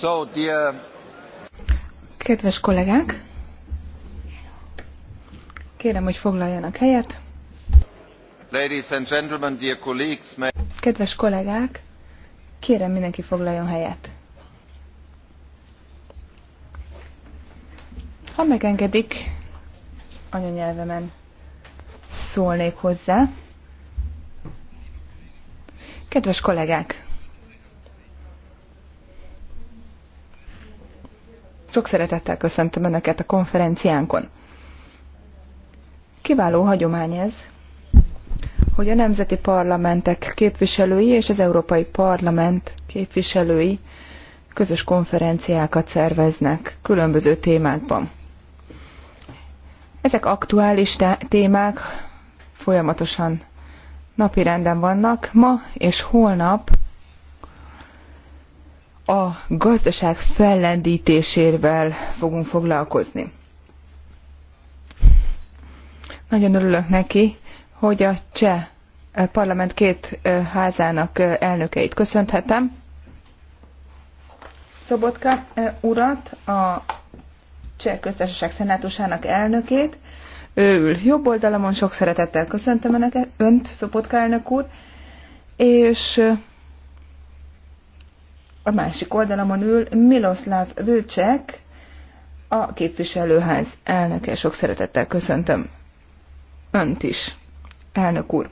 So, dear... Kedves kollégák, kérem, hogy foglaljanak helyet. Ladies and gentlemen, dear colleagues, may... Kedves kollégák, kérem mindenki foglaljon helyet. Ha megengedik, anyanyelvemen szólnék hozzá. Kedves kollégák, Sok szeretettel köszöntöm Önöket a konferenciánkon. Kiváló hagyomány ez, hogy a nemzeti parlamentek képviselői és az Európai Parlament képviselői közös konferenciákat szerveznek különböző témákban. Ezek aktuális témák folyamatosan napirenden vannak. Ma és holnap a gazdaság fellendítésével fogunk foglalkozni. Nagyon örülök neki, hogy a cseh eh, parlament két eh, házának eh, elnökeit köszönhetem. Szobotka urat, a Cseh Köztársaság Szenátusának elnökét. Ő ül jobb oldalamon, sok szeretettel köszöntöm Önt, Szobotka elnök úr, és a másik oldalamon ül Miloszláv Vilcsek, a képviselőház elnöke. Sok szeretettel köszöntöm önt is, elnök úr.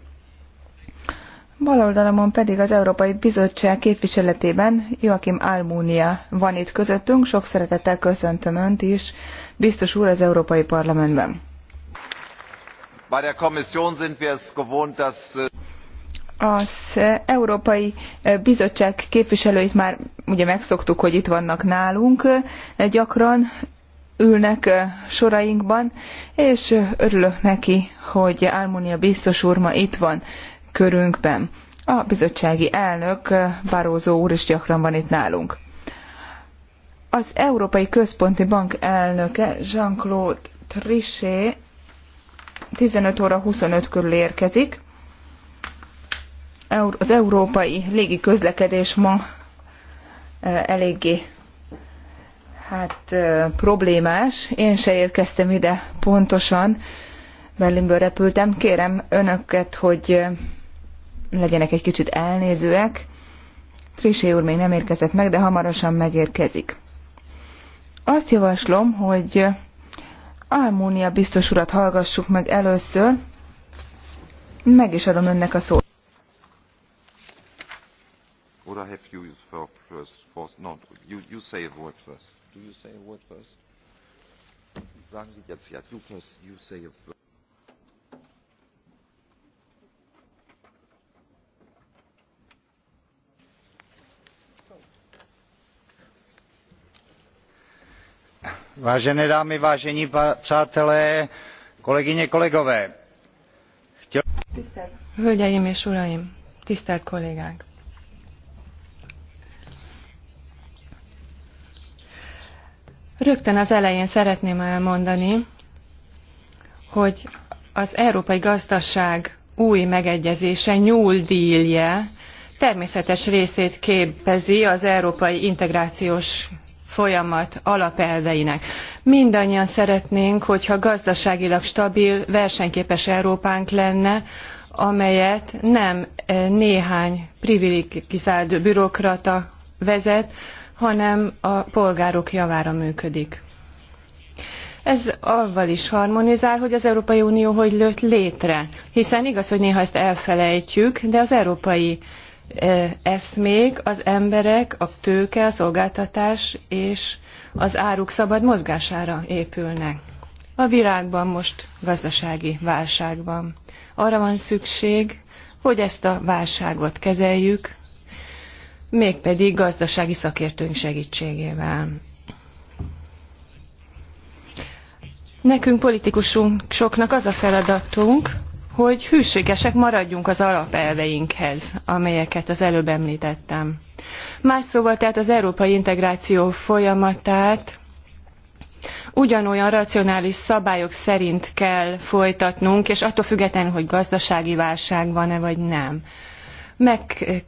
Bal oldalamon pedig az Európai Bizottság képviseletében Joachim Almúnia van itt közöttünk. Sok szeretettel köszöntöm Önt is, biztos úr az Európai Parlamentben. Bei der Kommission sind wir es gewohnt, dass äh, az Európai Bizottság képviselőit már ugye megszoktuk, hogy itt vannak nálunk, gyakran ülnek sorainkban, és örülök neki, hogy Álmonia biztos úr ma itt van körünkben. A bizottsági elnök Barózó úr is gyakran van itt nálunk. Az Európai Központi Bank elnöke Jean-Claude Trichet 15 óra 25 körül érkezik az európai légi közlekedés ma e, eléggé hát e, problémás. Én se érkeztem ide pontosan, Berlinből repültem. Kérem önöket, hogy e, legyenek egy kicsit elnézőek. Trisé úr még nem érkezett meg, de hamarosan megérkezik. Azt javaslom, hogy Almónia biztos urat hallgassuk meg először. Meg is adom önnek a szót. Or I have you for first? For, no, you, you say a word first. Do you say a word first? Sagen Sie jetzt, ja, you first, you say a word. vážené dámy vážení přátelé kolegyně kolegové chtěl hölgyeim és uraim tisztelt kollégák! Rögtön az elején szeretném elmondani, hogy az európai gazdaság új megegyezése, nyúl dílje természetes részét képezi az európai integrációs folyamat alapelveinek. Mindannyian szeretnénk, hogyha gazdaságilag stabil, versenyképes Európánk lenne, amelyet nem eh, néhány privilegizált bürokrata vezet, hanem a polgárok javára működik. Ez avval is harmonizál, hogy az Európai Unió hogy lőtt létre, hiszen igaz, hogy néha ezt elfelejtjük, de az európai e, eszmék, az emberek, a tőke, a szolgáltatás és az áruk szabad mozgására épülnek. A világban most gazdasági válságban. Arra van szükség, hogy ezt a válságot kezeljük, mégpedig gazdasági szakértőnk segítségével. Nekünk politikusunk soknak az a feladatunk, hogy hűségesek maradjunk az alapelveinkhez, amelyeket az előbb említettem. Más szóval tehát az európai integráció folyamatát ugyanolyan racionális szabályok szerint kell folytatnunk, és attól függetlenül, hogy gazdasági válság van-e vagy nem meg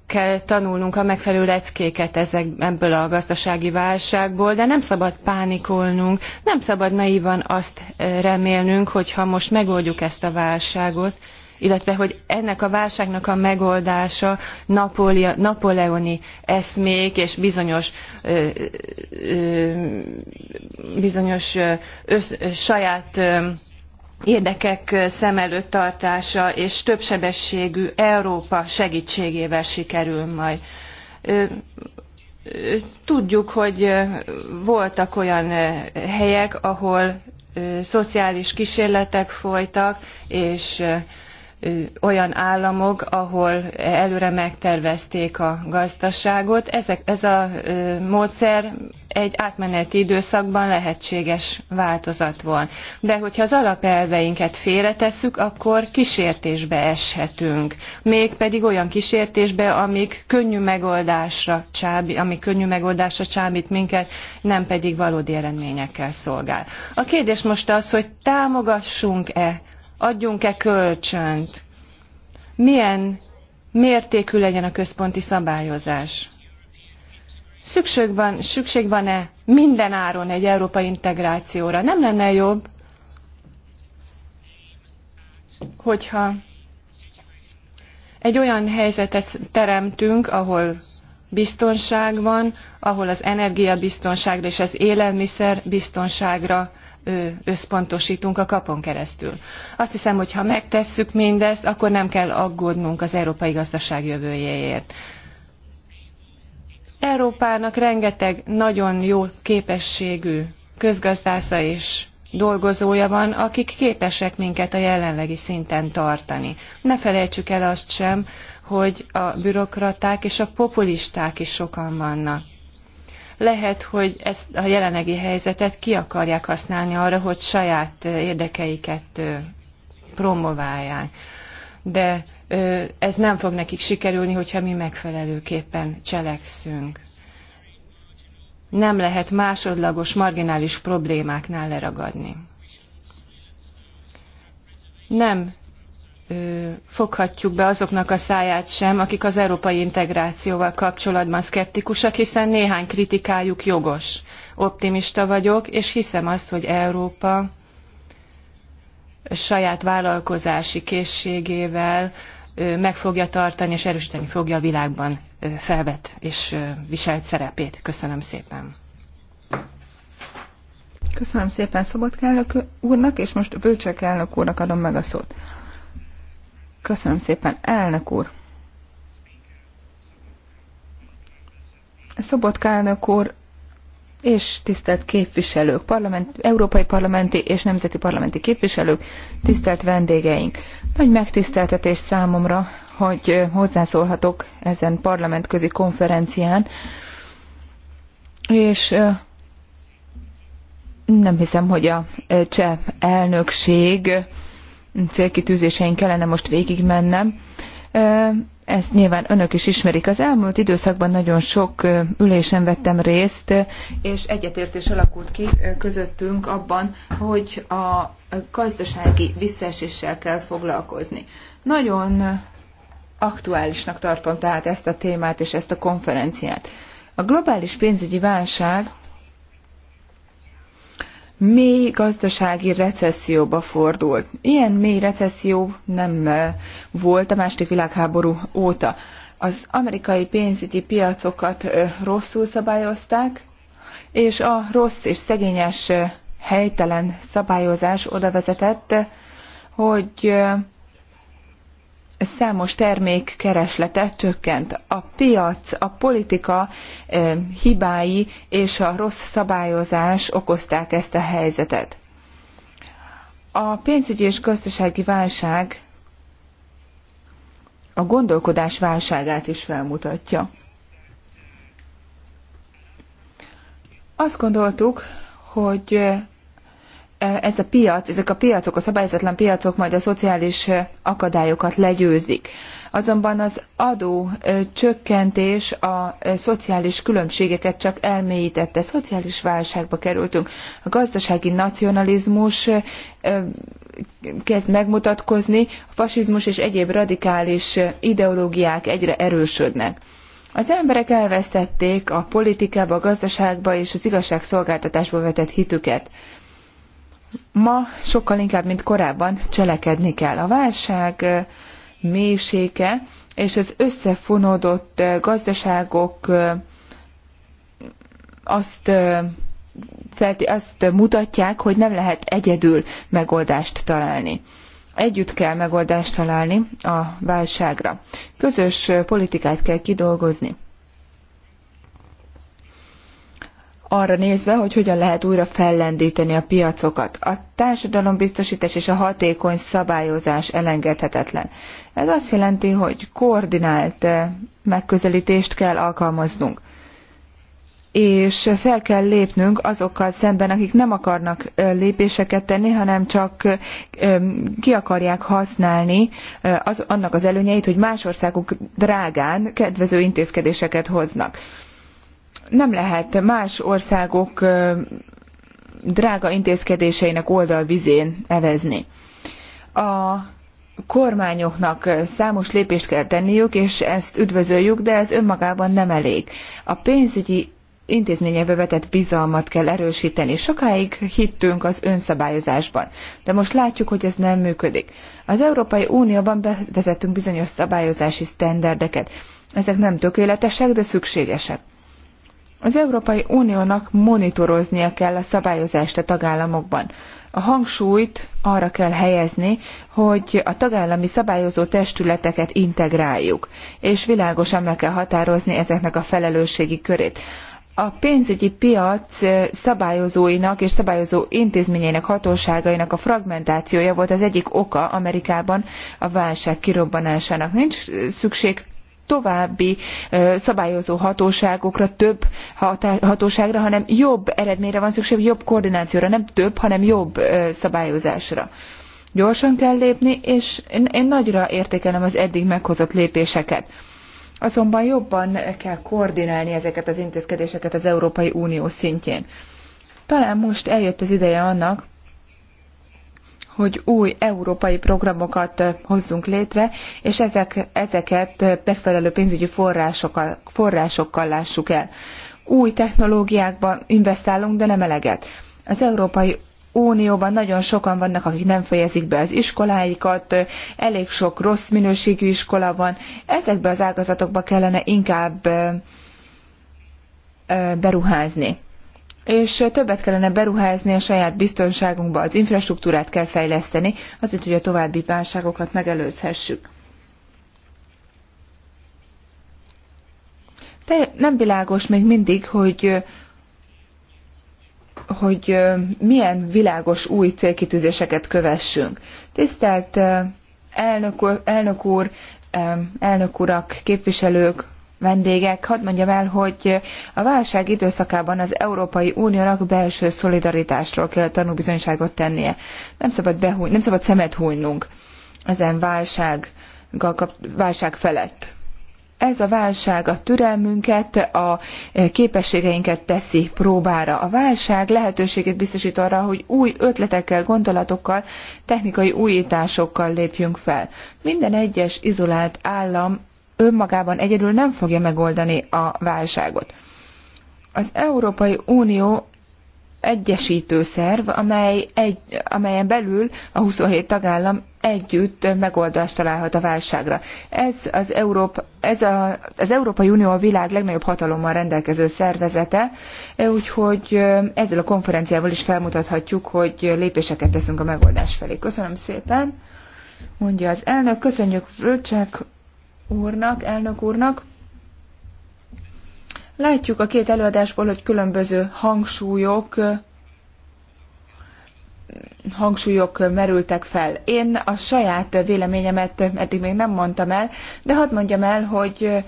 kell tanulnunk a megfelelő leckéket ezek, ebből a gazdasági válságból, de nem szabad pánikolnunk, nem szabad naívan azt e, remélnünk, hogy ha most megoldjuk ezt a válságot, illetve hogy ennek a válságnak a megoldása Napólia, napoleoni eszmék és bizonyos, ö, e, ö, e, bizonyos ö, ö saját ö, érdekek szem előtt tartása és többsebességű Európa segítségével sikerül majd. Tudjuk, hogy voltak olyan helyek, ahol szociális kísérletek folytak, és olyan államok, ahol előre megtervezték a gazdaságot. Ezek, ez a módszer egy átmeneti időszakban lehetséges változat volt. De hogyha az alapelveinket félretesszük, akkor kísértésbe eshetünk. Mégpedig olyan kísértésbe, amik könnyű megoldásra csábít, ami könnyű megoldásra csábít minket, nem pedig valódi eredményekkel szolgál. A kérdés most az, hogy támogassunk-e, adjunk-e kölcsönt, milyen mértékű legyen a központi szabályozás Szükség van, szükség van-e minden áron egy európai integrációra? Nem lenne jobb, hogyha egy olyan helyzetet teremtünk, ahol biztonság van, ahol az energiabiztonságra és az élelmiszer biztonságra összpontosítunk a kapon keresztül. Azt hiszem, hogy ha megtesszük mindezt, akkor nem kell aggódnunk az európai gazdaság jövőjéért. Európának rengeteg nagyon jó képességű közgazdásza és dolgozója van, akik képesek minket a jelenlegi szinten tartani. Ne felejtsük el azt sem, hogy a bürokraták és a populisták is sokan vannak. Lehet, hogy ezt a jelenlegi helyzetet ki akarják használni arra, hogy saját érdekeiket promoválják. De ez nem fog nekik sikerülni, hogyha mi megfelelőképpen cselekszünk. Nem lehet másodlagos, marginális problémáknál leragadni. Nem foghatjuk be azoknak a száját sem, akik az európai integrációval kapcsolatban szkeptikusak, hiszen néhány kritikájuk jogos. Optimista vagyok, és hiszem azt, hogy Európa saját vállalkozási készségével, meg fogja tartani és erősíteni fogja a világban felvett és viselt szerepét. Köszönöm szépen. Köszönöm szépen Szabadka elnök úrnak, és most Bőcsek elnök úrnak adom meg a szót. Köszönöm szépen, elnök úr! Szobotka elnök úr és tisztelt képviselők, parlament, európai parlamenti és nemzeti parlamenti képviselők, tisztelt vendégeink. Nagy megtiszteltetés számomra, hogy hozzászólhatok ezen parlamentközi konferencián, és nem hiszem, hogy a cseh elnökség célkitűzéseink kellene most végigmennem ezt nyilván önök is ismerik. Az elmúlt időszakban nagyon sok ülésen vettem részt, és egyetértés alakult ki közöttünk abban, hogy a gazdasági visszaeséssel kell foglalkozni. Nagyon aktuálisnak tartom tehát ezt a témát és ezt a konferenciát. A globális pénzügyi válság mély gazdasági recesszióba fordult. Ilyen mély recesszió nem volt a második világháború óta. Az amerikai pénzügyi piacokat rosszul szabályozták, és a rossz és szegényes helytelen szabályozás oda vezetett, hogy számos termék kereslete csökkent. A piac, a politika hibái és a rossz szabályozás okozták ezt a helyzetet. A pénzügyi és gazdasági válság a gondolkodás válságát is felmutatja. Azt gondoltuk, hogy ez a piac, ezek a piacok, a szabályozatlan piacok majd a szociális akadályokat legyőzik. Azonban az adó csökkentés a szociális különbségeket csak elmélyítette. Szociális válságba kerültünk. A gazdasági nacionalizmus kezd megmutatkozni, a fasizmus és egyéb radikális ideológiák egyre erősödnek. Az emberek elvesztették a politikába, a gazdaságba és az igazságszolgáltatásba vetett hitüket. Ma sokkal inkább, mint korábban cselekedni kell. A válság mélysége és az összefonódott gazdaságok azt, felti, azt mutatják, hogy nem lehet egyedül megoldást találni. Együtt kell megoldást találni a válságra. Közös politikát kell kidolgozni. arra nézve, hogy hogyan lehet újra fellendíteni a piacokat. A társadalombiztosítás és a hatékony szabályozás elengedhetetlen. Ez azt jelenti, hogy koordinált eh, megközelítést kell alkalmaznunk és fel kell lépnünk azokkal szemben, akik nem akarnak eh, lépéseket tenni, hanem csak eh, ki akarják használni az, annak az előnyeit, hogy más országok drágán kedvező intézkedéseket hoznak nem lehet más országok drága intézkedéseinek oldalvizén evezni. A kormányoknak számos lépést kell tenniük, és ezt üdvözöljük, de ez önmagában nem elég. A pénzügyi intézményebe vetett bizalmat kell erősíteni. Sokáig hittünk az önszabályozásban, de most látjuk, hogy ez nem működik. Az Európai Unióban bevezettünk bizonyos szabályozási sztenderdeket. Ezek nem tökéletesek, de szükségesek. Az Európai Uniónak monitoroznia kell a szabályozást a tagállamokban. A hangsúlyt arra kell helyezni, hogy a tagállami szabályozó testületeket integráljuk, és világosan meg kell határozni ezeknek a felelősségi körét a pénzügyi piac szabályozóinak és szabályozó intézményeinek hatóságainak a fragmentációja volt az egyik oka Amerikában a válság kirobbanásának. Nincs szükség további szabályozó hatóságokra, több hatóságra, hanem jobb eredményre van szükség, jobb koordinációra, nem több, hanem jobb szabályozásra. Gyorsan kell lépni, és én nagyra értékelem az eddig meghozott lépéseket. Azonban jobban kell koordinálni ezeket az intézkedéseket az Európai Unió szintjén. Talán most eljött az ideje annak, hogy új európai programokat hozzunk létre, és ezek, ezeket megfelelő pénzügyi forrásokkal, forrásokkal lássuk el. Új technológiákba investálunk, de nem eleget. Az Európai Unióban nagyon sokan vannak, akik nem fejezik be az iskoláikat, elég sok rossz minőségű iskola van. Ezekbe az ágazatokba kellene inkább beruházni és többet kellene beruházni a saját biztonságunkba, az infrastruktúrát kell fejleszteni, azért, hogy a további válságokat megelőzhessük. De nem világos még mindig, hogy hogy milyen világos új célkitűzéseket kövessünk. Tisztelt elnök úr, elnök urak, képviselők, vendégek, hadd mondjam el, hogy a válság időszakában az Európai Uniónak belső szolidaritásról kell tanúbizonyságot tennie. Nem szabad, behúj, nem szabad szemet hújnunk ezen válság, válság felett. Ez a válság a türelmünket, a képességeinket teszi próbára. A válság lehetőséget biztosít arra, hogy új ötletekkel, gondolatokkal, technikai újításokkal lépjünk fel. Minden egyes izolált állam önmagában egyedül nem fogja megoldani a válságot. Az Európai Unió egyesítő szerv, amely egy, amelyen belül a 27 tagállam együtt megoldást találhat a válságra. Ez, az, Európa, ez a, az Európai Unió a világ legnagyobb hatalommal rendelkező szervezete, úgyhogy ezzel a konferenciával is felmutathatjuk, hogy lépéseket teszünk a megoldás felé. Köszönöm szépen, mondja az elnök. Köszönjük Röcsek úrnak, elnök úrnak. Látjuk a két előadásból, hogy különböző hangsúlyok hangsúlyok merültek fel. Én a saját véleményemet eddig még nem mondtam el, de hadd mondjam el, hogy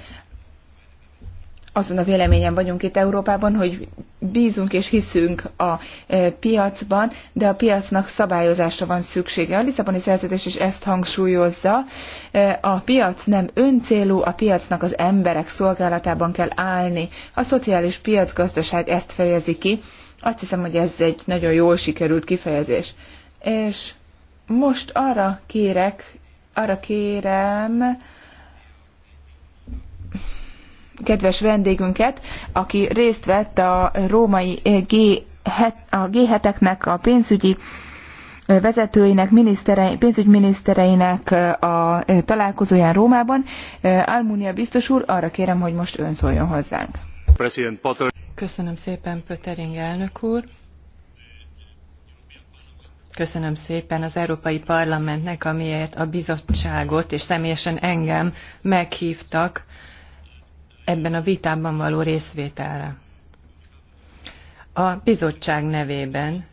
azon a véleményen vagyunk itt Európában, hogy bízunk és hiszünk a e, piacban, de a piacnak szabályozásra van szüksége. A Lisszaboni szerződés is ezt hangsúlyozza. E, a piac nem öncélú, a piacnak az emberek szolgálatában kell állni. A szociális piacgazdaság ezt fejezi ki. Azt hiszem, hogy ez egy nagyon jól sikerült kifejezés. És most arra kérek, arra kérem, kedves vendégünket, aki részt vett a római eh, G7, a G7-eknek, a pénzügyi eh, vezetőinek, minisztere, pénzügyminisztereinek eh, a találkozóján Rómában. Almunia biztos úr, arra kérem, hogy most ön szóljon hozzánk. Köszönöm szépen, Pöttering elnök úr. Köszönöm szépen az Európai Parlamentnek, amiért a bizottságot és személyesen engem meghívtak ebben a vitában való részvételre. A bizottság nevében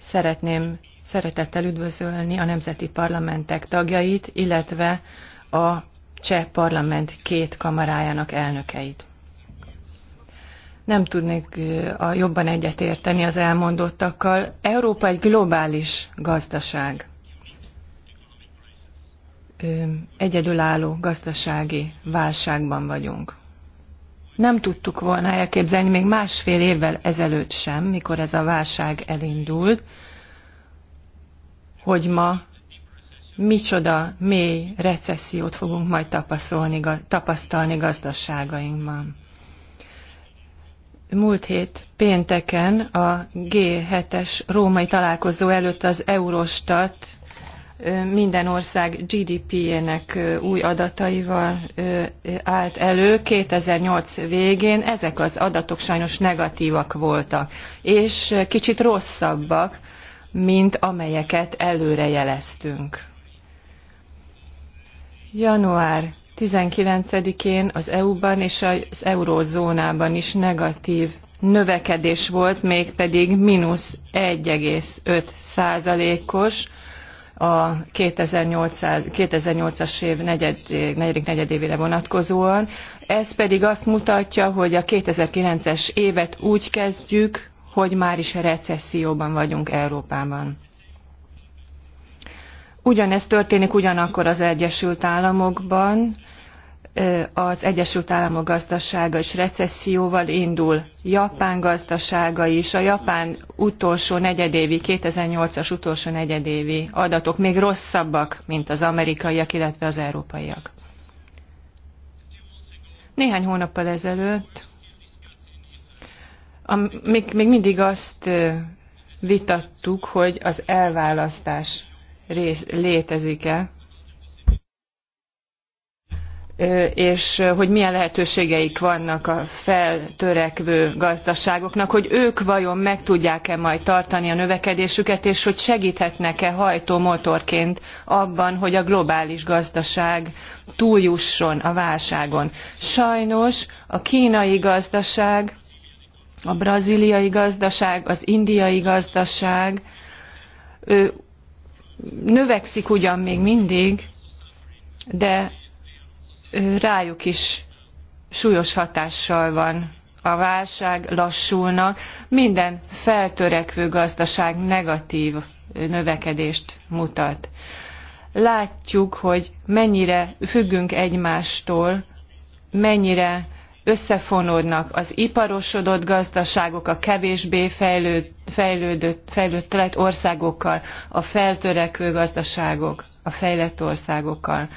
szeretném szeretettel üdvözölni a nemzeti parlamentek tagjait, illetve a cseh parlament két kamarájának elnökeit. Nem tudnék a jobban egyetérteni az elmondottakkal. Európa egy globális gazdaság egyedülálló gazdasági válságban vagyunk. Nem tudtuk volna elképzelni még másfél évvel ezelőtt sem, mikor ez a válság elindult, hogy ma micsoda mély recessziót fogunk majd tapasztalni, tapasztalni gazdaságainkban. Múlt hét pénteken a G7-es római találkozó előtt az Eurostat minden ország GDP-jének új adataival állt elő 2008 végén. Ezek az adatok sajnos negatívak voltak, és kicsit rosszabbak, mint amelyeket előre jeleztünk. Január 19-én az EU-ban és az eurózónában is negatív növekedés volt, mégpedig mínusz 1,5 százalékos, a 2008-as év negyed, negyedik negyedévére vonatkozóan. Ez pedig azt mutatja, hogy a 2009-es évet úgy kezdjük, hogy már is recesszióban vagyunk Európában. Ugyanezt történik ugyanakkor az Egyesült Államokban, az Egyesült Államok gazdasága is recesszióval indul, Japán gazdasága is, a Japán utolsó negyedévi, 2008-as utolsó negyedévi adatok még rosszabbak, mint az amerikaiak, illetve az európaiak. Néhány hónappal ezelőtt a, még, még mindig azt vitattuk, hogy az elválasztás rész, létezik-e és hogy milyen lehetőségeik vannak a feltörekvő gazdaságoknak, hogy ők vajon meg tudják-e majd tartani a növekedésüket, és hogy segíthetnek-e hajtómotorként abban, hogy a globális gazdaság túljusson a válságon. Sajnos a kínai gazdaság, a braziliai gazdaság, az indiai gazdaság növekszik ugyan még mindig, de rájuk is súlyos hatással van a válság, lassulnak, minden feltörekvő gazdaság negatív növekedést mutat. Látjuk, hogy mennyire függünk egymástól, mennyire összefonódnak az iparosodott gazdaságok a kevésbé fejlőd, fejlődött, fejlődött országokkal, a feltörekvő gazdaságok a fejlett országokkal.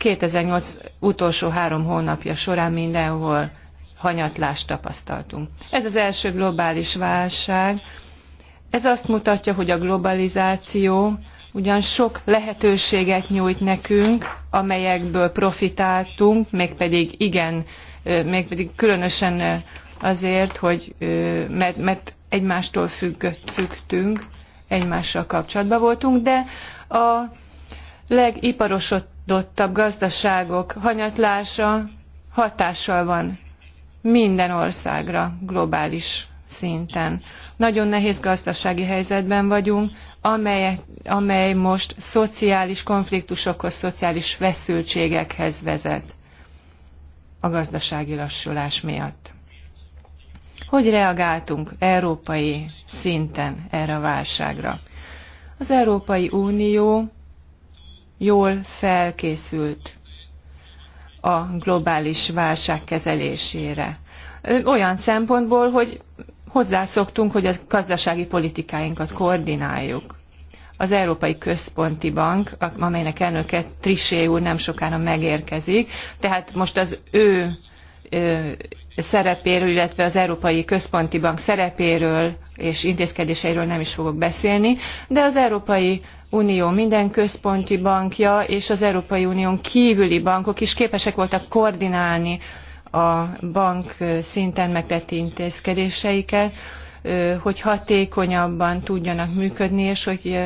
2008 utolsó három hónapja során mindenhol hanyatlást tapasztaltunk. Ez az első globális válság. Ez azt mutatja, hogy a globalizáció ugyan sok lehetőséget nyújt nekünk, amelyekből profitáltunk, mégpedig igen, mégpedig különösen azért, hogy, mert, mert egymástól függött, függtünk, egymással kapcsolatban voltunk, de a legiparosodt fejlődöttebb gazdaságok hanyatlása hatással van minden országra globális szinten. Nagyon nehéz gazdasági helyzetben vagyunk, amely, amely most szociális konfliktusokhoz, szociális feszültségekhez vezet a gazdasági lassulás miatt. Hogy reagáltunk európai szinten erre a válságra? Az Európai Unió jól felkészült a globális válság kezelésére. Olyan szempontból, hogy hozzászoktunk, hogy a gazdasági politikáinkat koordináljuk. Az Európai Központi Bank, amelynek elnöke Trisé úr nem sokára megérkezik, tehát most az ő szerepéről, illetve az Európai Központi Bank szerepéről és intézkedéseiről nem is fogok beszélni, de az Európai Unió minden központi bankja és az Európai Unión kívüli bankok is képesek voltak koordinálni a bank szinten megtett intézkedéseiket, hogy hatékonyabban tudjanak működni, és hogy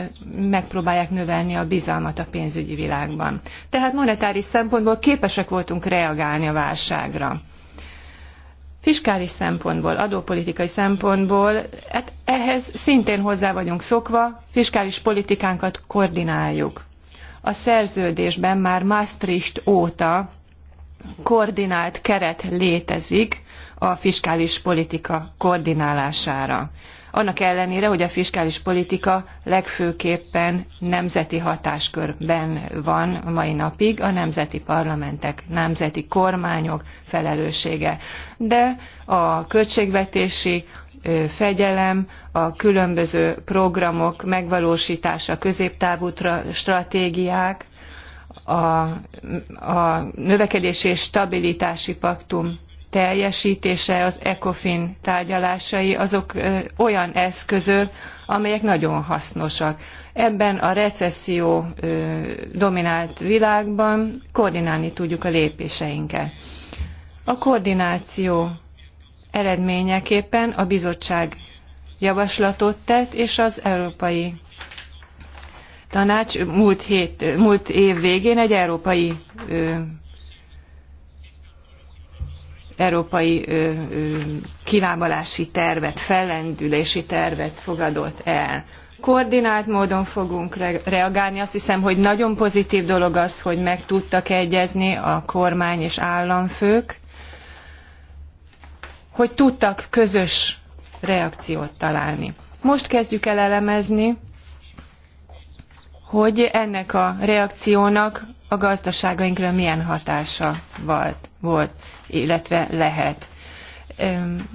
megpróbálják növelni a bizalmat a pénzügyi világban. Tehát monetáris szempontból képesek voltunk reagálni a válságra fiskális szempontból, adópolitikai szempontból, hát ehhez szintén hozzá vagyunk szokva, fiskális politikánkat koordináljuk. A szerződésben már Maastricht óta koordinált keret létezik a fiskális politika koordinálására annak ellenére, hogy a fiskális politika legfőképpen nemzeti hatáskörben van mai napig a nemzeti parlamentek, nemzeti kormányok felelőssége. De a költségvetési fegyelem, a különböző programok megvalósítása, középtávú stratégiák, a, a növekedési és stabilitási paktum teljesítése, az ECOFIN tárgyalásai, azok olyan eszközök, amelyek nagyon hasznosak. Ebben a recesszió dominált világban koordinálni tudjuk a lépéseinket. A koordináció eredményeképpen a bizottság javaslatot tett, és az Európai Tanács múlt, hét, múlt év végén egy európai európai kilábalási tervet, fellendülési tervet fogadott el. Koordinált módon fogunk reagálni. Azt hiszem, hogy nagyon pozitív dolog az, hogy meg tudtak egyezni a kormány és államfők, hogy tudtak közös reakciót találni. Most kezdjük el elemezni, hogy ennek a reakciónak a gazdaságainkra milyen hatása volt, volt, illetve lehet.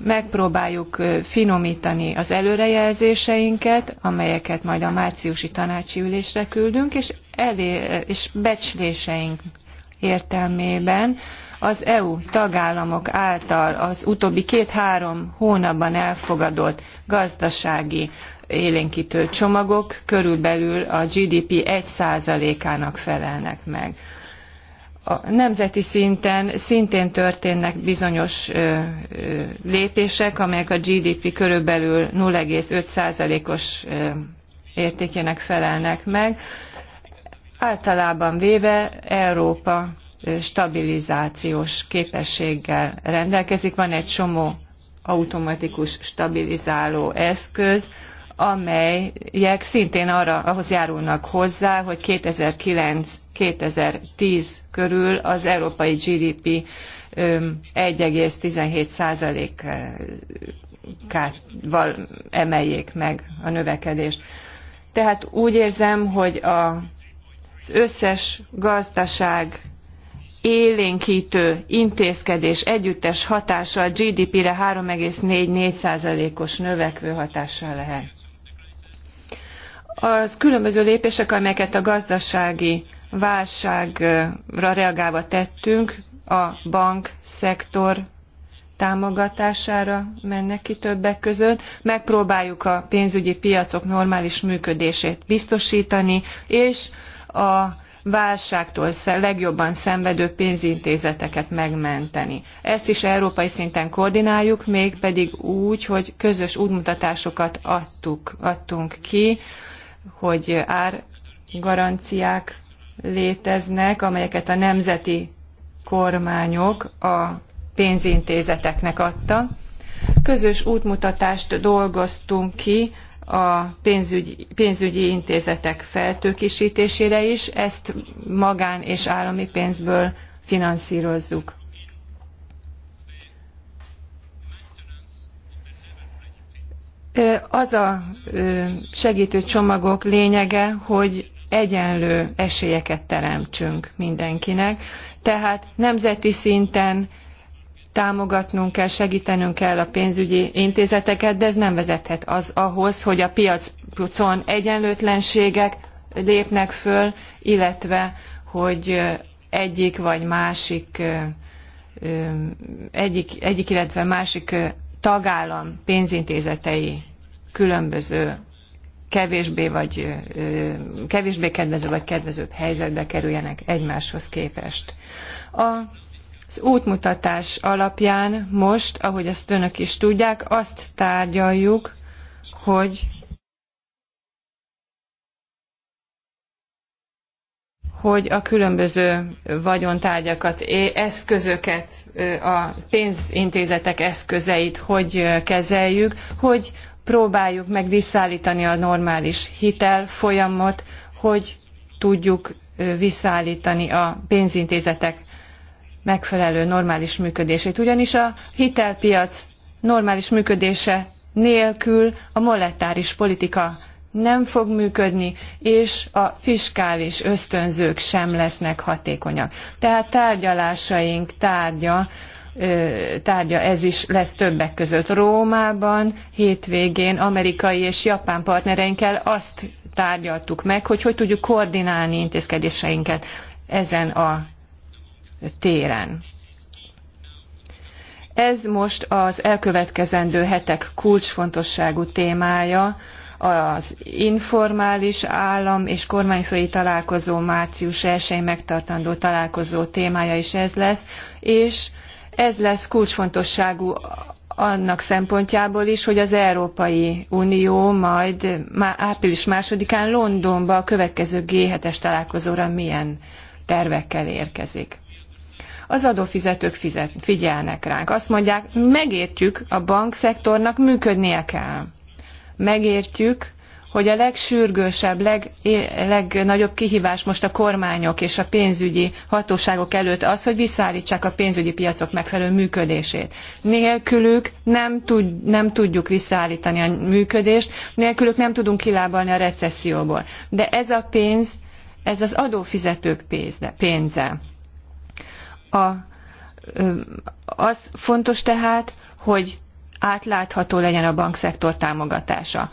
Megpróbáljuk finomítani az előrejelzéseinket, amelyeket majd a márciusi tanácsi ülésre küldünk, és, elé, és becsléseink értelmében az EU tagállamok által az utóbbi két-három hónapban elfogadott gazdasági élénkítő csomagok körülbelül a GDP 1%-ának felelnek meg. A nemzeti szinten szintén történnek bizonyos lépések, amelyek a GDP körülbelül 0,5%-os értékének felelnek meg. Általában véve Európa stabilizációs képességgel rendelkezik. Van egy csomó automatikus stabilizáló eszköz, amelyek szintén arra, ahhoz járulnak hozzá, hogy 2009-2010 körül az európai GDP 1,17%-kával emeljék meg a növekedést. Tehát úgy érzem, hogy a, az összes gazdaság élénkítő intézkedés együttes hatása a GDP-re 3,4-4%-os növekvő hatással lehet az különböző lépések, amelyeket a gazdasági válságra reagálva tettünk, a bankszektor támogatására mennek ki többek között. Megpróbáljuk a pénzügyi piacok normális működését biztosítani, és a válságtól legjobban szenvedő pénzintézeteket megmenteni. Ezt is európai szinten koordináljuk, mégpedig úgy, hogy közös útmutatásokat adtuk, adtunk ki hogy árgaranciák léteznek, amelyeket a nemzeti kormányok a pénzintézeteknek adtak. Közös útmutatást dolgoztunk ki a pénzügyi, pénzügyi intézetek feltőkisítésére is, ezt magán és állami pénzből finanszírozzuk. Az a segítő csomagok lényege, hogy egyenlő esélyeket teremtsünk mindenkinek, tehát nemzeti szinten támogatnunk kell, segítenünk kell a pénzügyi intézeteket, de ez nem vezethet az ahhoz, hogy a piacon egyenlőtlenségek lépnek föl, illetve hogy egyik vagy másik egyik, egyik illetve másik tagállam pénzintézetei különböző kevésbé vagy kevésbé kedvező vagy kedvezőbb helyzetbe kerüljenek egymáshoz képest. A az útmutatás alapján most, ahogy ezt önök is tudják, azt tárgyaljuk, hogy hogy a különböző vagyontárgyakat, eszközöket, a pénzintézetek eszközeit hogy kezeljük, hogy próbáljuk meg visszaállítani a normális folyamot, hogy tudjuk visszaállítani a pénzintézetek megfelelő normális működését. Ugyanis a hitelpiac normális működése nélkül a monetáris politika nem fog működni, és a fiskális ösztönzők sem lesznek hatékonyak. Tehát tárgyalásaink tárgya, tárgya ez is lesz többek között. Rómában hétvégén amerikai és japán partnereinkkel azt tárgyaltuk meg, hogy hogy tudjuk koordinálni intézkedéseinket ezen a téren. Ez most az elkövetkezendő hetek kulcsfontosságú témája, az informális állam és kormányfői találkozó március 1-én megtartandó találkozó témája is ez lesz, és ez lesz kulcsfontosságú annak szempontjából is, hogy az Európai Unió majd április másodikán Londonba a következő G7-es találkozóra milyen tervekkel érkezik. Az adófizetők fizet, figyelnek ránk. Azt mondják, megértjük, a bankszektornak működnie kell megértjük, hogy a legsürgősebb, leg, legnagyobb kihívás most a kormányok és a pénzügyi hatóságok előtt az, hogy visszaállítsák a pénzügyi piacok megfelelő működését. Nélkülük nem, tud, nem tudjuk visszaállítani a működést, nélkülük nem tudunk kilábalni a recesszióból. De ez a pénz, ez az adófizetők pénze. pénze. A, az fontos tehát, hogy átlátható legyen a bankszektor támogatása.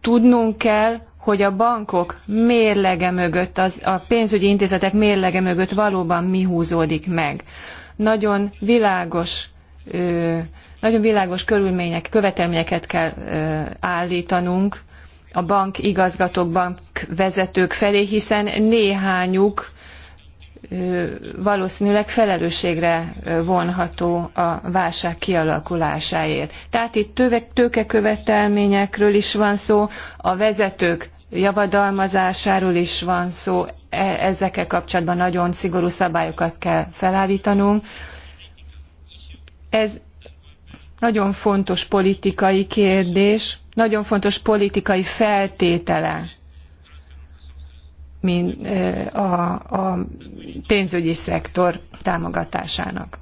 Tudnunk kell, hogy a bankok mérlege mögött, az, a pénzügyi intézetek mérlege mögött valóban mi húzódik meg. Nagyon világos ö, nagyon világos körülmények, követelményeket kell ö, állítanunk a bank igazgatók, bank vezetők felé, hiszen néhányuk valószínűleg felelősségre vonható a válság kialakulásáért. Tehát itt tőkekövetelményekről is van szó, a vezetők javadalmazásáról is van szó, e, ezekkel kapcsolatban nagyon szigorú szabályokat kell felállítanunk. Ez nagyon fontos politikai kérdés, nagyon fontos politikai feltétele mint a, a pénzügyi szektor támogatásának.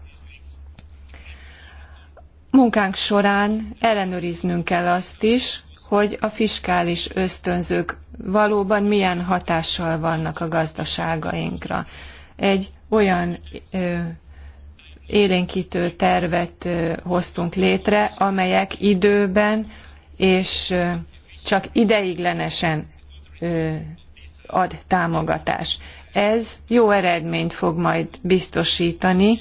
Munkánk során ellenőriznünk kell azt is, hogy a fiskális ösztönzők valóban milyen hatással vannak a gazdaságainkra. Egy olyan ö, élénkítő tervet ö, hoztunk létre, amelyek időben és ö, csak ideiglenesen ö, ad támogatás. Ez jó eredményt fog majd biztosítani,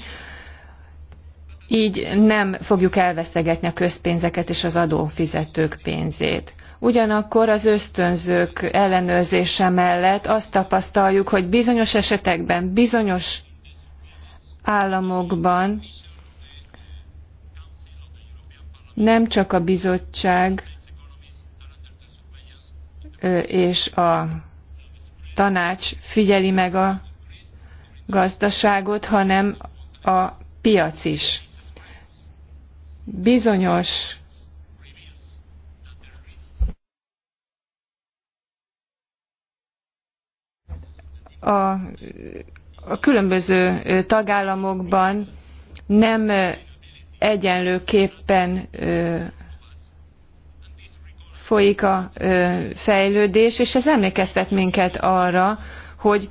így nem fogjuk elveszegetni a közpénzeket és az adófizetők pénzét. Ugyanakkor az ösztönzők ellenőrzése mellett azt tapasztaljuk, hogy bizonyos esetekben, bizonyos államokban nem csak a bizottság és a tanács figyeli meg a gazdaságot, hanem a piac is. Bizonyos a, a különböző tagállamokban nem egyenlőképpen folyik a fejlődés, és ez emlékeztet minket arra, hogy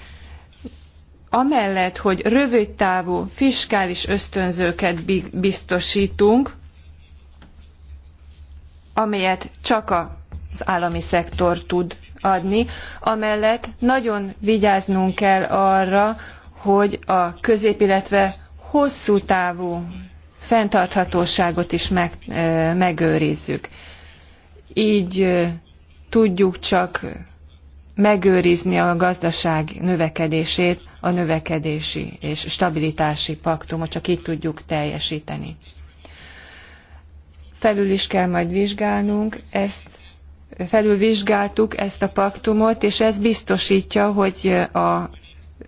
amellett, hogy rövidtávú fiskális ösztönzőket biztosítunk, amelyet csak az állami szektor tud adni, amellett nagyon vigyáznunk kell arra, hogy a közép, illetve hosszú távú fenntarthatóságot is meg, megőrizzük. Így tudjuk csak megőrizni a gazdaság növekedését, a növekedési és stabilitási paktumot, csak így tudjuk teljesíteni. Felül is kell majd vizsgálnunk ezt, felülvizsgáltuk ezt a paktumot, és ez biztosítja, hogy a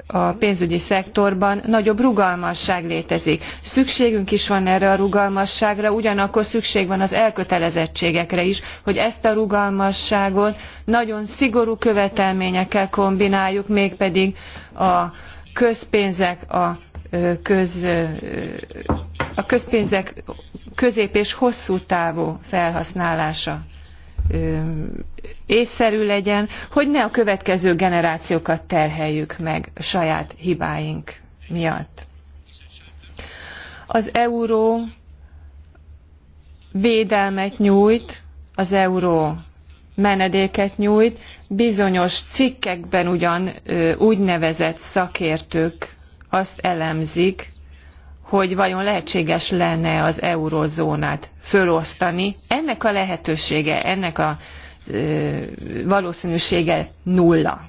a pénzügyi szektorban nagyobb rugalmasság létezik. Szükségünk is van erre a rugalmasságra, ugyanakkor szükség van az elkötelezettségekre is, hogy ezt a rugalmasságot nagyon szigorú követelményekkel kombináljuk, mégpedig a közpénzek, a, köz, a közpénzek közép és hosszú távú felhasználása észszerű legyen, hogy ne a következő generációkat terheljük meg saját hibáink miatt. Az euró védelmet nyújt, az euró menedéket nyújt, bizonyos cikkekben ugyan úgynevezett szakértők azt elemzik, hogy vajon lehetséges lenne az eurozónát fölosztani. Ennek a lehetősége, ennek a ö, valószínűsége nulla.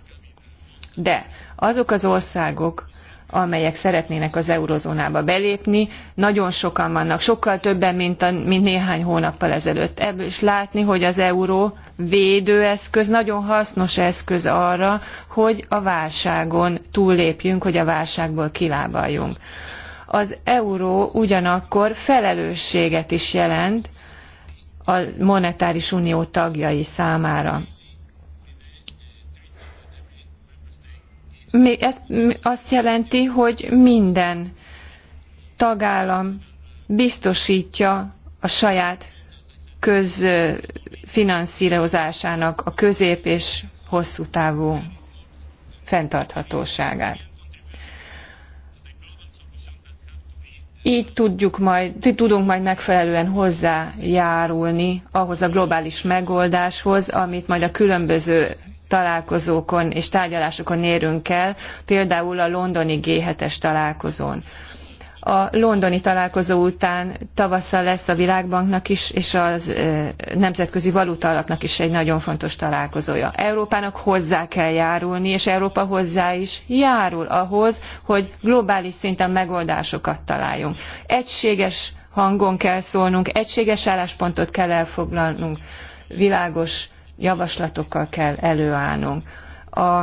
De azok az országok, amelyek szeretnének az eurozónába belépni. Nagyon sokan vannak, sokkal többen, mint, a, mint néhány hónappal ezelőtt. Ebből is látni, hogy az euró védőeszköz, nagyon hasznos eszköz arra, hogy a válságon túllépjünk, hogy a válságból kilábaljunk. Az euró ugyanakkor felelősséget is jelent a monetáris unió tagjai számára. Ez azt jelenti, hogy minden tagállam biztosítja a saját közfinanszírozásának a közép és hosszú távú fenntarthatóságát. így tudjuk majd, így tudunk majd megfelelően hozzájárulni ahhoz a globális megoldáshoz, amit majd a különböző találkozókon és tárgyalásokon érünk el, például a londoni G7-es találkozón a londoni találkozó után tavasszal lesz a Világbanknak is, és az Nemzetközi Valuta is egy nagyon fontos találkozója. Európának hozzá kell járulni, és Európa hozzá is járul ahhoz, hogy globális szinten megoldásokat találjunk. Egységes hangon kell szólnunk, egységes álláspontot kell elfoglalnunk, világos javaslatokkal kell előállnunk. A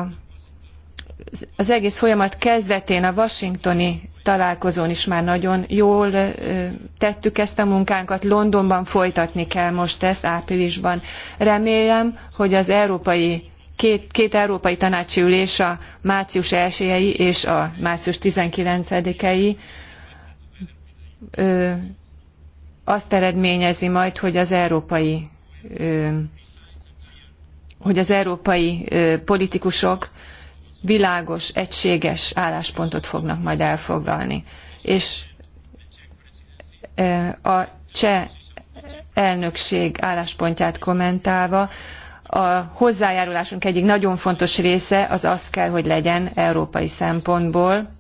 az egész folyamat kezdetén a washingtoni találkozón is már nagyon jól tettük ezt a munkánkat, Londonban folytatni kell most ezt áprilisban. Remélem, hogy az európai Két, két európai tanácsi ülés, a március 1 és a március 19-i azt eredményezi majd, hogy az európai, ö, hogy az európai ö, politikusok világos, egységes álláspontot fognak majd elfoglalni. És a cseh elnökség álláspontját kommentálva, a hozzájárulásunk egyik nagyon fontos része az az kell, hogy legyen európai szempontból,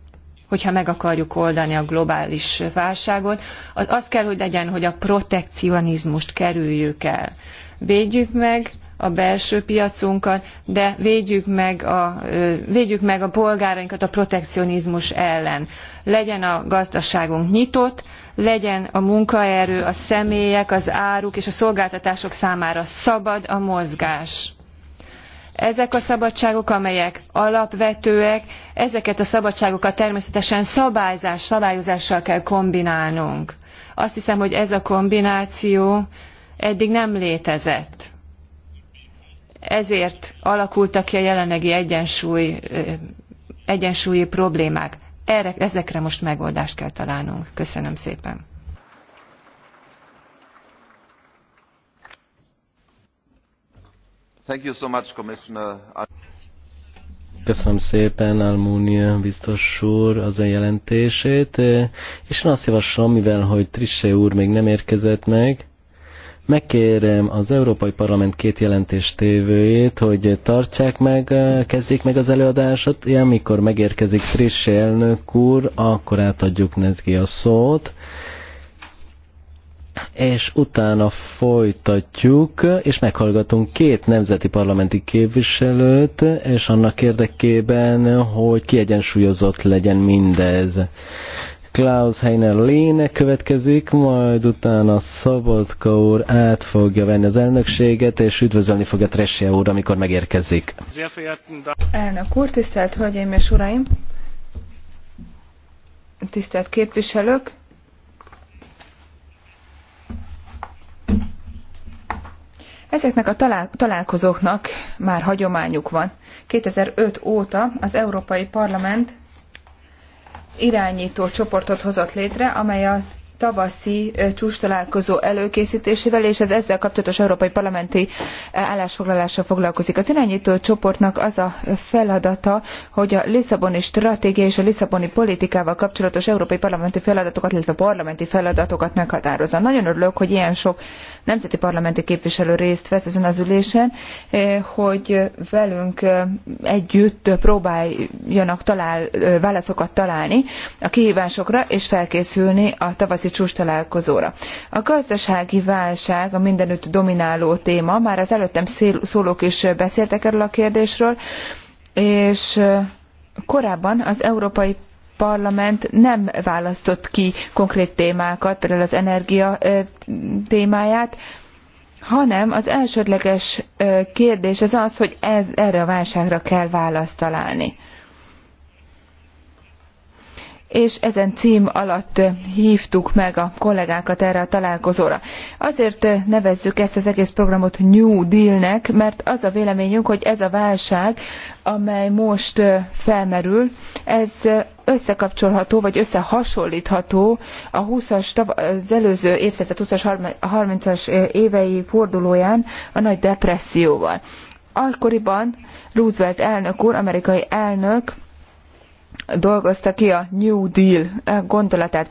hogyha meg akarjuk oldani a globális válságot, az az kell, hogy legyen, hogy a protekcionizmust kerüljük el. Védjük meg a belső piacunkat, de védjük meg a, védjük meg a polgárainkat a protekcionizmus ellen. Legyen a gazdaságunk nyitott, legyen a munkaerő, a személyek, az áruk és a szolgáltatások számára szabad a mozgás. Ezek a szabadságok, amelyek alapvetőek, ezeket a szabadságokat természetesen szabályzás, szabályozással kell kombinálnunk. Azt hiszem, hogy ez a kombináció eddig nem létezett ezért alakultak ki a jelenlegi egyensúly, egyensúlyi problémák. Erre, ezekre most megoldást kell találnunk. Köszönöm szépen. Thank you so much, Commissioner. Köszönöm szépen Almúnia biztos úr az a jelentését, és én azt javaslom, mivel hogy Trisse úr még nem érkezett meg, Megkérem az Európai Parlament két jelentéstévőjét, hogy tartsák meg, kezdjék meg az előadásot, és amikor megérkezik friss elnök úr, akkor átadjuk neki a szót, és utána folytatjuk, és meghallgatunk két nemzeti parlamenti képviselőt, és annak érdekében, hogy kiegyensúlyozott legyen mindez. Klaus Heiner Léne következik, majd utána Szabadka úr át fogja venni az elnökséget, és üdvözölni fogja Tressia úr, amikor megérkezik. Elnök úr, tisztelt Hölgyeim és Uraim! Tisztelt képviselők! Ezeknek a találkozóknak már hagyományuk van. 2005 óta az Európai Parlament irányító csoportot hozott létre, amely az tavaszi csúcstalálkozó találkozó előkészítésével és az ezzel kapcsolatos európai parlamenti állásfoglalással foglalkozik. Az irányító csoportnak az a feladata, hogy a Lisszaboni stratégia és a Lisszaboni politikával kapcsolatos európai parlamenti feladatokat, illetve parlamenti feladatokat meghatározza. Nagyon örülök, hogy ilyen sok nemzeti parlamenti képviselő részt vesz ezen az ülésen, hogy velünk együtt próbáljanak talál, válaszokat találni a kihívásokra és felkészülni a tavaszi Vilniuszi csúcs A gazdasági válság a mindenütt domináló téma, már az előttem szólók is beszéltek erről a kérdésről, és korábban az Európai Parlament nem választott ki konkrét témákat, például az energia témáját, hanem az elsődleges kérdés az az, hogy ez, erre a válságra kell választ találni és ezen cím alatt hívtuk meg a kollégákat erre a találkozóra. Azért nevezzük ezt az egész programot New Deal-nek, mert az a véleményünk, hogy ez a válság, amely most felmerül, ez összekapcsolható, vagy összehasonlítható a 20-as, az előző évszázad 20-as, 30-as évei fordulóján a nagy depresszióval. Akkoriban Roosevelt elnök úr, amerikai elnök dolgozta ki a New Deal gondolatát,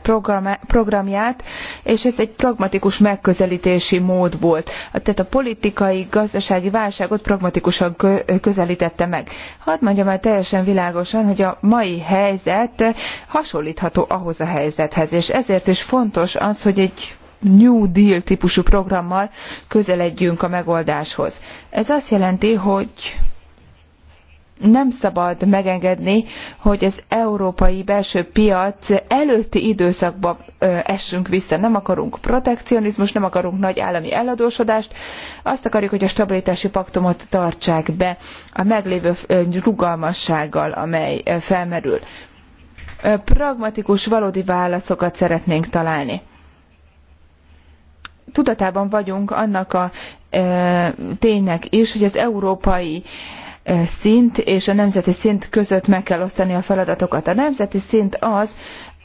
programját, és ez egy pragmatikus megközelítési mód volt. Tehát a politikai, gazdasági válságot pragmatikusan közelítette meg. Hadd mondjam el teljesen világosan, hogy a mai helyzet hasonlítható ahhoz a helyzethez, és ezért is fontos az, hogy egy New Deal típusú programmal közeledjünk a megoldáshoz. Ez azt jelenti, hogy nem szabad megengedni, hogy az európai belső piac előtti időszakba essünk vissza. Nem akarunk protekcionizmus, nem akarunk nagy állami eladósodást, azt akarjuk, hogy a stabilitási paktumot tartsák be a meglévő rugalmassággal, amely felmerül. Pragmatikus, valódi válaszokat szeretnénk találni. Tudatában vagyunk annak a ténynek is, hogy az európai szint és a nemzeti szint között meg kell osztani a feladatokat. A nemzeti szint az,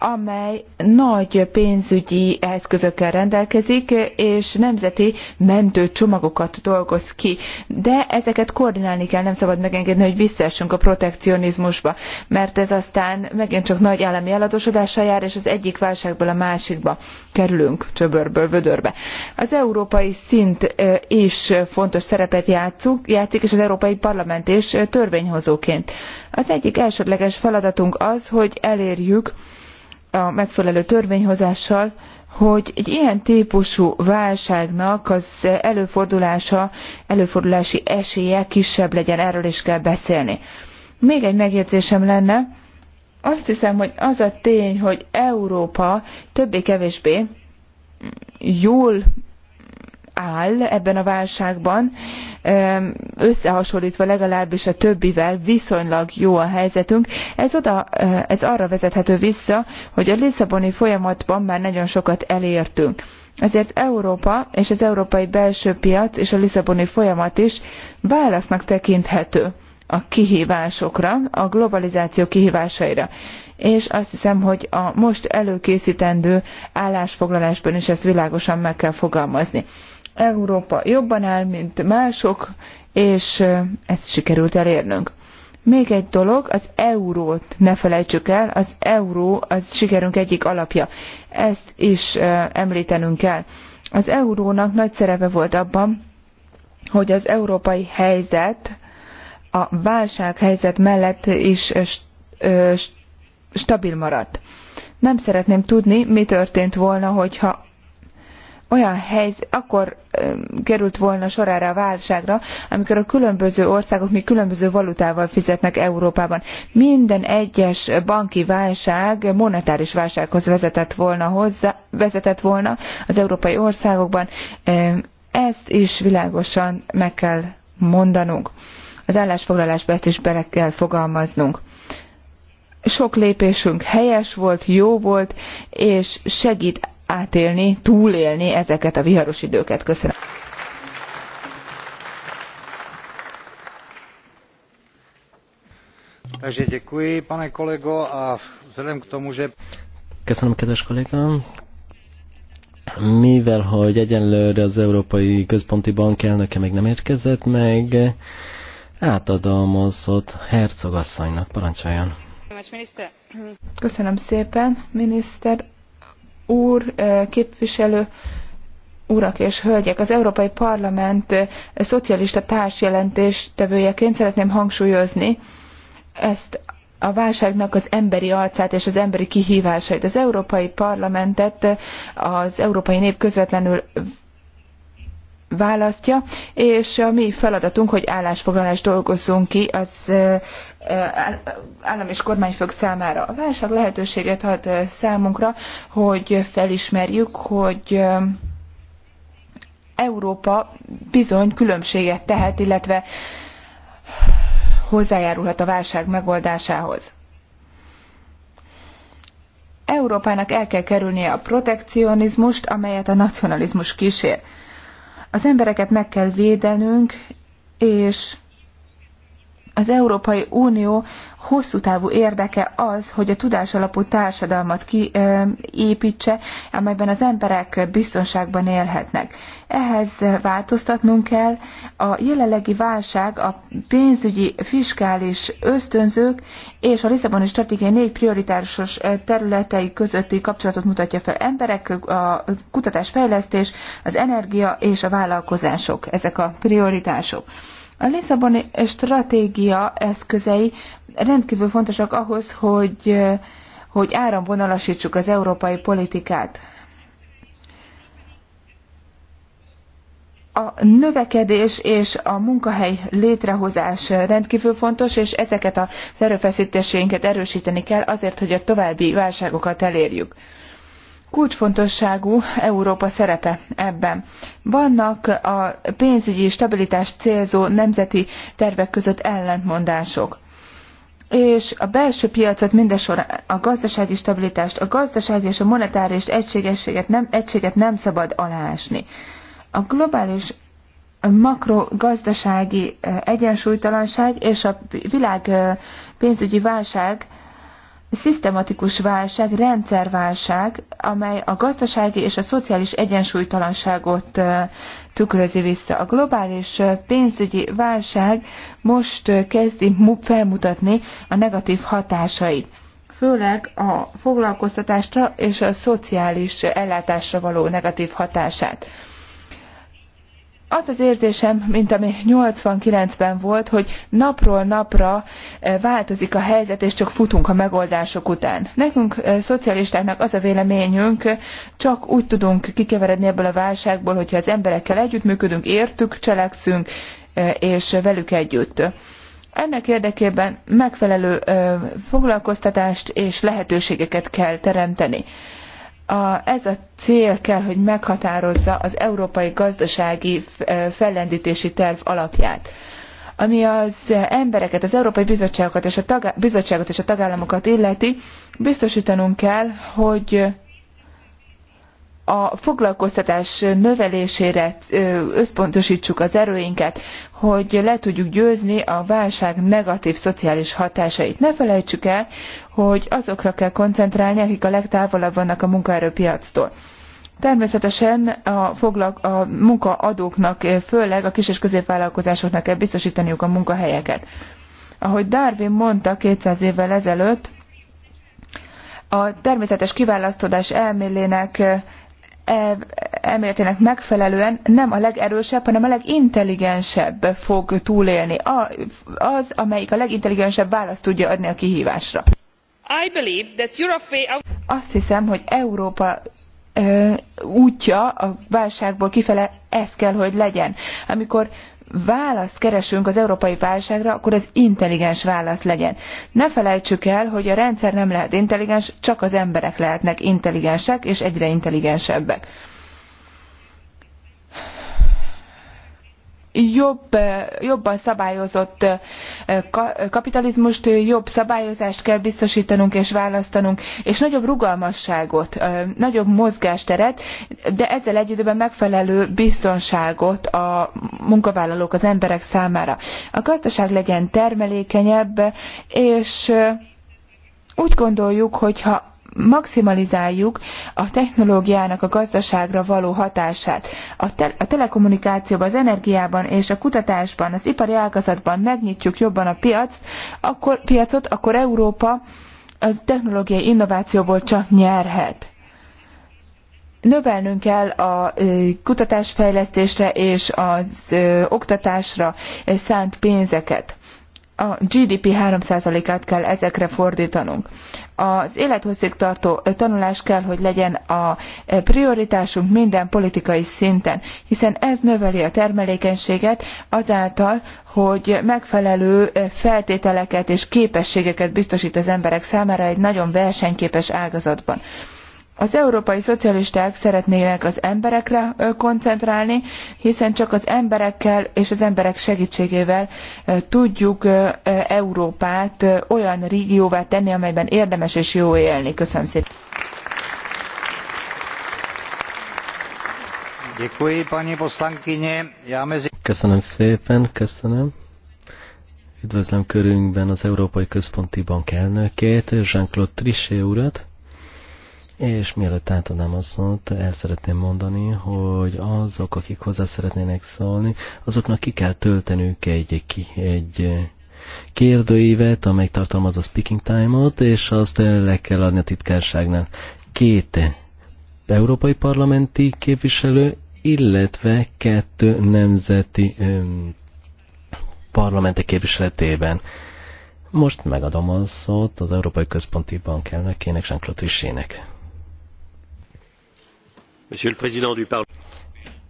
amely nagy pénzügyi eszközökkel rendelkezik, és nemzeti mentőcsomagokat dolgoz ki. De ezeket koordinálni kell, nem szabad megengedni, hogy visszaessünk a protekcionizmusba, mert ez aztán megint csak nagy állami eladósodással jár, és az egyik válságból a másikba kerülünk, csöbörből vödörbe. Az európai szint is fontos szerepet játszunk, játszik, és az Európai Parlament is törvényhozóként. Az egyik elsődleges feladatunk az, hogy elérjük, a megfelelő törvényhozással, hogy egy ilyen típusú válságnak az előfordulása, előfordulási esélye kisebb legyen, erről is kell beszélni. Még egy megjegyzésem lenne, azt hiszem, hogy az a tény, hogy Európa többé-kevésbé jól áll ebben a válságban, összehasonlítva legalábbis a többivel viszonylag jó a helyzetünk. Ez, oda, ez arra vezethető vissza, hogy a Lisszaboni folyamatban már nagyon sokat elértünk. Ezért Európa és az európai belső piac és a Lisszaboni folyamat is válasznak tekinthető a kihívásokra, a globalizáció kihívásaira. És azt hiszem, hogy a most előkészítendő állásfoglalásban is ezt világosan meg kell fogalmazni. Európa jobban áll, mint mások, és ezt sikerült elérnünk. Még egy dolog, az eurót ne felejtsük el, az euró az sikerünk egyik alapja. Ezt is említenünk kell. Az eurónak nagy szerepe volt abban, hogy az európai helyzet a válsághelyzet mellett is stabil maradt. Nem szeretném tudni, mi történt volna, hogyha olyan helyzet, akkor került volna sorára a válságra, amikor a különböző országok mi különböző valutával fizetnek Európában. Minden egyes banki válság monetáris válsághoz vezetett volna hozzá, vezetett volna az európai országokban. Ezt is világosan meg kell mondanunk. Az állásfoglalásba ezt is bele kell fogalmaznunk sok lépésünk helyes volt, jó volt, és segít átélni, túlélni ezeket a viharos időket. Köszönöm. Takže děkuji, pane kolego, a vzhledem k tomu, že... Köszönöm, kedves kollégám. Mivel, hogy egyenlőre az Európai Központi Bank elnöke még nem érkezett meg, átadom a szót Hercogasszonynak. Parancsoljon! Köszönöm szépen, miniszter úr, képviselő, urak és hölgyek, az Európai Parlament szocialista társjelentéstevőjeként szeretném hangsúlyozni ezt a válságnak az emberi arcát és az emberi kihívásait. Az Európai Parlamentet az európai nép közvetlenül választja, és a mi feladatunk, hogy állásfoglalást dolgozzunk ki az állam és kormányfők számára. A válság lehetőséget ad számunkra, hogy felismerjük, hogy Európa bizony különbséget tehet, illetve hozzájárulhat a válság megoldásához. Európának el kell kerülnie a protekcionizmust, amelyet a nacionalizmus kísér. Az embereket meg kell védenünk, és az Európai Unió hosszú távú érdeke az, hogy a tudásalapú társadalmat kiépítse, amelyben az emberek biztonságban élhetnek. Ehhez változtatnunk kell. A jelenlegi válság a pénzügyi, fiskális ösztönzők és a Lisszaboni stratégiai négy prioritásos területei közötti kapcsolatot mutatja fel. Emberek, a kutatásfejlesztés, az energia és a vállalkozások, ezek a prioritások. A Lisszaboni stratégia eszközei rendkívül fontosak ahhoz, hogy, hogy áramvonalasítsuk az európai politikát. a növekedés és a munkahely létrehozás rendkívül fontos, és ezeket az erőfeszítéseinket erősíteni kell azért, hogy a további válságokat elérjük kulcsfontosságú Európa szerepe ebben. Vannak a pénzügyi stabilitást célzó nemzeti tervek között ellentmondások és a belső piacot mindesorán a gazdasági stabilitást, a gazdasági és a monetáris egységességet nem, egységet nem szabad aláásni. A globális makrogazdasági eh, egyensúlytalanság és a világ eh, pénzügyi válság szisztematikus válság, rendszerválság, amely a gazdasági és a szociális egyensúlytalanságot tükrözi vissza. A globális pénzügyi válság most kezdi felmutatni a negatív hatásait főleg a foglalkoztatásra és a szociális ellátásra való negatív hatását az az érzésem, mint ami 89-ben volt, hogy napról napra eh, változik a helyzet, és csak futunk a megoldások után. Nekünk, eh, szocialistáknak az a véleményünk, csak úgy tudunk kikeveredni ebből a válságból, hogyha az emberekkel együttműködünk, értük, cselekszünk, eh, és velük együtt. Ennek érdekében megfelelő foglalkoztatást és lehetőségeket kell teremteni a, ez a cél kell, hogy meghatározza az európai gazdasági fellendítési terv alapját ami az embereket, az Európai Bizottságokat és a, tagá- bizottságot és a tagállamokat illeti, biztosítanunk kell, hogy a foglalkoztatás növelésére összpontosítsuk az erőinket, hogy le tudjuk győzni a válság negatív szociális hatásait. Ne felejtsük el, hogy azokra kell koncentrálni, akik a legtávolabb vannak a munkaerőpiactól. Természetesen a, foglak, a munkaadóknak, főleg a kis- és középvállalkozásoknak kell biztosítaniuk a munkahelyeket. Ahogy Darwin mondta 200 évvel ezelőtt, a természetes kiválasztódás elmélének E, elméletének megfelelően nem a legerősebb, hanem a legintelligensebb fog túlélni. A, az, amelyik a legintelligensebb választ tudja adni a kihívásra. Azt hiszem, hogy Európa e, útja a válságból kifele ez kell, hogy legyen. Amikor választ keresünk az európai válságra, akkor az intelligens válasz legyen. Ne felejtsük el, hogy a rendszer nem lehet intelligens, csak az emberek lehetnek intelligensek és egyre intelligensebbek. jobb, jobban szabályozott eh, kapitalizmust, jobb szabályozást kell biztosítanunk és választanunk, és nagyobb rugalmasságot, eh, nagyobb mozgásteret, de ezzel egy időben megfelelő biztonságot a munkavállalók, az emberek számára. A gazdaság legyen termelékenyebb, és eh, úgy gondoljuk, hogy ha maximalizáljuk a technológiának a gazdaságra való hatását. A, te- a telekommunikációban, az energiában és a kutatásban, az ipari ágazatban megnyitjuk jobban a piac, akkor, piacot, akkor Európa az technológiai innovációból csak nyerhet. Növelnünk kell a kutatásfejlesztésre és az oktatásra szánt pénzeket a GDP 3%-át kell ezekre fordítanunk. Az élethosszig tartó tanulás kell, hogy legyen a prioritásunk minden politikai szinten, hiszen ez növeli a termelékenységet azáltal, hogy megfelelő feltételeket és képességeket biztosít az emberek számára egy nagyon versenyképes ágazatban. Az európai szocialisták szeretnének az emberekre koncentrálni, hiszen csak az emberekkel és az emberek segítségével tudjuk Európát olyan régióvá tenni, amelyben érdemes és jó élni. Köszönöm szépen. Köszönöm szépen, köszönöm. Üdvözlöm körünkben az Európai Központi Bank elnökét, Jean-Claude Trichet urat. És mielőtt átadnám a szót, el szeretném mondani, hogy azok, akik hozzá szeretnének szólni, azoknak ki kell töltenünk egy, egy, egy kérdőívet, amely tartalmaz a speaking time-ot, és azt le kell adni a titkárságnál. Két európai parlamenti képviselő, illetve kettő nemzeti öm, parlamenti képviseletében. Most megadom a szót az Európai Központi Bank elnökének, jean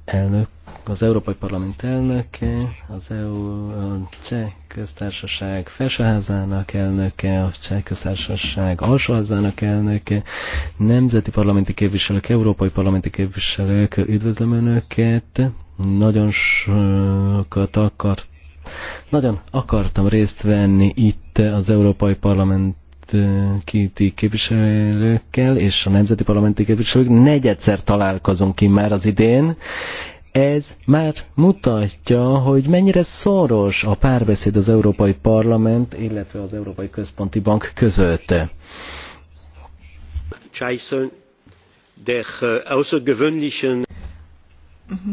Elnök, az Európai Parlament elnöke, az EU a Cseh Köztársaság felsőházának elnöke, a Cseh Köztársaság alsóházának elnöke, nemzeti parlamenti képviselők, európai parlamenti képviselők, üdvözlöm Önöket, nagyon sokat akart nagyon akartam részt venni itt az Európai Parlament parlamenti képviselőkkel és a nemzeti parlamenti képviselők negyedszer találkozunk ki már az idén. Ez már mutatja, hogy mennyire szoros a párbeszéd az Európai Parlament, illetve az Európai Központi Bank között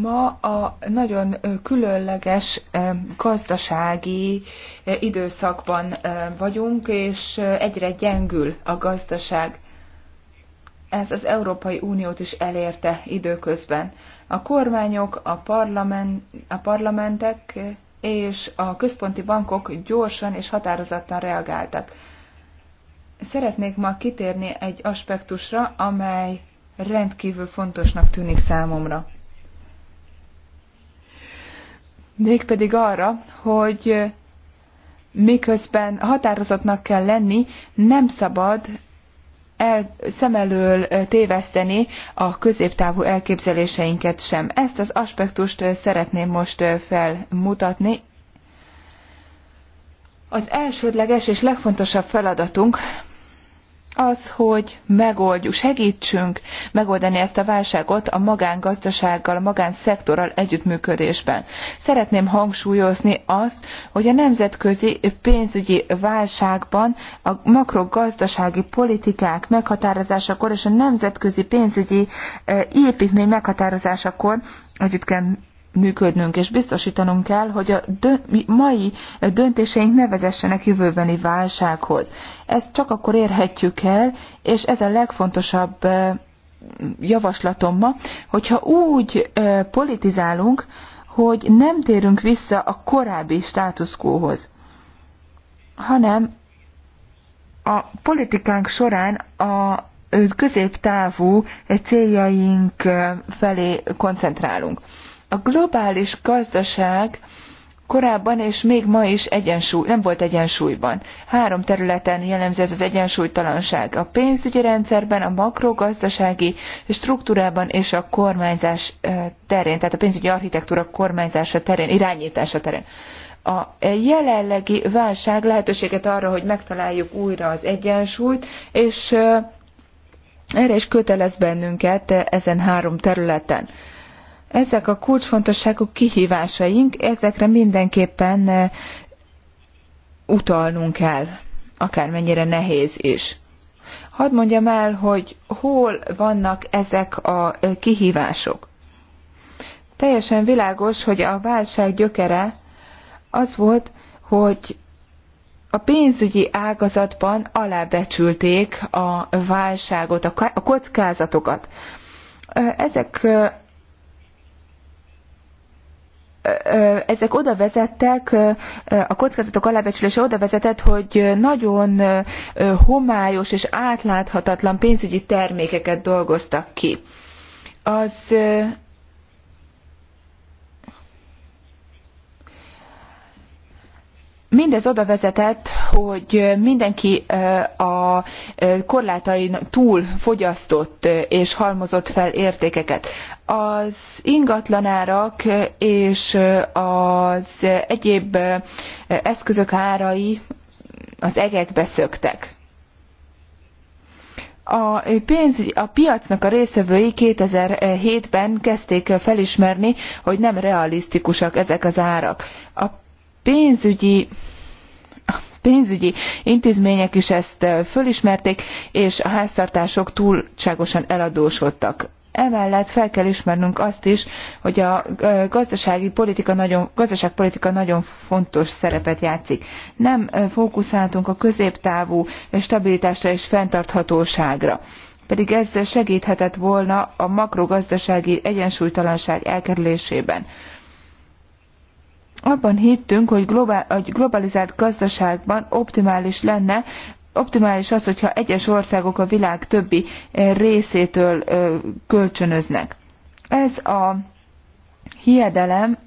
ma a nagyon különleges gazdasági időszakban vagyunk, és egyre gyengül a gazdaság. Ez az Európai Uniót is elérte időközben. A kormányok, a, parlament, a parlamentek és a központi bankok gyorsan és határozottan reagáltak. Szeretnék ma kitérni egy aspektusra, amely rendkívül fontosnak tűnik számomra mégpedig arra, hogy miközben határozottnak kell lenni, nem szabad el, szem elől téveszteni a középtávú elképzeléseinket sem. Ezt az aspektust szeretném most felmutatni. Az elsődleges és legfontosabb feladatunk az, hogy megoldjuk, segítsünk megoldani ezt a válságot a magángazdasággal, a magánszektorral együttműködésben. Szeretném hangsúlyozni azt, hogy a nemzetközi pénzügyi válságban a makrogazdasági politikák meghatározásakor és a nemzetközi pénzügyi eh, építmény meghatározásakor együtt kell működnünk, és biztosítanunk kell, hogy a dö- mai döntéseink ne vezessenek jövőbeni válsághoz. Ezt csak akkor érhetjük el, és ez a legfontosabb javaslatom ma, hogyha úgy politizálunk, hogy nem térünk vissza a korábbi státuszkóhoz, hanem a politikánk során a középtávú céljaink felé koncentrálunk. A globális gazdaság korábban és még ma is egyensúly, nem volt egyensúlyban. Három területen jellemző ez az egyensúlytalanság. A pénzügyi rendszerben, a makrogazdasági struktúrában és a kormányzás eh, terén, tehát a pénzügyi architektúra kormányzása terén, irányítása terén. A jelenlegi válság lehetőséget arra, hogy megtaláljuk újra az egyensúlyt, és eh, erre is kötelez bennünket eh, ezen három területen. Ezek a kulcsfontosságú kihívásaink, ezekre mindenképpen eh, utalnunk kell, akármennyire nehéz is. Hadd mondjam el, hogy hol vannak ezek a eh, kihívások. Teljesen világos, hogy a válság gyökere az volt, hogy a pénzügyi ágazatban alábecsülték a válságot, a kockázatokat. Eh, ezek ezek oda vezettek, a kockázatok alábecsülése oda vezetett, hogy nagyon homályos és átláthatatlan pénzügyi termékeket dolgoztak ki. Az Mindez oda vezetett, hogy mindenki a korlátain túl fogyasztott és halmozott fel értékeket. Az ingatlanárak és az egyéb eszközök árai az egekbe szöktek. A, pénz, a piacnak a részevői 2007-ben kezdték felismerni, hogy nem realisztikusak ezek az árak. A pénzügyi pénzügyi intézmények is ezt fölismerték, és a háztartások túlságosan eladósodtak. Emellett fel kell ismernünk azt is, hogy a gazdasági politika nagyon, gazdaságpolitika nagyon fontos szerepet játszik. Nem fókuszáltunk a középtávú stabilitásra és fenntarthatóságra pedig ez segíthetett volna a makrogazdasági egyensúlytalanság elkerülésében abban hittünk, hogy globál, egy globalizált gazdaságban optimális lenne, optimális az, hogyha egyes országok a világ többi eh, részétől eh, kölcsönöznek. Ez a hiedelem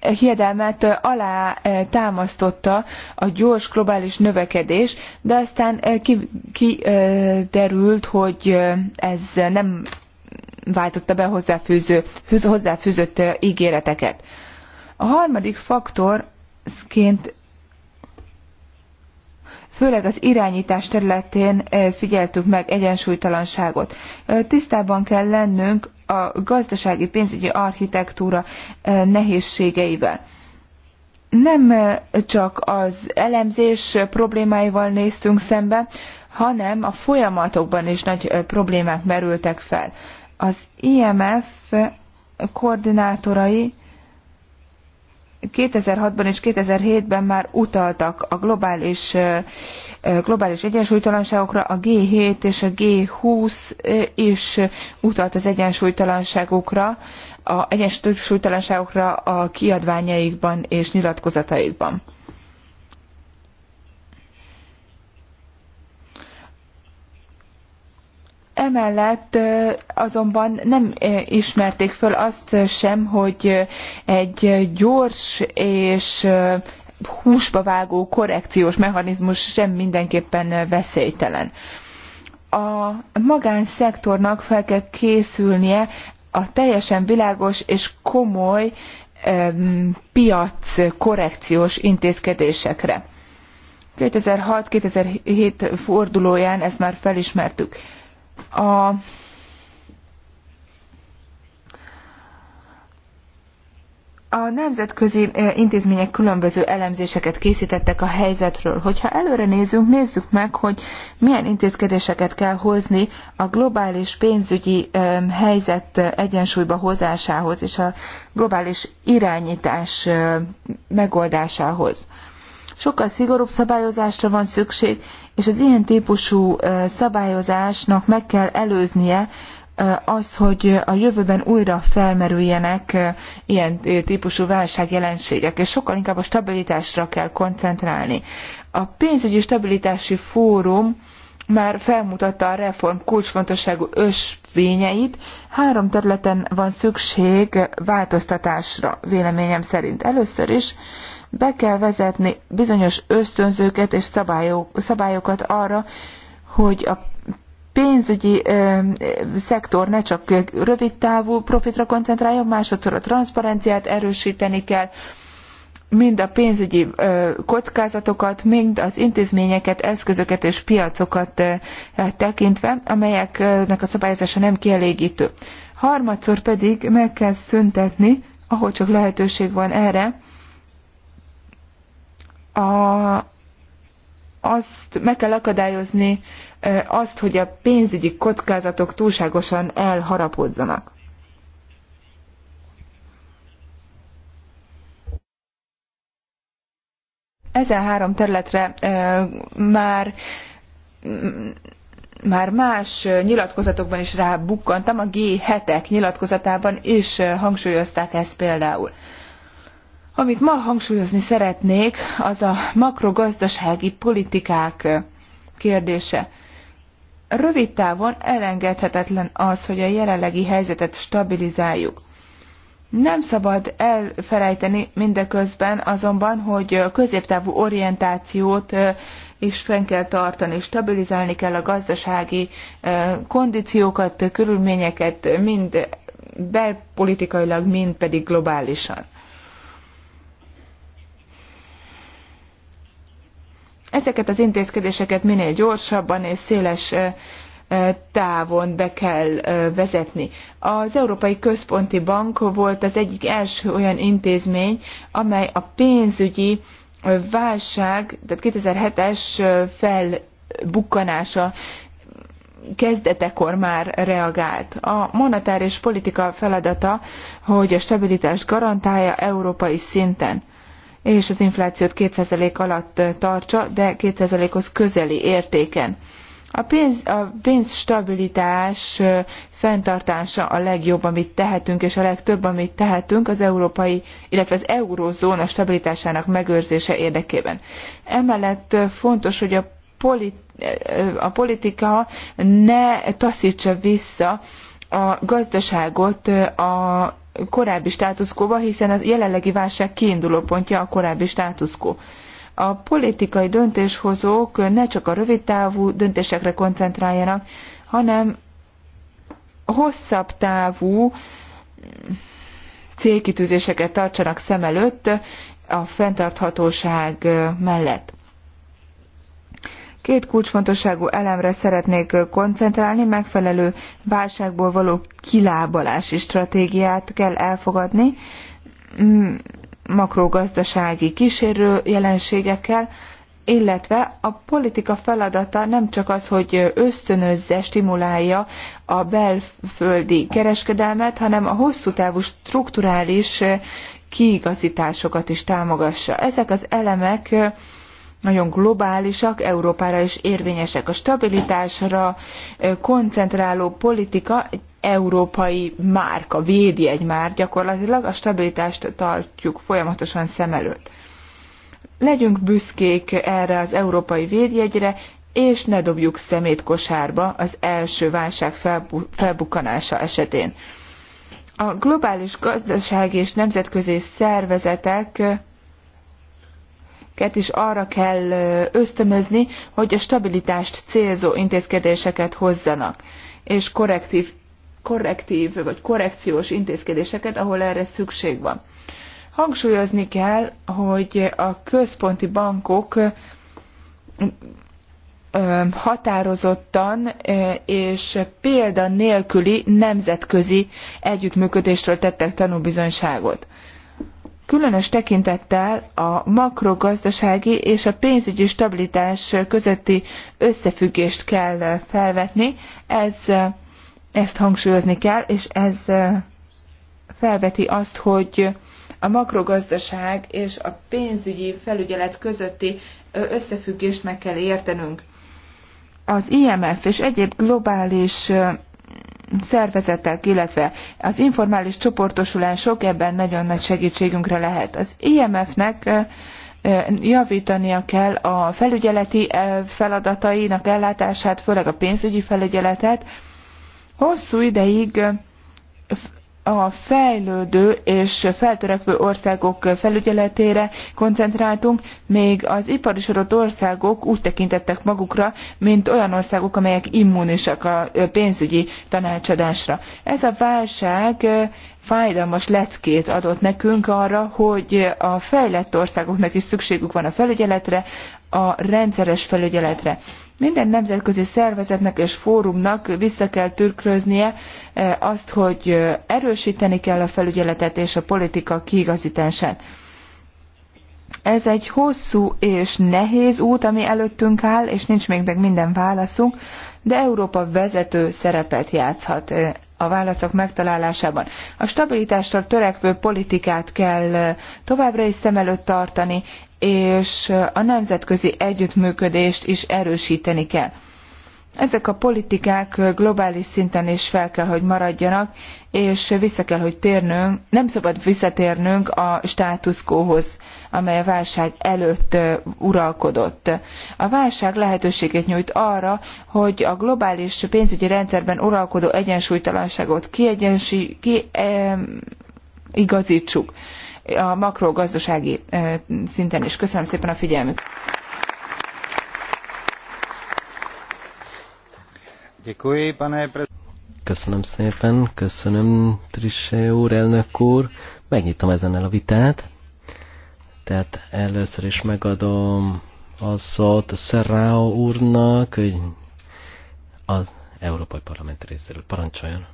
eh, hiedelmet alá támasztotta a gyors globális növekedés, de aztán kiderült, ki hogy ez nem váltotta be hozzáfűző, hozzáfűzött ígéreteket. A harmadik faktorként főleg az irányítás területén figyeltük meg egyensúlytalanságot. Tisztában kell lennünk a gazdasági pénzügyi architektúra nehézségeivel. Nem csak az elemzés problémáival néztünk szembe, hanem a folyamatokban is nagy problémák merültek fel. Az IMF koordinátorai 2006-ban és 2007-ben már utaltak a globális, globális egyensúlytalanságokra, a G7 és a G20 is utalt az egyensúlytalanságokra, a egyensúlytalanságokra a kiadványaikban és nyilatkozataikban. Emellett azonban nem ismerték föl azt sem, hogy egy gyors és húsba vágó korrekciós mechanizmus sem mindenképpen veszélytelen. A magánszektornak fel kell készülnie a teljesen világos és komoly piac korrekciós intézkedésekre. 2006-2007 fordulóján ezt már felismertük a a nemzetközi eh, intézmények különböző elemzéseket készítettek a helyzetről. Hogyha előre nézzünk, nézzük meg, hogy milyen intézkedéseket kell hozni a globális pénzügyi helyzet eh, egyensúlyba hozásához és a globális irányítás eh, megoldásához. Sokkal szigorúbb szabályozásra van szükség, és az ilyen típusú szabályozásnak meg kell előznie az, hogy a jövőben újra felmerüljenek ilyen típusú válságjelenségek, és sokkal inkább a stabilitásra kell koncentrálni. A pénzügyi stabilitási fórum már felmutatta a reform kulcsfontosságú ösvényeit. Három területen van szükség változtatásra, véleményem szerint. Először is be kell vezetni bizonyos ösztönzőket és szabályok, szabályokat arra, hogy a pénzügyi ö, szektor ne csak rövid távú profitra koncentráljon, másodszor a transzparenciát erősíteni kell, mind a pénzügyi ö, kockázatokat, mind az intézményeket, eszközöket és piacokat ö, tekintve, amelyeknek a szabályozása nem kielégítő. Harmadszor pedig meg kell szüntetni, ahol csak lehetőség van erre, a, azt meg kell akadályozni, azt, hogy a pénzügyi kockázatok túlságosan elharapódzanak. Ezen három területre már már más nyilatkozatokban is rábukkantam, a G7-ek nyilatkozatában is hangsúlyozták ezt például. Amit ma hangsúlyozni szeretnék, az a makrogazdasági politikák kérdése. Rövid távon elengedhetetlen az, hogy a jelenlegi helyzetet stabilizáljuk. Nem szabad elfelejteni mindeközben azonban, hogy középtávú orientációt is fenn kell tartani, stabilizálni kell a gazdasági kondíciókat, körülményeket, mind belpolitikailag, mind pedig globálisan. Ezeket az intézkedéseket minél gyorsabban és széles távon be kell vezetni. Az Európai Központi Bank volt az egyik első olyan intézmény, amely a pénzügyi válság, tehát 2007-es felbukkanása kezdetekor már reagált. A monetáris politika feladata, hogy a stabilitást garantálja európai szinten és az inflációt 2% alatt tartsa, de 2%-hoz közeli értéken. A pénz, a pénz stabilitás fenntartása a legjobb, amit tehetünk, és a legtöbb, amit tehetünk az európai, illetve az eurózóna stabilitásának megőrzése érdekében. Emellett fontos, hogy a, politi- a politika ne taszítsa vissza a gazdaságot a korábbi státuszkóba, hiszen a jelenlegi válság kiinduló pontja a korábbi státuszkó. A politikai döntéshozók ne csak a rövidtávú döntésekre koncentráljanak, hanem hosszabb távú célkitűzéseket tartsanak szem előtt a fenntarthatóság mellett. Két kulcsfontosságú elemre szeretnék koncentrálni, megfelelő válságból való kilábalási stratégiát kell elfogadni, mm, makrogazdasági kísérő jelenségekkel, illetve a politika feladata nem csak az, hogy ösztönözze, stimulálja a belföldi kereskedelmet, hanem a hosszú távú strukturális kiigazításokat is támogassa. Ezek az elemek nagyon globálisak, Európára is érvényesek. A stabilitásra koncentráló politika egy európai márka, védi egy már gyakorlatilag, a stabilitást tartjuk folyamatosan szem előtt. Legyünk büszkék erre az európai védjegyre, és ne dobjuk szemét kosárba az első válság felbu- felbukkanása esetén. A globális gazdasági és nemzetközi szervezetek ket is arra kell ösztönözni, hogy a stabilitást célzó intézkedéseket hozzanak, és korrektív, korrektív vagy korrekciós intézkedéseket, ahol erre szükség van. Hangsúlyozni kell, hogy a központi bankok határozottan és példa nélküli nemzetközi együttműködésről tettek tanúbizonyságot különös tekintettel a makrogazdasági és a pénzügyi stabilitás közötti összefüggést kell felvetni. Ez, ezt hangsúlyozni kell, és ez felveti azt, hogy a makrogazdaság és a pénzügyi felügyelet közötti összefüggést meg kell értenünk. Az IMF és egyéb globális szervezetek, illetve az informális csoportosulások ebben nagyon nagy segítségünkre lehet. Az IMF-nek javítania kell a felügyeleti feladatainak ellátását, főleg a pénzügyi felügyeletet. Hosszú ideig a fejlődő és feltörekvő országok felügyeletére koncentráltunk, még az iparosodott országok úgy tekintettek magukra, mint olyan országok, amelyek immunisak a pénzügyi tanácsadásra. Ez a válság fájdalmas leckét adott nekünk arra, hogy a fejlett országoknak is szükségük van a felügyeletre, a rendszeres felügyeletre. Minden nemzetközi szervezetnek és fórumnak vissza kell tükröznie eh, azt, hogy eh, erősíteni kell a felügyeletet és a politika kiigazítását. Ez egy hosszú és nehéz út, ami előttünk áll, és nincs még meg minden válaszunk, de Európa vezető szerepet játszhat eh, a válaszok megtalálásában. A stabilitásra törekvő politikát kell továbbra is szem előtt tartani, és a nemzetközi együttműködést is erősíteni kell. Ezek a politikák globális szinten is fel kell, hogy maradjanak, és vissza kell, hogy térnünk, nem szabad visszatérnünk a státuszkóhoz, amely a válság előtt uralkodott. A válság lehetőséget nyújt arra, hogy a globális pénzügyi rendszerben uralkodó egyensúlytalanságot kiegyensúly, kiigazítsuk. igazítsuk a makrogazdasági szinten is. Köszönöm szépen a figyelmüket. Köszönöm szépen, köszönöm Trisse úr, elnök úr. Megnyitom el a vitát. Tehát először is megadom a szót Szerrao úrnak, hogy az Európai Parlament részéről parancsoljon.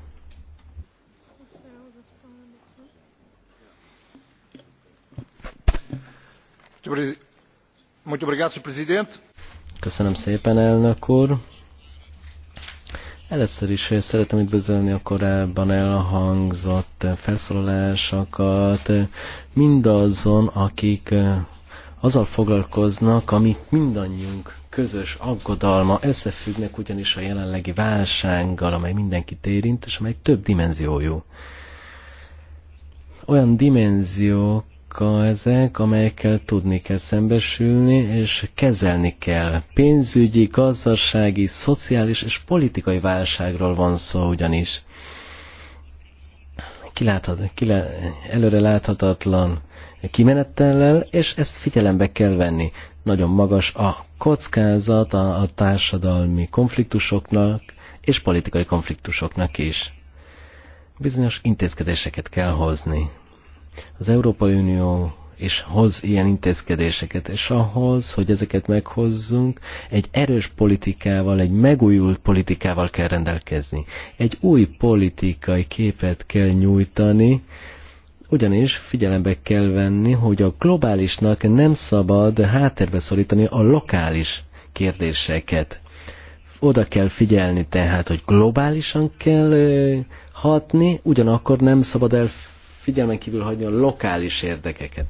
Köszönöm szépen, elnök úr. Először is szeretem üdvözölni a korábban elhangzott felszólalásokat mindazon, akik azzal foglalkoznak, ami mindannyiunk közös aggodalma, összefüggnek ugyanis a jelenlegi válsággal, amely mindenkit érint, és amely több dimenziójú. Olyan dimenziók, ezek, amelyekkel tudni kell szembesülni, és kezelni kell. Pénzügyi, gazdasági, szociális és politikai válságról van szó ugyanis. Kiláthat, kilá, előre láthatatlan kimenettellel, és ezt figyelembe kell venni. Nagyon magas a kockázat a, a társadalmi konfliktusoknak és politikai konfliktusoknak is. Bizonyos intézkedéseket kell hozni az Európai Unió és hoz ilyen intézkedéseket, és ahhoz, hogy ezeket meghozzunk, egy erős politikával, egy megújult politikával kell rendelkezni. Egy új politikai képet kell nyújtani, ugyanis figyelembe kell venni, hogy a globálisnak nem szabad háttérbe szorítani a lokális kérdéseket. Oda kell figyelni tehát, hogy globálisan kell hatni, ugyanakkor nem szabad elfelejteni figyelmen kívül hagyni a lokális érdekeket.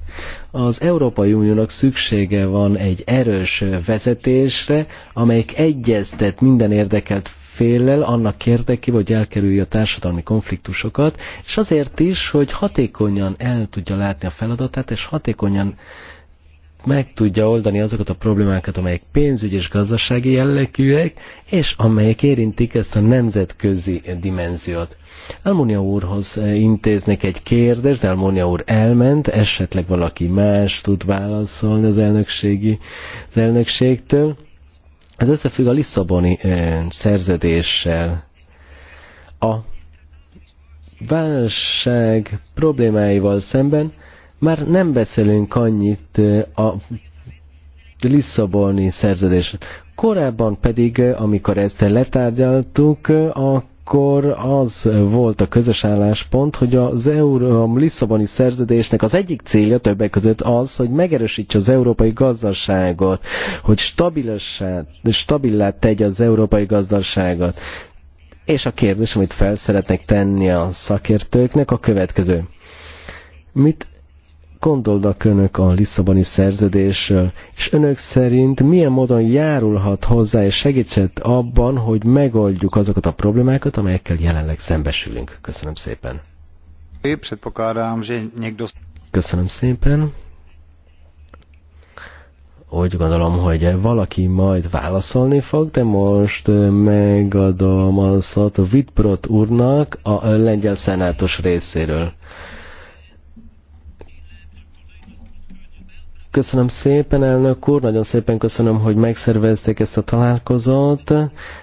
Az Európai Uniónak szüksége van egy erős vezetésre, amelyik egyeztet minden érdekelt féllel annak érdekében, hogy elkerülje a társadalmi konfliktusokat, és azért is, hogy hatékonyan el tudja látni a feladatát, és hatékonyan meg tudja oldani azokat a problémákat, amelyek pénzügyi és gazdasági jellegűek, és amelyek érintik ezt a nemzetközi dimenziót. Almonia úrhoz e, intéznek egy kérdést, de Almonia úr elment, esetleg valaki más tud válaszolni az, elnökségi, az elnökségtől. Ez összefügg a Lisszaboni e, szerződéssel. A válság problémáival szemben már nem beszélünk annyit a Lisszaboni szerződés. Korábban pedig, amikor ezt letárgyaltuk, a akkor az volt a közös álláspont, hogy az Euró, a Lisszaboni szerződésnek az egyik célja többek között az, hogy megerősítse az európai gazdaságot, hogy stabilá tegye az európai gazdaságot. És a kérdés, amit fel szeretnek tenni a szakértőknek, a következő. Mit gondoldak önök a Lisszaboni szerződésről, és önök szerint milyen módon járulhat hozzá és segítset abban, hogy megoldjuk azokat a problémákat, amelyekkel jelenleg szembesülünk. Köszönöm szépen. Köszönöm szépen. Úgy gondolom, hogy valaki majd válaszolni fog, de most megadom a szót Vitbrot úrnak a lengyel szenátus részéről. Köszönöm szépen, elnök úr, nagyon szépen köszönöm, hogy megszervezték ezt a találkozót,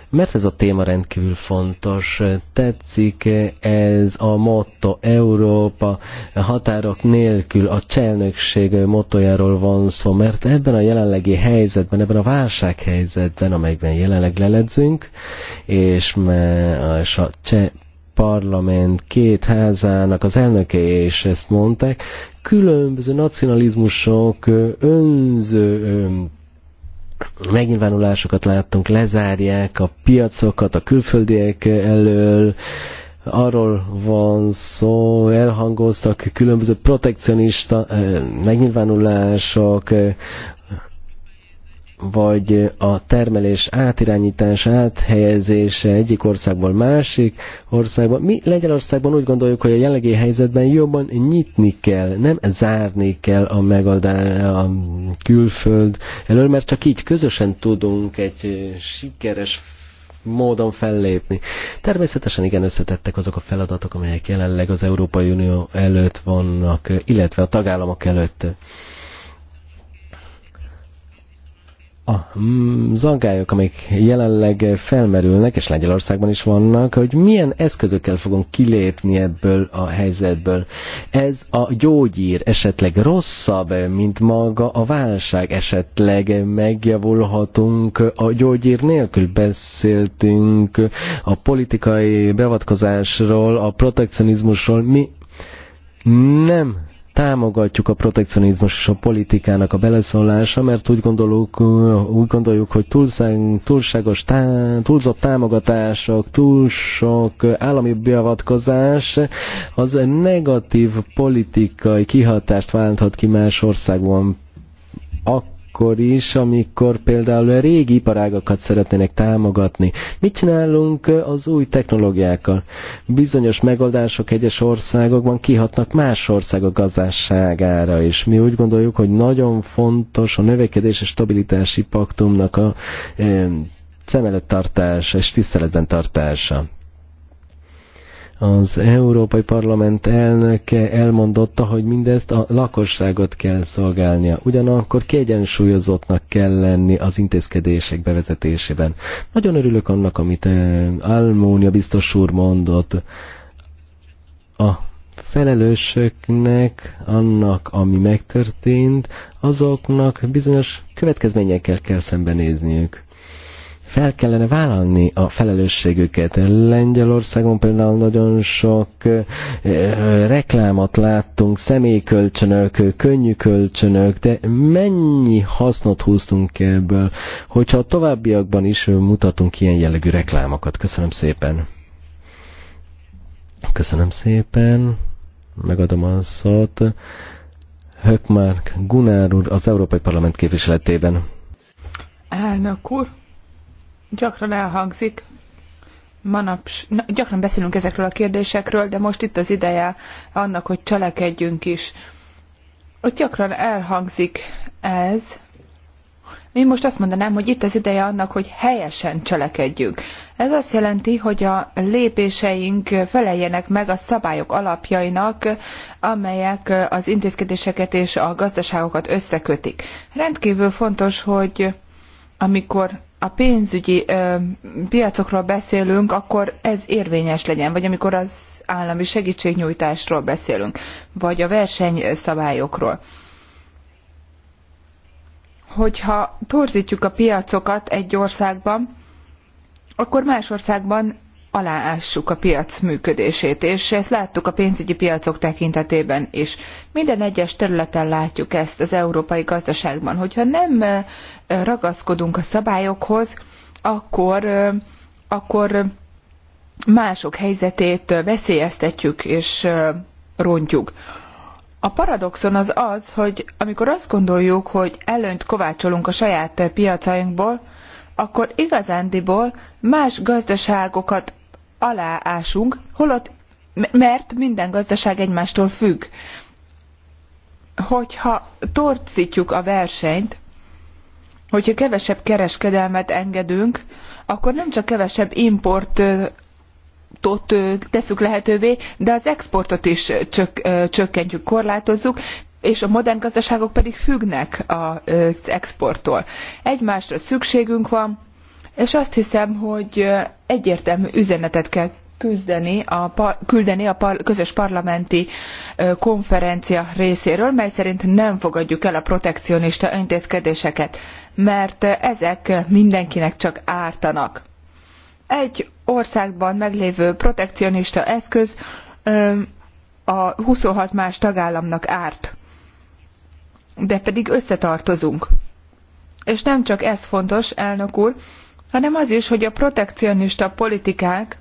mert ez a téma rendkívül fontos. Tetszik ez a motto Európa határok nélkül, a cselnökség mottojáról van szó, mert ebben a jelenlegi helyzetben, ebben a válsághelyzetben, amelyben jelenleg leledzünk, és a cseh parlament két házának az elnöke és ezt mondták, különböző nacionalizmusok, önző megnyilvánulásokat láttunk, lezárják a piacokat a külföldiek elől, arról van szó, elhangoztak különböző protekcionista megnyilvánulások, vagy a termelés átirányítását helyezése egyik országból másik országban. Mi Lengyelországban úgy gondoljuk, hogy a jelenlegi helyzetben jobban nyitni kell, nem zárni kell a megadás a külföld elől, mert csak így közösen tudunk egy sikeres módon fellépni. Természetesen igen összetettek azok a feladatok, amelyek jelenleg az Európai Unió előtt vannak, illetve a tagállamok előtt. a mm, zagályok, amik jelenleg felmerülnek, és Lengyelországban is vannak, hogy milyen eszközökkel fogunk kilépni ebből a helyzetből. Ez a gyógyír esetleg rosszabb, mint maga a válság, esetleg megjavulhatunk a gyógyír nélkül. Beszéltünk a politikai beavatkozásról, a protekcionizmusról, mi nem támogatjuk a protekcionizmus és a politikának a beleszólása, mert úgy gondoljuk, úgy gondoljuk hogy túlságos, tá, túlzott támogatások, túl sok állami beavatkozás az negatív politikai kihatást válthat ki más országban. Ak akkor is, amikor például a régi iparágakat szeretnének támogatni. Mit csinálunk az új technológiákkal? Bizonyos megoldások egyes országokban kihatnak más országok gazdaságára is. Mi úgy gondoljuk, hogy nagyon fontos a növekedés és stabilitási paktumnak a e, szem előtt tartása és tiszteletben tartása. Az Európai Parlament elnöke elmondotta, hogy mindezt a lakosságot kell szolgálnia. Ugyanakkor kiegyensúlyozottnak kell lenni az intézkedések bevezetésében. Nagyon örülök annak, amit Almónia biztos úr mondott. A felelősöknek, annak, ami megtörtént, azoknak bizonyos következményekkel kell szembenézniük fel kellene vállalni a felelősségüket. Lengyelországon például nagyon sok reklámot láttunk, személykölcsönök, könnyű kölcsönök, de mennyi hasznot húztunk ebből, hogyha a továbbiakban is mutatunk ilyen jellegű reklámokat. Köszönöm szépen! Köszönöm szépen, megadom a szót. Hökmark Gunár úr az Európai Parlament képviseletében. Elnök úr, Gyakran elhangzik, manaps, na, gyakran beszélünk ezekről a kérdésekről, de most itt az ideje annak, hogy cselekedjünk is. Ott gyakran elhangzik ez. Én most azt mondanám, hogy itt az ideje annak, hogy helyesen cselekedjünk. Ez azt jelenti, hogy a lépéseink feleljenek meg a szabályok alapjainak, amelyek az intézkedéseket és a gazdaságokat összekötik. Rendkívül fontos, hogy amikor a pénzügyi ö, piacokról beszélünk, akkor ez érvényes legyen, vagy amikor az állami segítségnyújtásról beszélünk, vagy a versenyszabályokról. Hogyha torzítjuk a piacokat egy országban, akkor más országban aláássuk a piac működését, és ezt láttuk a pénzügyi piacok tekintetében is. Minden egyes területen látjuk ezt az európai gazdaságban, hogyha nem ragaszkodunk a szabályokhoz, akkor, akkor mások helyzetét veszélyeztetjük és rontjuk. A paradoxon az az, hogy amikor azt gondoljuk, hogy előnyt kovácsolunk a saját piacainkból, akkor igazándiból más gazdaságokat aláásunk, holott, mert minden gazdaság egymástól függ. Hogyha torcítjuk a versenyt, hogyha kevesebb kereskedelmet engedünk, akkor nem csak kevesebb importot teszük lehetővé, de az exportot is csök, csökkentjük, korlátozzuk, és a modern gazdaságok pedig függnek az exporttól. Egymásra szükségünk van, és azt hiszem, hogy egyértelmű üzenetet kell küzdeni a par, küldeni a par, közös parlamenti ö, konferencia részéről, mely szerint nem fogadjuk el a protekcionista intézkedéseket, mert ezek mindenkinek csak ártanak. Egy országban meglévő protekcionista eszköz ö, a 26 más tagállamnak árt, de pedig összetartozunk. És nem csak ez fontos, elnök úr, hanem az is, hogy a protekcionista politikák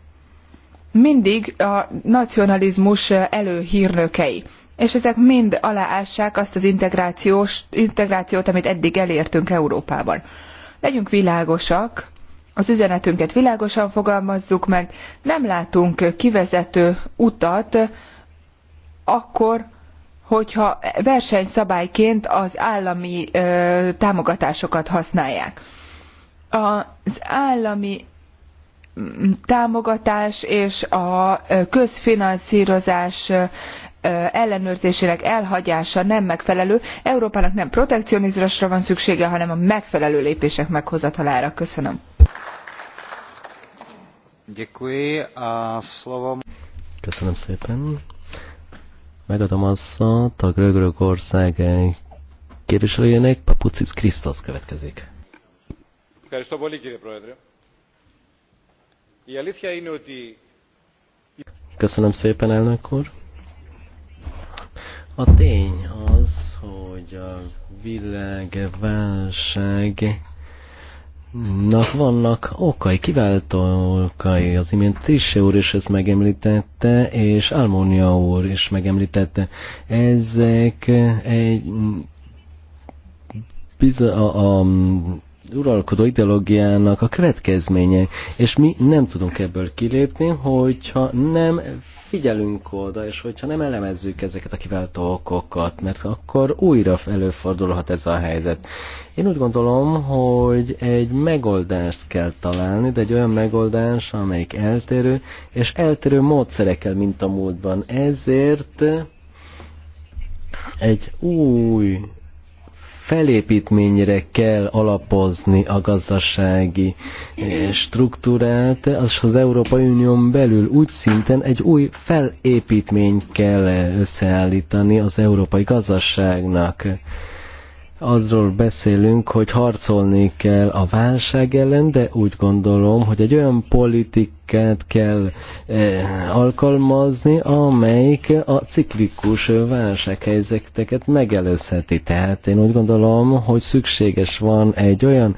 mindig a nacionalizmus előhírnökei. És ezek mind aláássák azt az integrációs, integrációt, amit eddig elértünk Európában. Legyünk világosak, az üzenetünket világosan fogalmazzuk meg, nem látunk kivezető utat, akkor, hogyha versenyszabályként az állami ö, támogatásokat használják az állami mm, támogatás és a közfinanszírozás ellenőrzésének elhagyása nem megfelelő. Európának nem protekcionizmusra van szüksége, hanem a megfelelő lépések meghozatalára. Köszönöm. Köszönöm szépen. Megadom a szót a Görögország eh, képviselőjének, Papucic Krisztus következik. Köszönöm szépen, elnök úr. A tény az, hogy a világválság Nak vannak okai, kiváltó okai, az imént Trisse úr is ezt megemlítette, és Almónia úr is megemlítette. Ezek egy biza, a, a uralkodó ideológiának a következménye, és mi nem tudunk ebből kilépni, hogyha nem figyelünk oda, és hogyha nem elemezzük ezeket a kiváltó okokat, mert akkor újra előfordulhat ez a helyzet. Én úgy gondolom, hogy egy megoldást kell találni, de egy olyan megoldás, amelyik eltérő, és eltérő módszerekkel, mint a múltban. Ezért egy új felépítményre kell alapozni a gazdasági eh, struktúrát, az az Európai Unión belül úgy szinten egy új felépítményt kell összeállítani az európai gazdaságnak azról beszélünk, hogy harcolni kell a válság ellen, de úgy gondolom, hogy egy olyan politik technikát kell eh, alkalmazni, amelyik a ciklikus válsághelyzeteket megelőzheti. Tehát én úgy gondolom, hogy szükséges van egy olyan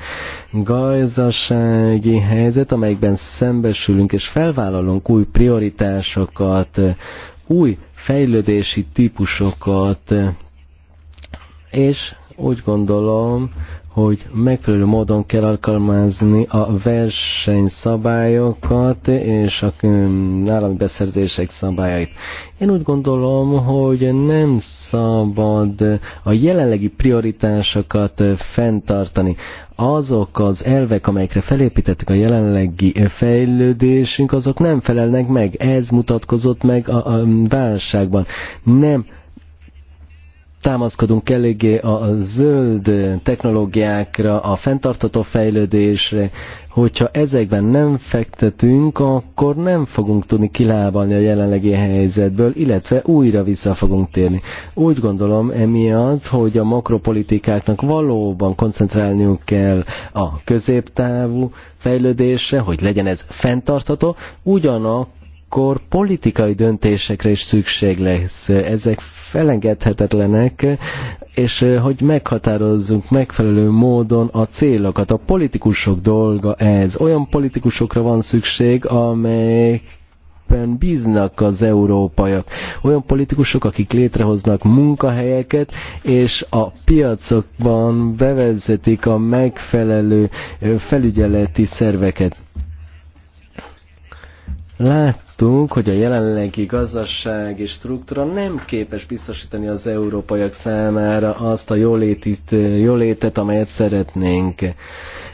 gazdasági helyzet, amelyikben szembesülünk és felvállalunk új prioritásokat, új fejlődési típusokat, és úgy gondolom, hogy megfelelő módon kell alkalmazni a versenyszabályokat és a mm, állami beszerzések szabályait. Én úgy gondolom, hogy nem szabad a jelenlegi prioritásokat fenntartani. Azok az elvek, amelyekre felépítettük a jelenlegi fejlődésünk, azok nem felelnek meg. Ez mutatkozott meg a, a mm, válságban. Nem támaszkodunk eléggé a zöld technológiákra, a fenntartató fejlődésre, hogyha ezekben nem fektetünk, akkor nem fogunk tudni kilábalni a jelenlegi helyzetből, illetve újra vissza fogunk térni. Úgy gondolom emiatt, hogy a makropolitikáknak valóban koncentrálniuk kell a középtávú fejlődésre, hogy legyen ez fenntartható, ugyanak akkor politikai döntésekre is szükség lesz. Ezek felengedhetetlenek, és eh, hogy meghatározzunk megfelelő módon a célokat. A politikusok dolga ez. Olyan politikusokra van szükség, amelyek bíznak az európaiak. Olyan politikusok, akik létrehoznak munkahelyeket, és a piacokban bevezetik a megfelelő eh, felügyeleti szerveket. Lát, láttuk, hogy a jelenlegi gazdasági struktúra nem képes biztosítani az európaiak számára azt a jólétet, jólétet amelyet szeretnénk.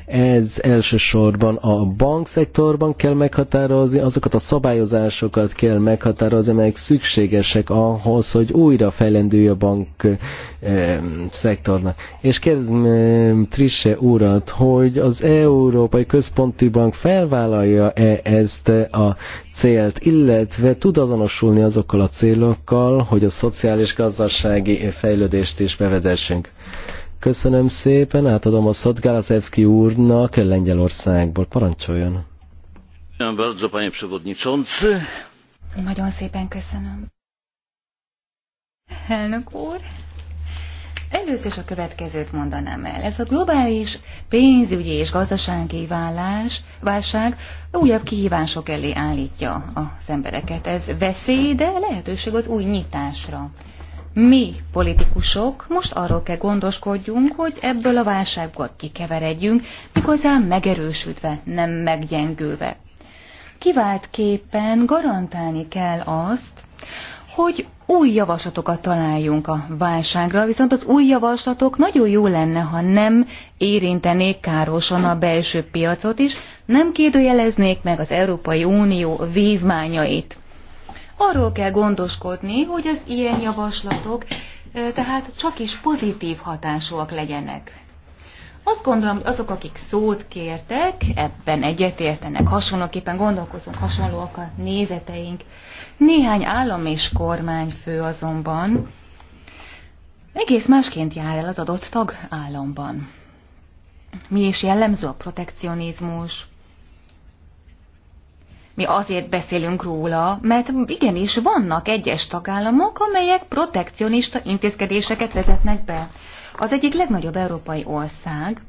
Ez elsősorban a bankszektorban kell meghatározni, azokat a szabályozásokat kell meghatározni, amelyek szükségesek ahhoz, hogy újra fejlendülj a bank eh, szektornak. És kérdezem eh, Trisse urat, hogy az Európai Központi Bank felvállalja-e ezt a célt, illetve tud azonosulni azokkal a célokkal, hogy a szociális gazdasági fejlődést is bevezessünk. Köszönöm szépen, átadom a szót Gálszewski úrnak Lengyelországból. Parancsoljon! Nagyon szépen köszönöm. Elnök úr, először is a következőt mondanám el. Ez a globális pénzügyi és gazdasági vállás, válság újabb kihívások elé állítja az embereket. Ez veszély, de lehetőség az új nyitásra mi politikusok most arról kell gondoskodjunk, hogy ebből a válságból kikeveredjünk, miközben megerősödve, nem meggyengülve. Kiváltképpen garantálni kell azt, hogy új javaslatokat találjunk a válságra, viszont az új javaslatok nagyon jó lenne, ha nem érintenék károsan a belső piacot is, nem kérdőjeleznék meg az Európai Unió vívmányait arról kell gondoskodni, hogy az ilyen javaslatok tehát csak is pozitív hatásúak legyenek. Azt gondolom, hogy azok, akik szót kértek, ebben egyetértenek, hasonlóképpen gondolkozunk, hasonlóak a nézeteink. Néhány állam és kormányfő azonban egész másként jár el az adott tagállamban. Mi is jellemző a protekcionizmus, mi azért beszélünk róla, mert igenis vannak egyes tagállamok, amelyek protekcionista intézkedéseket vezetnek be. Az egyik legnagyobb európai ország,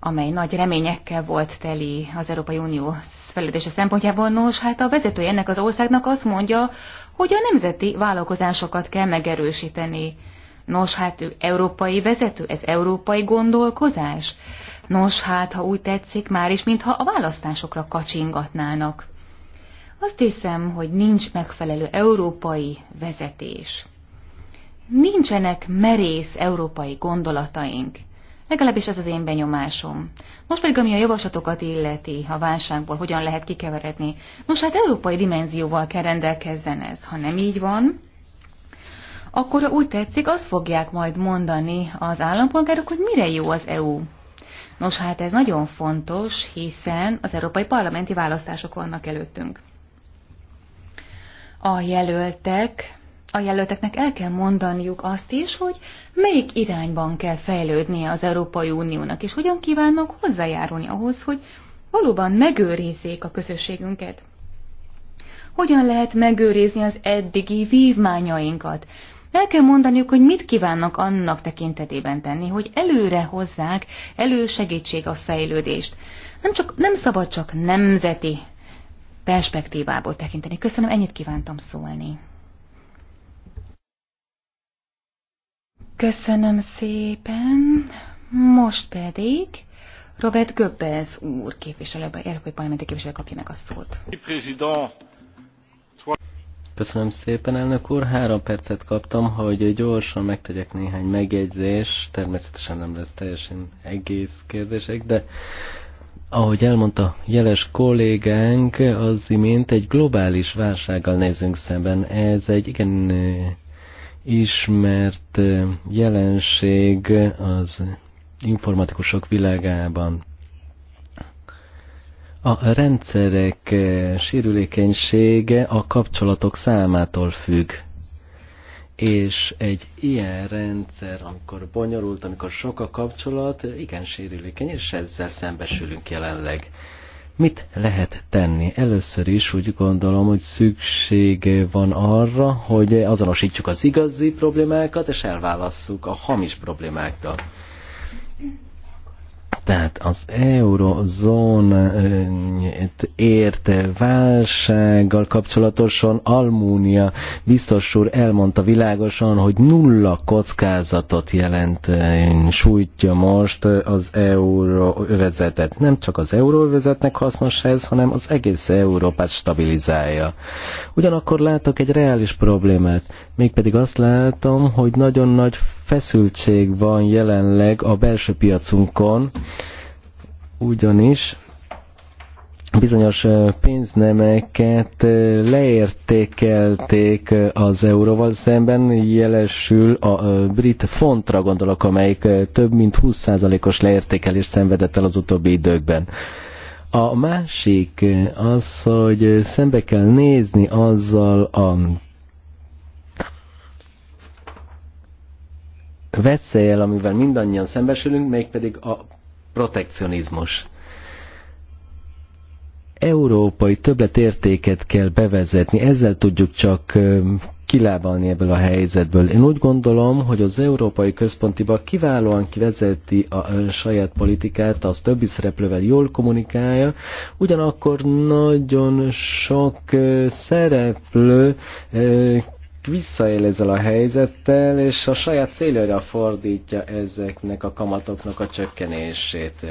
amely nagy reményekkel volt teli az Európai Unió fejlődése szempontjából, nos, hát a vezetője ennek az országnak azt mondja, hogy a nemzeti vállalkozásokat kell megerősíteni. Nos, hát ő európai vezető, ez európai gondolkozás. Nos, hát, ha úgy tetszik, már is mintha a választásokra kacsingatnának. Azt hiszem, hogy nincs megfelelő európai vezetés. Nincsenek merész európai gondolataink. Legalábbis ez az én benyomásom. Most pedig, ami a javaslatokat illeti, a válságból hogyan lehet kikeveredni. Nos, hát európai dimenzióval kell rendelkezzen ez. Ha nem így van, akkor úgy tetszik, azt fogják majd mondani az állampolgárok, hogy mire jó az EU. Nos hát ez nagyon fontos, hiszen az európai parlamenti választások vannak előttünk. A jelöltek, a jelölteknek el kell mondaniuk azt is, hogy melyik irányban kell fejlődnie az Európai Uniónak, és hogyan kívánnak hozzájárulni ahhoz, hogy valóban megőrizzék a közösségünket. Hogyan lehet megőrizni az eddigi vívmányainkat? El kell mondaniuk, hogy mit kívánnak annak tekintetében tenni, hogy előre hozzák, elősegítsék a fejlődést. Nem, csak, nem szabad csak nemzeti perspektívából tekinteni. Köszönöm, ennyit kívántam szólni. Köszönöm szépen. Most pedig Robert Göbbels úr képviselő, Európai Parlamenti képviselő kapja meg a szót. Köszönöm szépen, elnök úr. Három percet kaptam, hogy gyorsan megtegyek néhány megjegyzés. Természetesen nem lesz teljesen egész kérdések, de ahogy elmondta jeles kollégánk, az imént egy globális válsággal nézünk szemben. Ez egy igen ismert jelenség az informatikusok világában. A rendszerek eh, sérülékenysége a kapcsolatok számától függ. És egy ilyen rendszer, amikor bonyolult, amikor sok a kapcsolat, igen sérülékeny, és ezzel szembesülünk jelenleg. Mit lehet tenni? Először is úgy gondolom, hogy szükség van arra, hogy azonosítsuk az igazi problémákat, és elválasszuk a hamis problémáktól tehát az eurozón érte válsággal kapcsolatosan Almúnia biztos úr elmondta világosan, hogy nulla kockázatot jelent, sújtja most az euróövezetet. Nem csak az euróövezetnek hasznos ez, hanem az egész Európát stabilizálja. Ugyanakkor látok egy reális problémát, mégpedig azt látom, hogy nagyon nagy feszültség van jelenleg a belső piacunkon, ugyanis bizonyos pénznemeket leértékelték az euróval szemben, jelesül a brit fontra gondolok, amelyik több mint 20%-os leértékelést szenvedett el az utóbbi időkben. A másik az, hogy szembe kell nézni azzal a veszélyel, amivel mindannyian szembesülünk, mégpedig a protekcionizmus. Európai többletértéket kell bevezetni, ezzel tudjuk csak kilábalni ebből a helyzetből. Én úgy gondolom, hogy az Európai Központi Bank kiválóan kivezeti a saját politikát, az többi szereplővel jól kommunikálja, ugyanakkor nagyon sok szereplő visszaél ezzel a helyzettel, és a saját célra fordítja ezeknek a kamatoknak a csökkenését.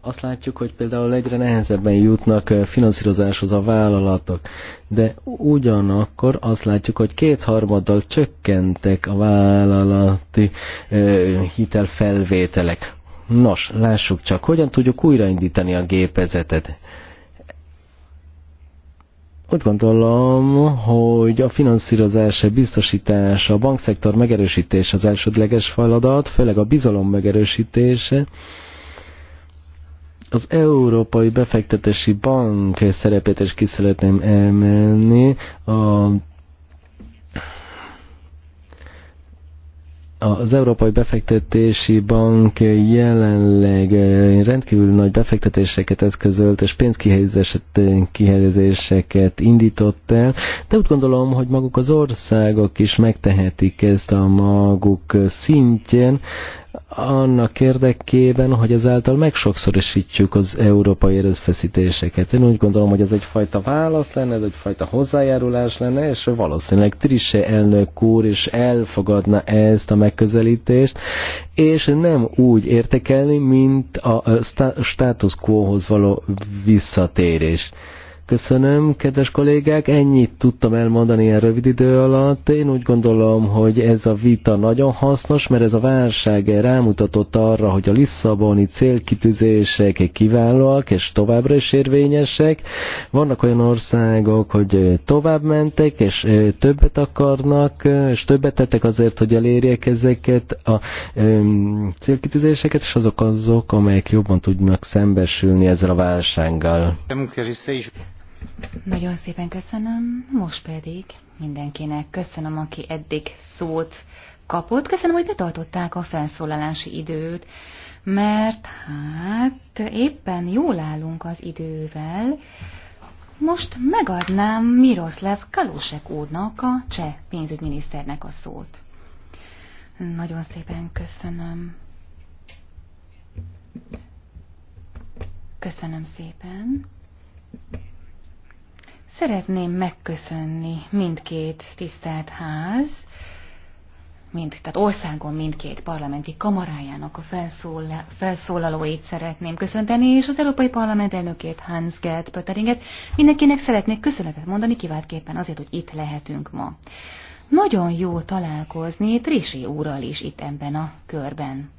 Azt látjuk, hogy például egyre nehezebben jutnak finanszírozáshoz a vállalatok, de ugyanakkor azt látjuk, hogy kétharmaddal csökkentek a vállalati ö, hitelfelvételek. Nos, lássuk csak, hogyan tudjuk újraindítani a gépezetet úgy gondolom, hogy a finanszírozás, a biztosítás, a bankszektor megerősítése az elsődleges feladat, főleg a bizalom megerősítése. Az Európai Befektetési Bank szerepét is ki szeretném emelni. A az Európai Befektetési Bank jelenleg eh, rendkívül nagy befektetéseket eszközölt, és pénzkihelyezéseket indított el, de úgy gondolom, hogy maguk az országok is megtehetik ezt a maguk szintjén, annak érdekében, hogy ezáltal megsokszorosítjuk az európai erőfeszítéseket. Én úgy gondolom, hogy ez egyfajta válasz lenne, ez egyfajta hozzájárulás lenne, és valószínűleg Trise elnök úr is elfogadna ezt a megközelítést, és nem úgy értekelni, mint a status quo-hoz való visszatérés. Köszönöm, kedves kollégák, ennyit tudtam elmondani ilyen rövid idő alatt. Én úgy gondolom, hogy ez a vita nagyon hasznos, mert ez a válság rámutatott arra, hogy a Lisszaboni célkitűzések kiválóak és továbbra is érvényesek. Vannak olyan országok, hogy tovább mentek és többet akarnak, és többet tettek azért, hogy elérjék ezeket a célkitűzéseket, és azok azok, amelyek jobban tudnak szembesülni ezzel a válsággal. Nagyon szépen köszönöm. Most pedig mindenkinek köszönöm, aki eddig szót kapott. Köszönöm, hogy betartották a felszólalási időt, mert hát éppen jól állunk az idővel. Most megadnám Miroslav Kalusek úrnak, a cseh pénzügyminiszternek a szót. Nagyon szépen köszönöm. Köszönöm szépen. Szeretném megköszönni mindkét tisztelt ház, mind, tehát országon mindkét parlamenti kamarájának a felszóla, felszólalóit szeretném köszönteni, és az Európai Parlament elnökét, Hans Gert Pöteringet, Mindenkinek szeretnék köszönetet mondani, kiváltképpen azért, hogy itt lehetünk ma. Nagyon jó találkozni Trisi úrral is itt ebben a körben.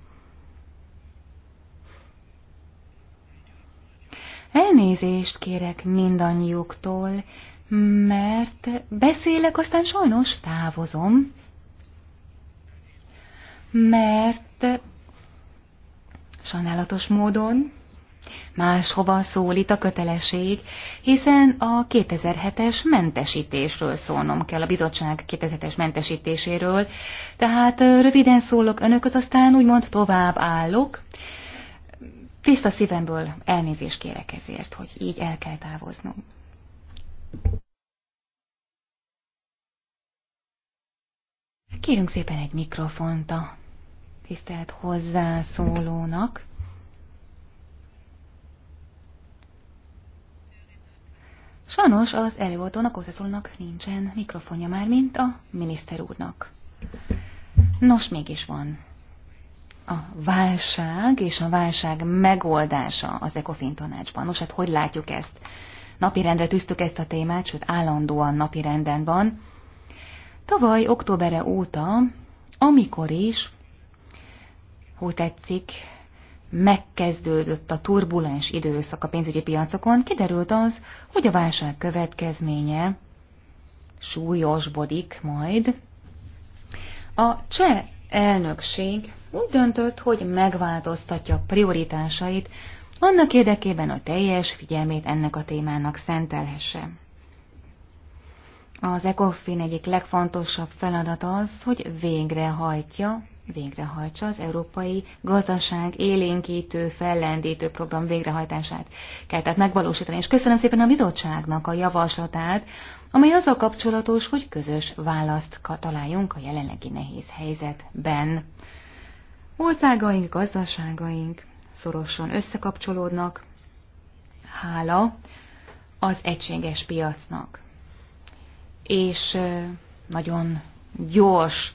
Elnézést kérek mindannyiuktól, mert beszélek, aztán sajnos távozom. Mert sajnálatos módon máshova szólít a kötelesség, hiszen a 2007-es mentesítésről szólnom kell, a bizottság 2007-es mentesítéséről, tehát röviden szólok az aztán úgymond tovább állok, Tiszta szívemből elnézést kérek ezért, hogy így el kell távoznom. Kérünk szépen egy mikrofont a tisztelt hozzászólónak. Sajnos az előadónak, hozzászólónak nincsen mikrofonja már, mint a miniszter úrnak. Nos, mégis van a válság és a válság megoldása az ECOFIN tanácsban. Nos, hát hogy látjuk ezt? Napirendre tűztük ezt a témát, sőt állandóan napirenden van. Tavaly októberre óta, amikor is, hogy tetszik, megkezdődött a turbulens időszak a pénzügyi piacokon, kiderült az, hogy a válság következménye súlyosbodik majd. A cseh elnökség úgy döntött, hogy megváltoztatja prioritásait, annak érdekében a teljes figyelmét ennek a témának szentelhesse. Az ECOFIN egyik legfontosabb feladat az, hogy végrehajtja, végrehajtsa az Európai Gazdaság élénkítő, fellendítő program végrehajtását kell tehát megvalósítani. És köszönöm szépen a bizottságnak a javaslatát amely azzal kapcsolatos, hogy közös választ találjunk a jelenlegi nehéz helyzetben. Országaink, gazdaságaink szorosan összekapcsolódnak, hála az egységes piacnak. És nagyon gyors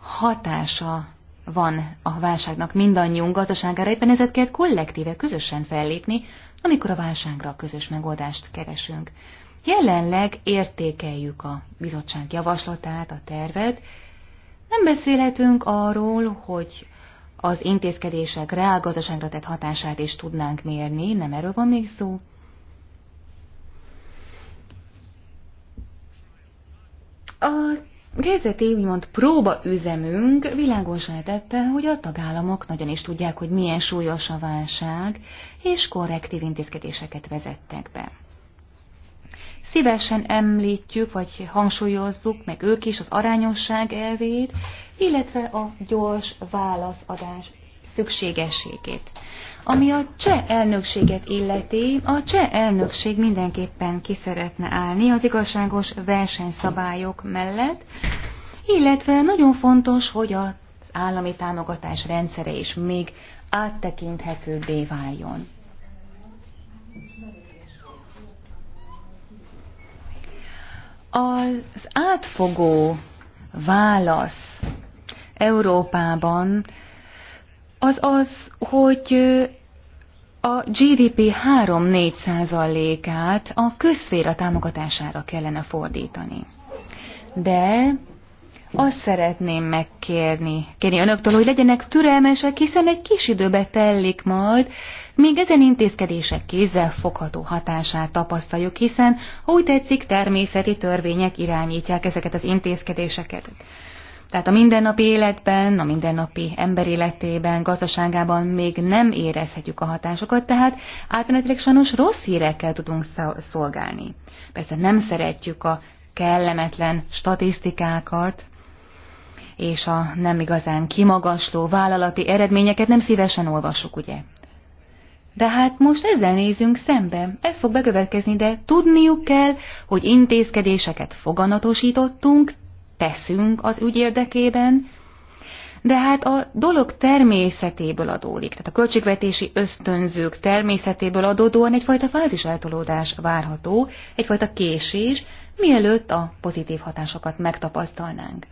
hatása van a válságnak mindannyiunk gazdaságára, éppen ezért kell kollektíve közösen fellépni, amikor a válságra közös megoldást keresünk. Jelenleg értékeljük a bizottság javaslatát, a tervet. Nem beszélhetünk arról, hogy az intézkedések reálgazdaságra tett hatását is tudnánk mérni, nem erről van még szó. A kezdeti úgymond üzemünk világosá tette, hogy a tagállamok nagyon is tudják, hogy milyen súlyos a válság, és korrektív intézkedéseket vezettek be szívesen említjük, vagy hangsúlyozzuk, meg ők is az arányosság elvét, illetve a gyors válaszadás szükségességét. Ami a cseh elnökséget illeti, a cseh elnökség mindenképpen ki szeretne állni az igazságos versenyszabályok mellett, illetve nagyon fontos, hogy az állami támogatás rendszere is még áttekinthetőbbé váljon. Az átfogó válasz Európában az az, hogy a GDP 3-4 százalékát a közféra támogatására kellene fordítani. De azt szeretném megkérni, kérni önöktől, hogy legyenek türelmesek, hiszen egy kis időbe tellik majd, még ezen intézkedések kézzel fogható hatását tapasztaljuk, hiszen, ha úgy tetszik, természeti törvények irányítják ezeket az intézkedéseket. Tehát a mindennapi életben, a mindennapi ember életében, gazdaságában még nem érezhetjük a hatásokat, tehát átmenetileg sajnos rossz hírekkel tudunk szolgálni. Persze nem szeretjük a kellemetlen statisztikákat, és a nem igazán kimagasló vállalati eredményeket nem szívesen olvasok, ugye? De hát most ezzel nézünk szembe, ez fog bekövetkezni, de tudniuk kell, hogy intézkedéseket foganatosítottunk, teszünk az ügy érdekében, de hát a dolog természetéből adódik, tehát a költségvetési ösztönzők természetéből adódóan egyfajta fáziseltolódás várható, egyfajta késés, mielőtt a pozitív hatásokat megtapasztalnánk.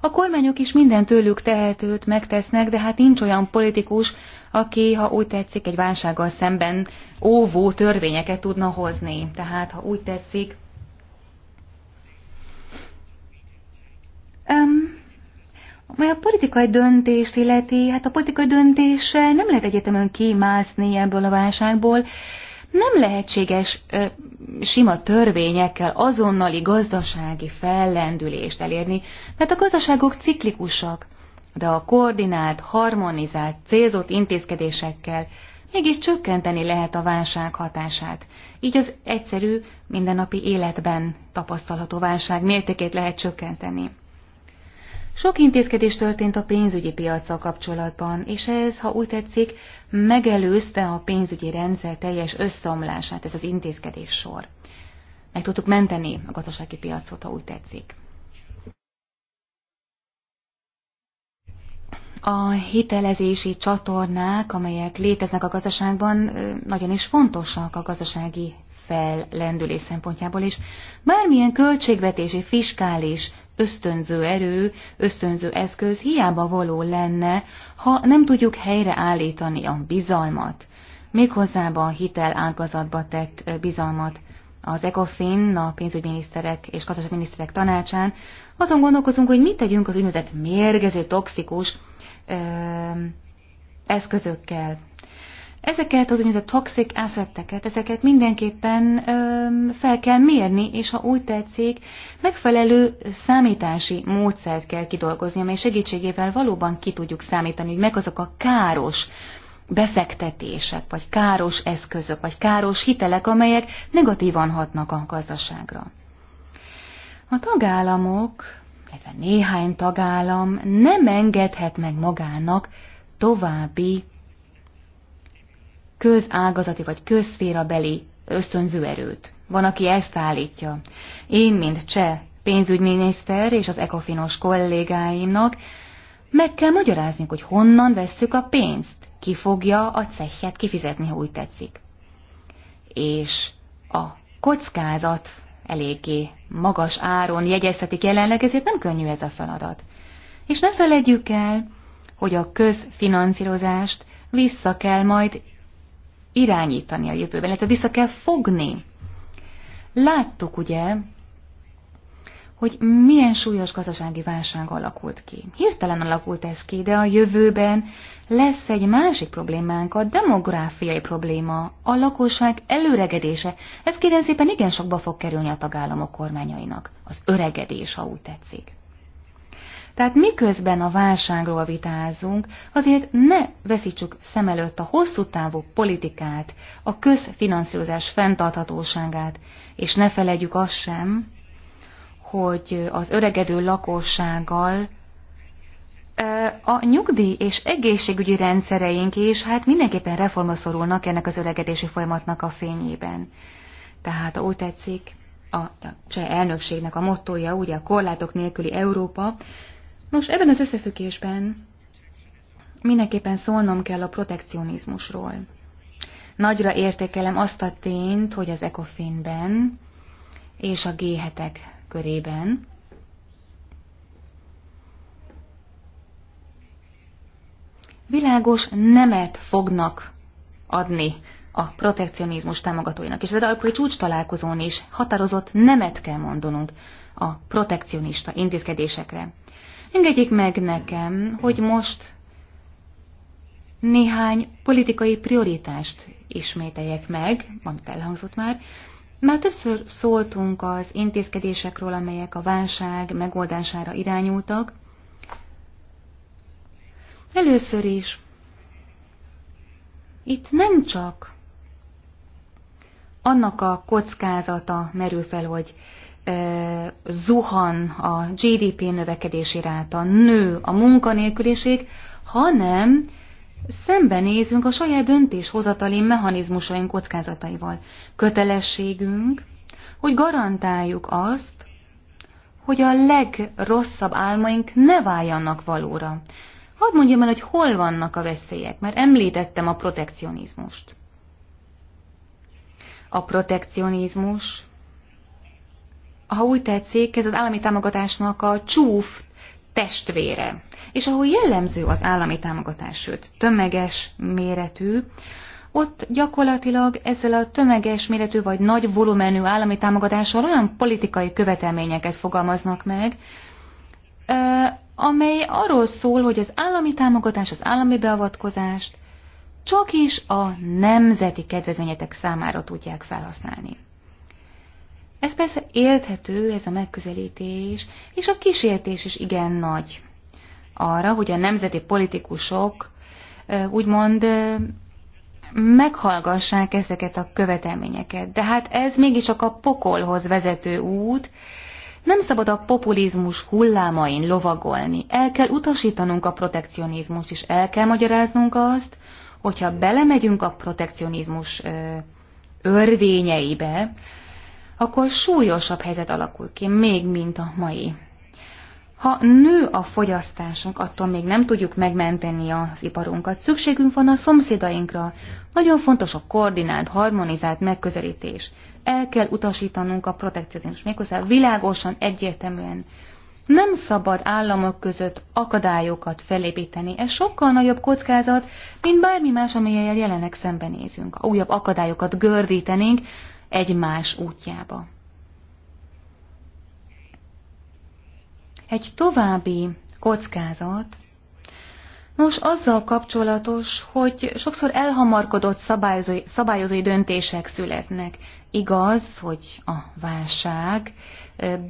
A kormányok is minden tőlük tehetőt megtesznek, de hát nincs olyan politikus, aki, ha úgy tetszik, egy válsággal szemben óvó törvényeket tudna hozni. Tehát, ha úgy tetszik, Um, ami a politikai döntést illeti, hát a politikai döntéssel nem lehet egyetemen kimászni ebből a válságból, nem lehetséges ö, sima törvényekkel azonnali gazdasági fellendülést elérni, mert a gazdaságok ciklikusak, de a koordinált, harmonizált, célzott intézkedésekkel mégis csökkenteni lehet a válság hatását. Így az egyszerű, mindennapi életben tapasztalható válság mértékét lehet csökkenteni. Sok intézkedés történt a pénzügyi piacsal kapcsolatban, és ez, ha úgy tetszik, megelőzte a pénzügyi rendszer teljes összeomlását, ez az intézkedés sor. Meg tudtuk menteni a gazdasági piacot, ha úgy tetszik. A hitelezési csatornák, amelyek léteznek a gazdaságban, nagyon is fontosak a gazdasági fellendülés szempontjából is. Bármilyen költségvetési, fiskális ösztönző erő, ösztönző eszköz hiába való lenne, ha nem tudjuk helyreállítani a bizalmat, méghozzá a hitel ágazatba tett eh, bizalmat. Az ECOFIN, a pénzügyminiszterek és gazdaságminiszterek tanácsán azon gondolkozunk, hogy mit tegyünk az úgynevezett mérgező, toxikus ö, eh, eszközökkel. Ezeket az úgynevezett toxic assetteket, ezeket mindenképpen ö, fel kell mérni, és ha úgy tetszik, megfelelő számítási módszert kell kidolgozni, amely segítségével valóban ki tudjuk számítani, hogy meg azok a káros befektetések, vagy káros eszközök, vagy káros hitelek, amelyek negatívan hatnak a gazdaságra. A tagállamok, illetve néhány tagállam nem engedhet meg magának további közágazati vagy közszféra beli ösztönző erőt. Van, aki ezt állítja. Én, mint cseh pénzügyminiszter és az ekofinos kollégáimnak meg kell magyarázni, hogy honnan vesszük a pénzt, ki fogja a cehet kifizetni, ha úgy tetszik. És a kockázat eléggé magas áron jegyezhetik jelenleg, ezért nem könnyű ez a feladat. És ne felejtjük el, hogy a közfinanszírozást vissza kell majd irányítani a jövőben, illetve vissza kell fogni. Láttuk ugye, hogy milyen súlyos gazdasági válság alakult ki. Hirtelen alakult ez ki, de a jövőben lesz egy másik problémánk, a demográfiai probléma, a lakosság előregedése. Ez kérem szépen igen sokba fog kerülni a tagállamok kormányainak. Az öregedés, ha úgy tetszik. Tehát miközben a válságról vitázunk, azért ne veszítsük szem előtt a hosszú távú politikát, a közfinanszírozás fenntarthatóságát, és ne felejtjük azt sem, hogy az öregedő lakossággal a nyugdíj és egészségügyi rendszereink is hát mindenképpen reformra szorulnak ennek az öregedési folyamatnak a fényében. Tehát, ha úgy tetszik, a cseh elnökségnek a mottoja, ugye a korlátok nélküli Európa, Nos, ebben az összefüggésben mindenképpen szólnom kell a protekcionizmusról. Nagyra értékelem azt a tényt, hogy az ECOFIN-ben és a g körében világos nemet fognak adni a protekcionizmus támogatóinak. És ez a csúcs találkozón is határozott nemet kell mondanunk a protekcionista intézkedésekre. Engedjék meg nekem, hogy most néhány politikai prioritást ismételjek meg, amit elhangzott már. Már többször szóltunk az intézkedésekről, amelyek a válság megoldására irányultak. Először is itt nem csak annak a kockázata merül fel, hogy zuhan a GDP növekedési ráta, nő a munkanélküliség, hanem szembenézünk a saját döntéshozatali mechanizmusaink kockázataival. Kötelességünk, hogy garantáljuk azt, hogy a legrosszabb álmaink ne váljanak valóra. Hadd mondjam el, hogy hol vannak a veszélyek, mert említettem a protekcionizmust. A protekcionizmus ha úgy tetszik, ez az állami támogatásnak a csúf testvére. És ahol jellemző az állami támogatás, sőt, tömeges méretű, ott gyakorlatilag ezzel a tömeges méretű vagy nagy volumenű állami támogatással olyan politikai követelményeket fogalmaznak meg, amely arról szól, hogy az állami támogatás, az állami beavatkozást csak is a nemzeti kedvezményetek számára tudják felhasználni. Ez persze élthető, ez a megközelítés, és a kísértés is igen nagy arra, hogy a nemzeti politikusok úgymond meghallgassák ezeket a követelményeket. De hát ez mégiscsak a pokolhoz vezető út, nem szabad a populizmus hullámain lovagolni, el kell utasítanunk a protekcionizmust, és el kell magyaráznunk azt, hogyha belemegyünk a protekcionizmus ö, örvényeibe, akkor súlyosabb helyzet alakul ki, még mint a mai. Ha nő a fogyasztásunk, attól még nem tudjuk megmenteni az iparunkat. Szükségünk van a szomszédainkra. Nagyon fontos a koordinált, harmonizált megközelítés. El kell utasítanunk a protekcionizmus, méghozzá világosan, egyértelműen. Nem szabad államok között akadályokat felépíteni. Ez sokkal nagyobb kockázat, mint bármi más, amelyel jelenleg szembenézünk. A újabb akadályokat gördítenénk, egymás útjába. Egy további kockázat, nos azzal kapcsolatos, hogy sokszor elhamarkodott szabályozói, szabályozói döntések születnek. Igaz, hogy a válság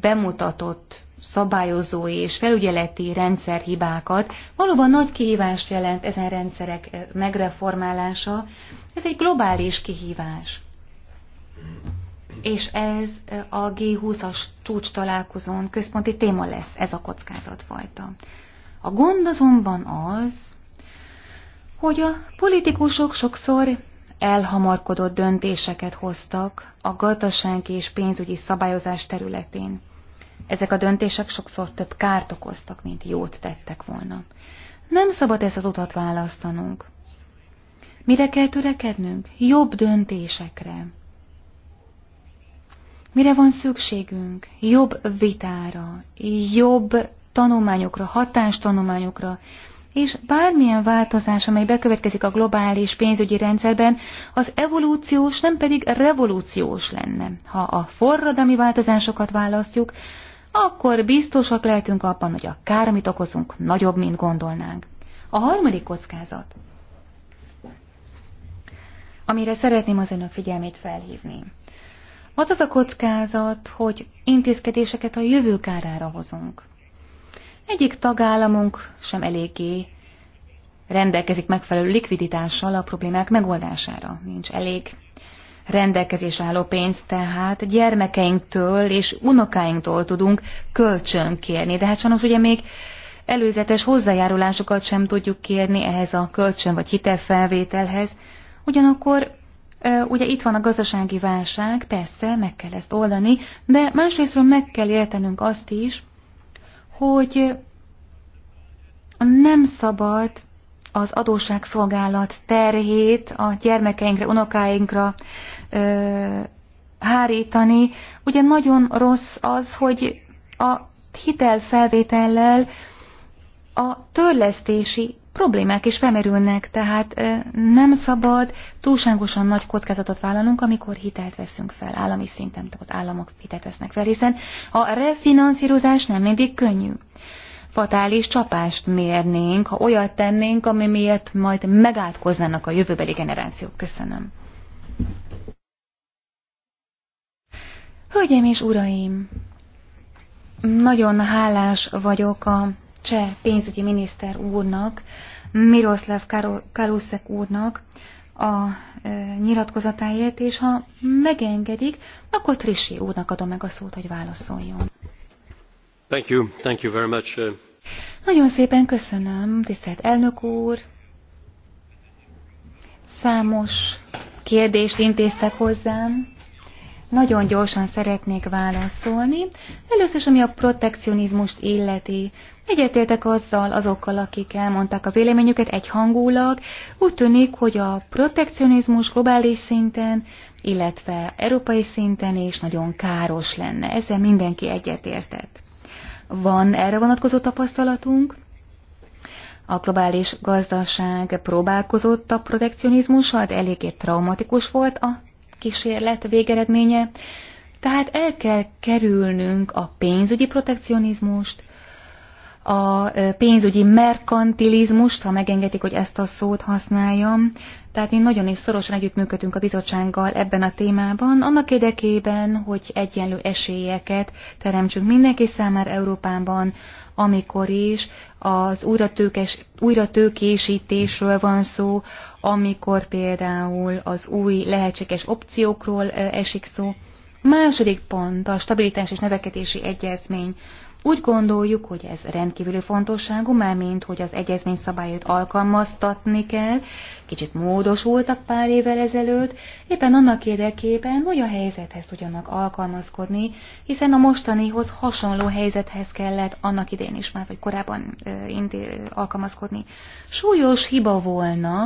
bemutatott szabályozói és felügyeleti rendszerhibákat valóban nagy kihívást jelent ezen rendszerek megreformálása. Ez egy globális kihívás és ez a G20-as csúcs találkozón központi téma lesz, ez a kockázatfajta. A gond azonban az, hogy a politikusok sokszor elhamarkodott döntéseket hoztak a gazdasági és pénzügyi szabályozás területén. Ezek a döntések sokszor több kárt okoztak, mint jót tettek volna. Nem szabad ezt az utat választanunk. Mire kell törekednünk? Jobb döntésekre. Mire van szükségünk? Jobb vitára, jobb tanulmányokra, hatástanulmányokra, és bármilyen változás, amely bekövetkezik a globális pénzügyi rendszerben, az evolúciós, nem pedig revolúciós lenne. Ha a forradalmi változásokat választjuk, akkor biztosak lehetünk abban, hogy a kár, amit okozunk, nagyobb, mint gondolnánk. A harmadik kockázat, amire szeretném az önök figyelmét felhívni. Az az a kockázat, hogy intézkedéseket a jövő kárára hozunk. Egyik tagállamunk sem eléggé rendelkezik megfelelő likviditással a problémák megoldására. Nincs elég rendelkezés álló pénz, tehát gyermekeinktől és unokáinktól tudunk kölcsön kérni. De hát sajnos ugye még előzetes hozzájárulásokat sem tudjuk kérni ehhez a kölcsön vagy hitelfelvételhez, ugyanakkor Ugye itt van a gazdasági válság, persze, meg kell ezt oldani, de másrésztről meg kell értenünk azt is, hogy nem szabad az adósságszolgálat terhét a gyermekeinkre, unokáinkra ö, hárítani. Ugye nagyon rossz az, hogy a hitelfelvétellel a törlesztési problémák is felmerülnek, tehát nem szabad túlságosan nagy kockázatot vállalnunk, amikor hitelt veszünk fel állami szinten, tehát államok hitelt vesznek fel, hiszen a refinanszírozás nem mindig könnyű. Fatális csapást mérnénk, ha olyat tennénk, ami miatt majd megátkoznának a jövőbeli generációk. Köszönöm. Hölgyeim és uraim! Nagyon hálás vagyok a cseh pénzügyi miniszter úrnak, Miroslav Kalusek úrnak a e, nyilatkozatáért, és ha megengedik, akkor Trissi úrnak adom meg a szót, hogy válaszoljon. Thank you. Thank you very much. Uh, Nagyon szépen köszönöm, tisztelt elnök úr. Számos kérdést intéztek hozzám. Nagyon gyorsan szeretnék válaszolni. Először is, ami a protekcionizmust illeti, Egyetértek azzal azokkal, akik elmondták a véleményüket egyhangulag. Úgy tűnik, hogy a protekcionizmus globális szinten, illetve európai szinten is nagyon káros lenne. Ezzel mindenki egyetértett. Van erre vonatkozó tapasztalatunk? A globális gazdaság próbálkozott a protekcionizmussal, de eléggé traumatikus volt a kísérlet végeredménye. Tehát el kell kerülnünk a pénzügyi protekcionizmust, a pénzügyi merkantilizmust, ha megengedik, hogy ezt a szót használjam. Tehát mi nagyon is szorosan együttműködünk a bizottsággal ebben a témában, annak érdekében, hogy egyenlő esélyeket teremtsünk mindenki számára Európában, amikor is az újratőkésítésről újra van szó, amikor például az új lehetséges opciókról esik szó. Második pont a stabilitás és növekedési egyezmény. Úgy gondoljuk, hogy ez rendkívüli fontosságú, mint, hogy az egyezmény szabályait alkalmaztatni kell, kicsit módosultak pár évvel ezelőtt, éppen annak érdekében, hogy a helyzethez tudjanak alkalmazkodni, hiszen a mostanihoz hasonló helyzethez kellett annak idén is már, vagy korábban ö, alkalmazkodni. Súlyos hiba volna,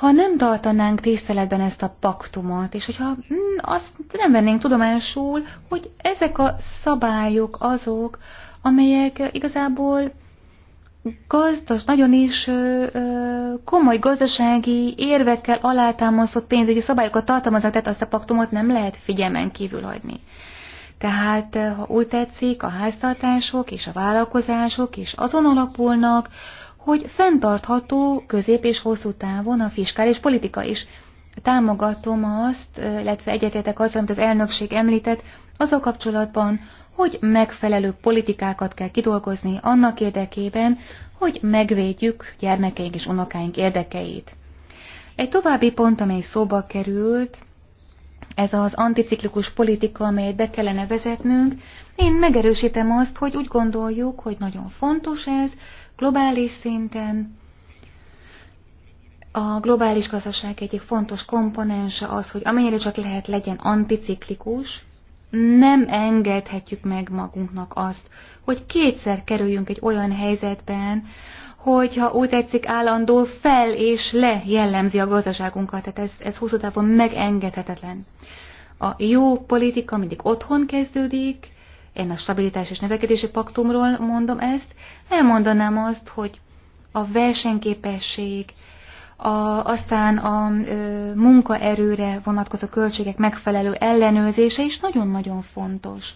ha nem tartanánk tiszteletben ezt a paktumot, és hogyha hmm, azt nem vennénk tudomásul, hogy ezek a szabályok azok, amelyek igazából gazdas, nagyon is ö, ö, komoly gazdasági érvekkel alátámasztott pénzügyi szabályokat tartalmaznak, tehát azt a paktumot nem lehet figyelmen kívül hagyni. Tehát, ha úgy tetszik, a háztartások és a vállalkozások is azon alapulnak, hogy fenntartható közép és hosszú távon a fiskális politika is. Támogatom azt, illetve egyetértek azzal, amit az elnökség említett, a kapcsolatban, hogy megfelelő politikákat kell kidolgozni annak érdekében, hogy megvédjük gyermekeink és unokáink érdekeit. Egy további pont, amely szóba került, ez az anticiklikus politika, amelyet be kellene vezetnünk, én megerősítem azt, hogy úgy gondoljuk, hogy nagyon fontos ez, globális szinten. A globális gazdaság egyik fontos komponense az, hogy amennyire csak lehet legyen anticiklikus, nem engedhetjük meg magunknak azt, hogy kétszer kerüljünk egy olyan helyzetben, hogyha úgy tetszik, állandó fel és le jellemzi a gazdaságunkat, tehát ez, ez hosszú távon megengedhetetlen. A jó politika mindig otthon kezdődik, én a stabilitás és növekedési paktumról mondom ezt, elmondanám azt, hogy a versenyképesség, a, aztán a ö, munkaerőre vonatkozó költségek megfelelő ellenőrzése is nagyon-nagyon fontos.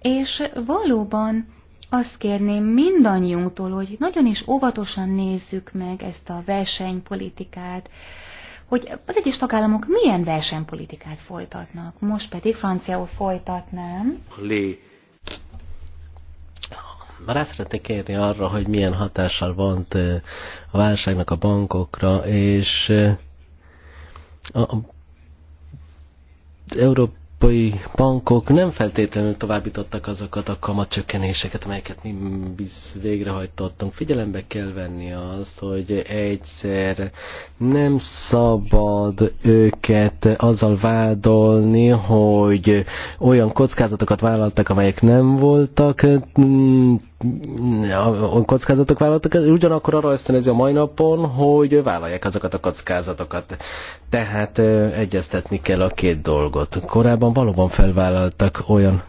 És valóban azt kérném mindannyiunktól, hogy nagyon is óvatosan nézzük meg ezt a versenypolitikát, hogy az egyes tagállamok milyen versenypolitikát folytatnak. Most pedig franciául folytatnám. Lé. Rá szeretnék kérni arra, hogy milyen hatással van a válságnak a bankokra, és a Európa európai bankok nem feltétlenül továbbítottak azokat a kamatcsökkenéseket, amelyeket mi biz végrehajtottunk. Figyelembe kell venni azt, hogy egyszer nem szabad őket azzal vádolni, hogy olyan kockázatokat vállaltak, amelyek nem voltak a mm, kockázatok vállaltak, ugyanakkor arra ösztönözi a mai napon, hogy vállalják azokat a kockázatokat. Tehát egyeztetni kell a két dolgot. Korábban Koszovóban valóban felvállaltak olyan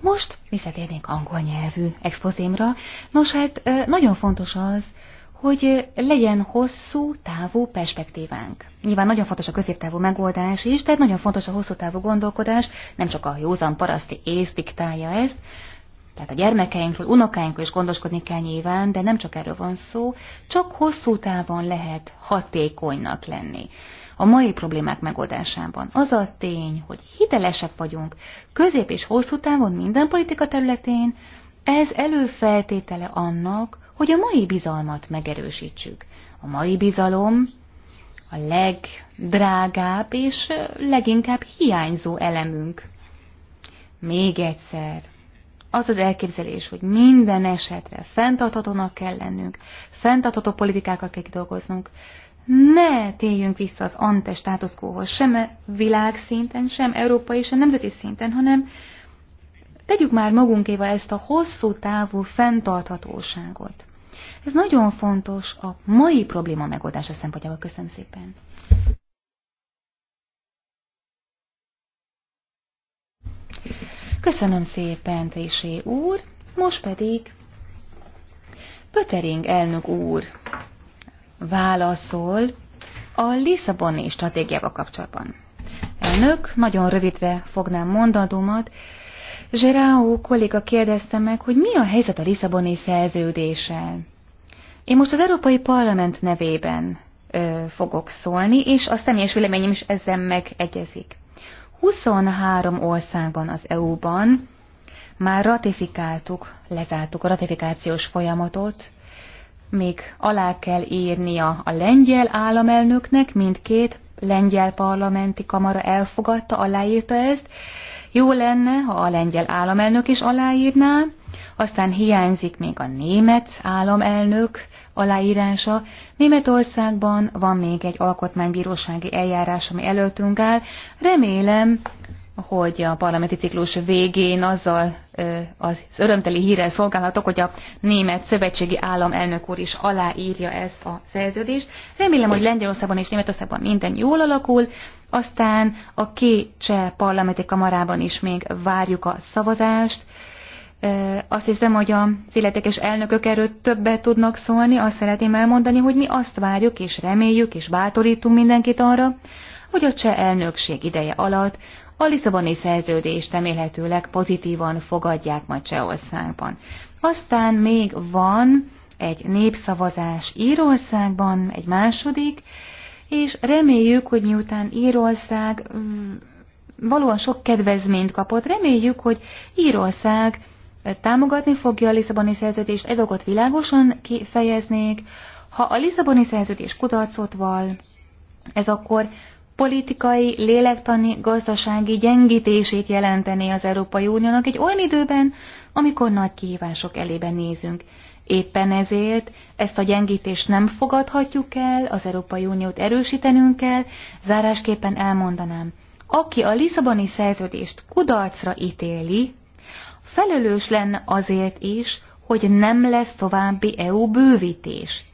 most visszatérnénk angol nyelvű expozémra. Nos, hát nagyon fontos az, hogy legyen hosszú távú perspektívánk. Nyilván nagyon fontos a középtávú megoldás is, tehát nagyon fontos a hosszú távú gondolkodás, nem csak a józan paraszti ész diktálja ezt, tehát a gyermekeinkről, unokáinkról is gondoskodni kell nyilván, de nem csak erről van szó, csak hosszú távon lehet hatékonynak lenni a mai problémák megoldásában. Az a tény, hogy hitelesek vagyunk közép és hosszú távon minden politika területén, ez előfeltétele annak, hogy a mai bizalmat megerősítsük. A mai bizalom a legdrágább és leginkább hiányzó elemünk. Még egyszer, az az elképzelés, hogy minden esetre fenntarthatónak kell lennünk, fenntartható politikákat kell kidolgoznunk, ne térjünk vissza az ante státuszkóhoz, sem világszinten, sem európai, sem nemzeti szinten, hanem tegyük már magunkéval ezt a hosszú távú fenntarthatóságot. Ez nagyon fontos a mai probléma megoldása szempontjából. Köszönöm szépen! Köszönöm szépen, Tésé úr, most pedig Pötering elnök úr válaszol a Lisszaboni stratégiával kapcsolatban. Elnök, nagyon rövidre fognám mondatomat. Zseráó kolléga kérdezte meg, hogy mi a helyzet a Lisszaboni szerződéssel. Én most az Európai Parlament nevében ö, fogok szólni, és a személyes véleményem is ezzel megegyezik. 23 országban az EU-ban már ratifikáltuk, lezártuk a ratifikációs folyamatot, még alá kell írnia a lengyel államelnöknek, mindkét lengyel parlamenti kamara elfogadta, aláírta ezt. Jó lenne, ha a lengyel államelnök is aláírná, aztán hiányzik még a német államelnök aláírása. Németországban van még egy alkotmánybírósági eljárás, ami előttünk áll. Remélem, hogy a parlamenti ciklus végén azzal az örömteli hírrel szolgálhatok, hogy a német szövetségi államelnök úr is aláírja ezt a szerződést. Remélem, hogy Lengyelországban és Németországban minden jól alakul, aztán a két cseh parlamenti kamarában is még várjuk a szavazást. Azt hiszem, hogy az illetékes elnökök erről többet tudnak szólni. Azt szeretném elmondani, hogy mi azt várjuk és reméljük és bátorítunk mindenkit arra, hogy a cseh elnökség ideje alatt a Lisszaboni szerződést remélhetőleg pozitívan fogadják majd Csehországban. Aztán még van egy népszavazás Írországban, egy második, és reméljük, hogy miután Írország valóan sok kedvezményt kapott, reméljük, hogy Írország támogatni fogja a Lisszaboni szerződést, egy dolgot világosan kifejeznék, ha a Lisszaboni szerződés kudarcot val, ez akkor politikai, lélektani, gazdasági gyengítését jelenteni az Európai Uniónak egy olyan időben, amikor nagy kihívások elébe nézünk. Éppen ezért ezt a gyengítést nem fogadhatjuk el, az Európai Uniót erősítenünk kell, zárásképpen elmondanám. Aki a Lisszaboni szerződést kudarcra ítéli, felelős lenne azért is, hogy nem lesz további EU bővítés.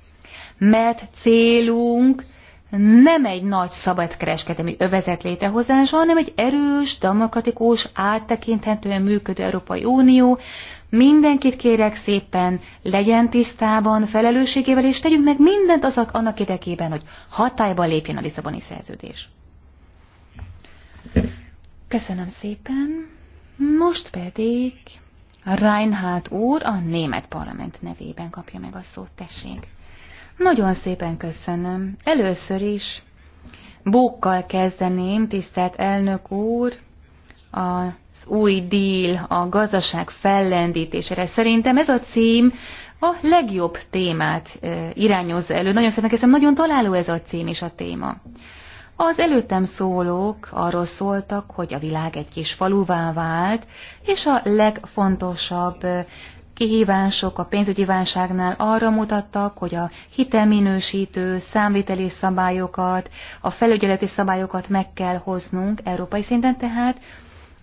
Mert célunk nem egy nagy szabadkereskedelmi övezet létrehozása, hanem egy erős, demokratikus, áttekinthetően működő Európai Unió. Mindenkit kérek szépen, legyen tisztában, felelősségével, és tegyünk meg mindent azok annak érdekében, hogy hatályba lépjen a Lisszaboni szerződés. Köszönöm szépen. Most pedig Reinhardt úr a német parlament nevében kapja meg a szót, tessék. Nagyon szépen köszönöm. Először is bókkal kezdeném, tisztelt elnök úr, az új díl, a gazdaság fellendítésére. Szerintem ez a cím a legjobb témát irányozza elő. Nagyon szépen köszönöm, nagyon találó ez a cím és a téma. Az előttem szólók arról szóltak, hogy a világ egy kis faluvá vált, és a legfontosabb kihívások a pénzügyi válságnál arra mutattak, hogy a hitelminősítő számviteli szabályokat, a felügyeleti szabályokat meg kell hoznunk európai szinten tehát.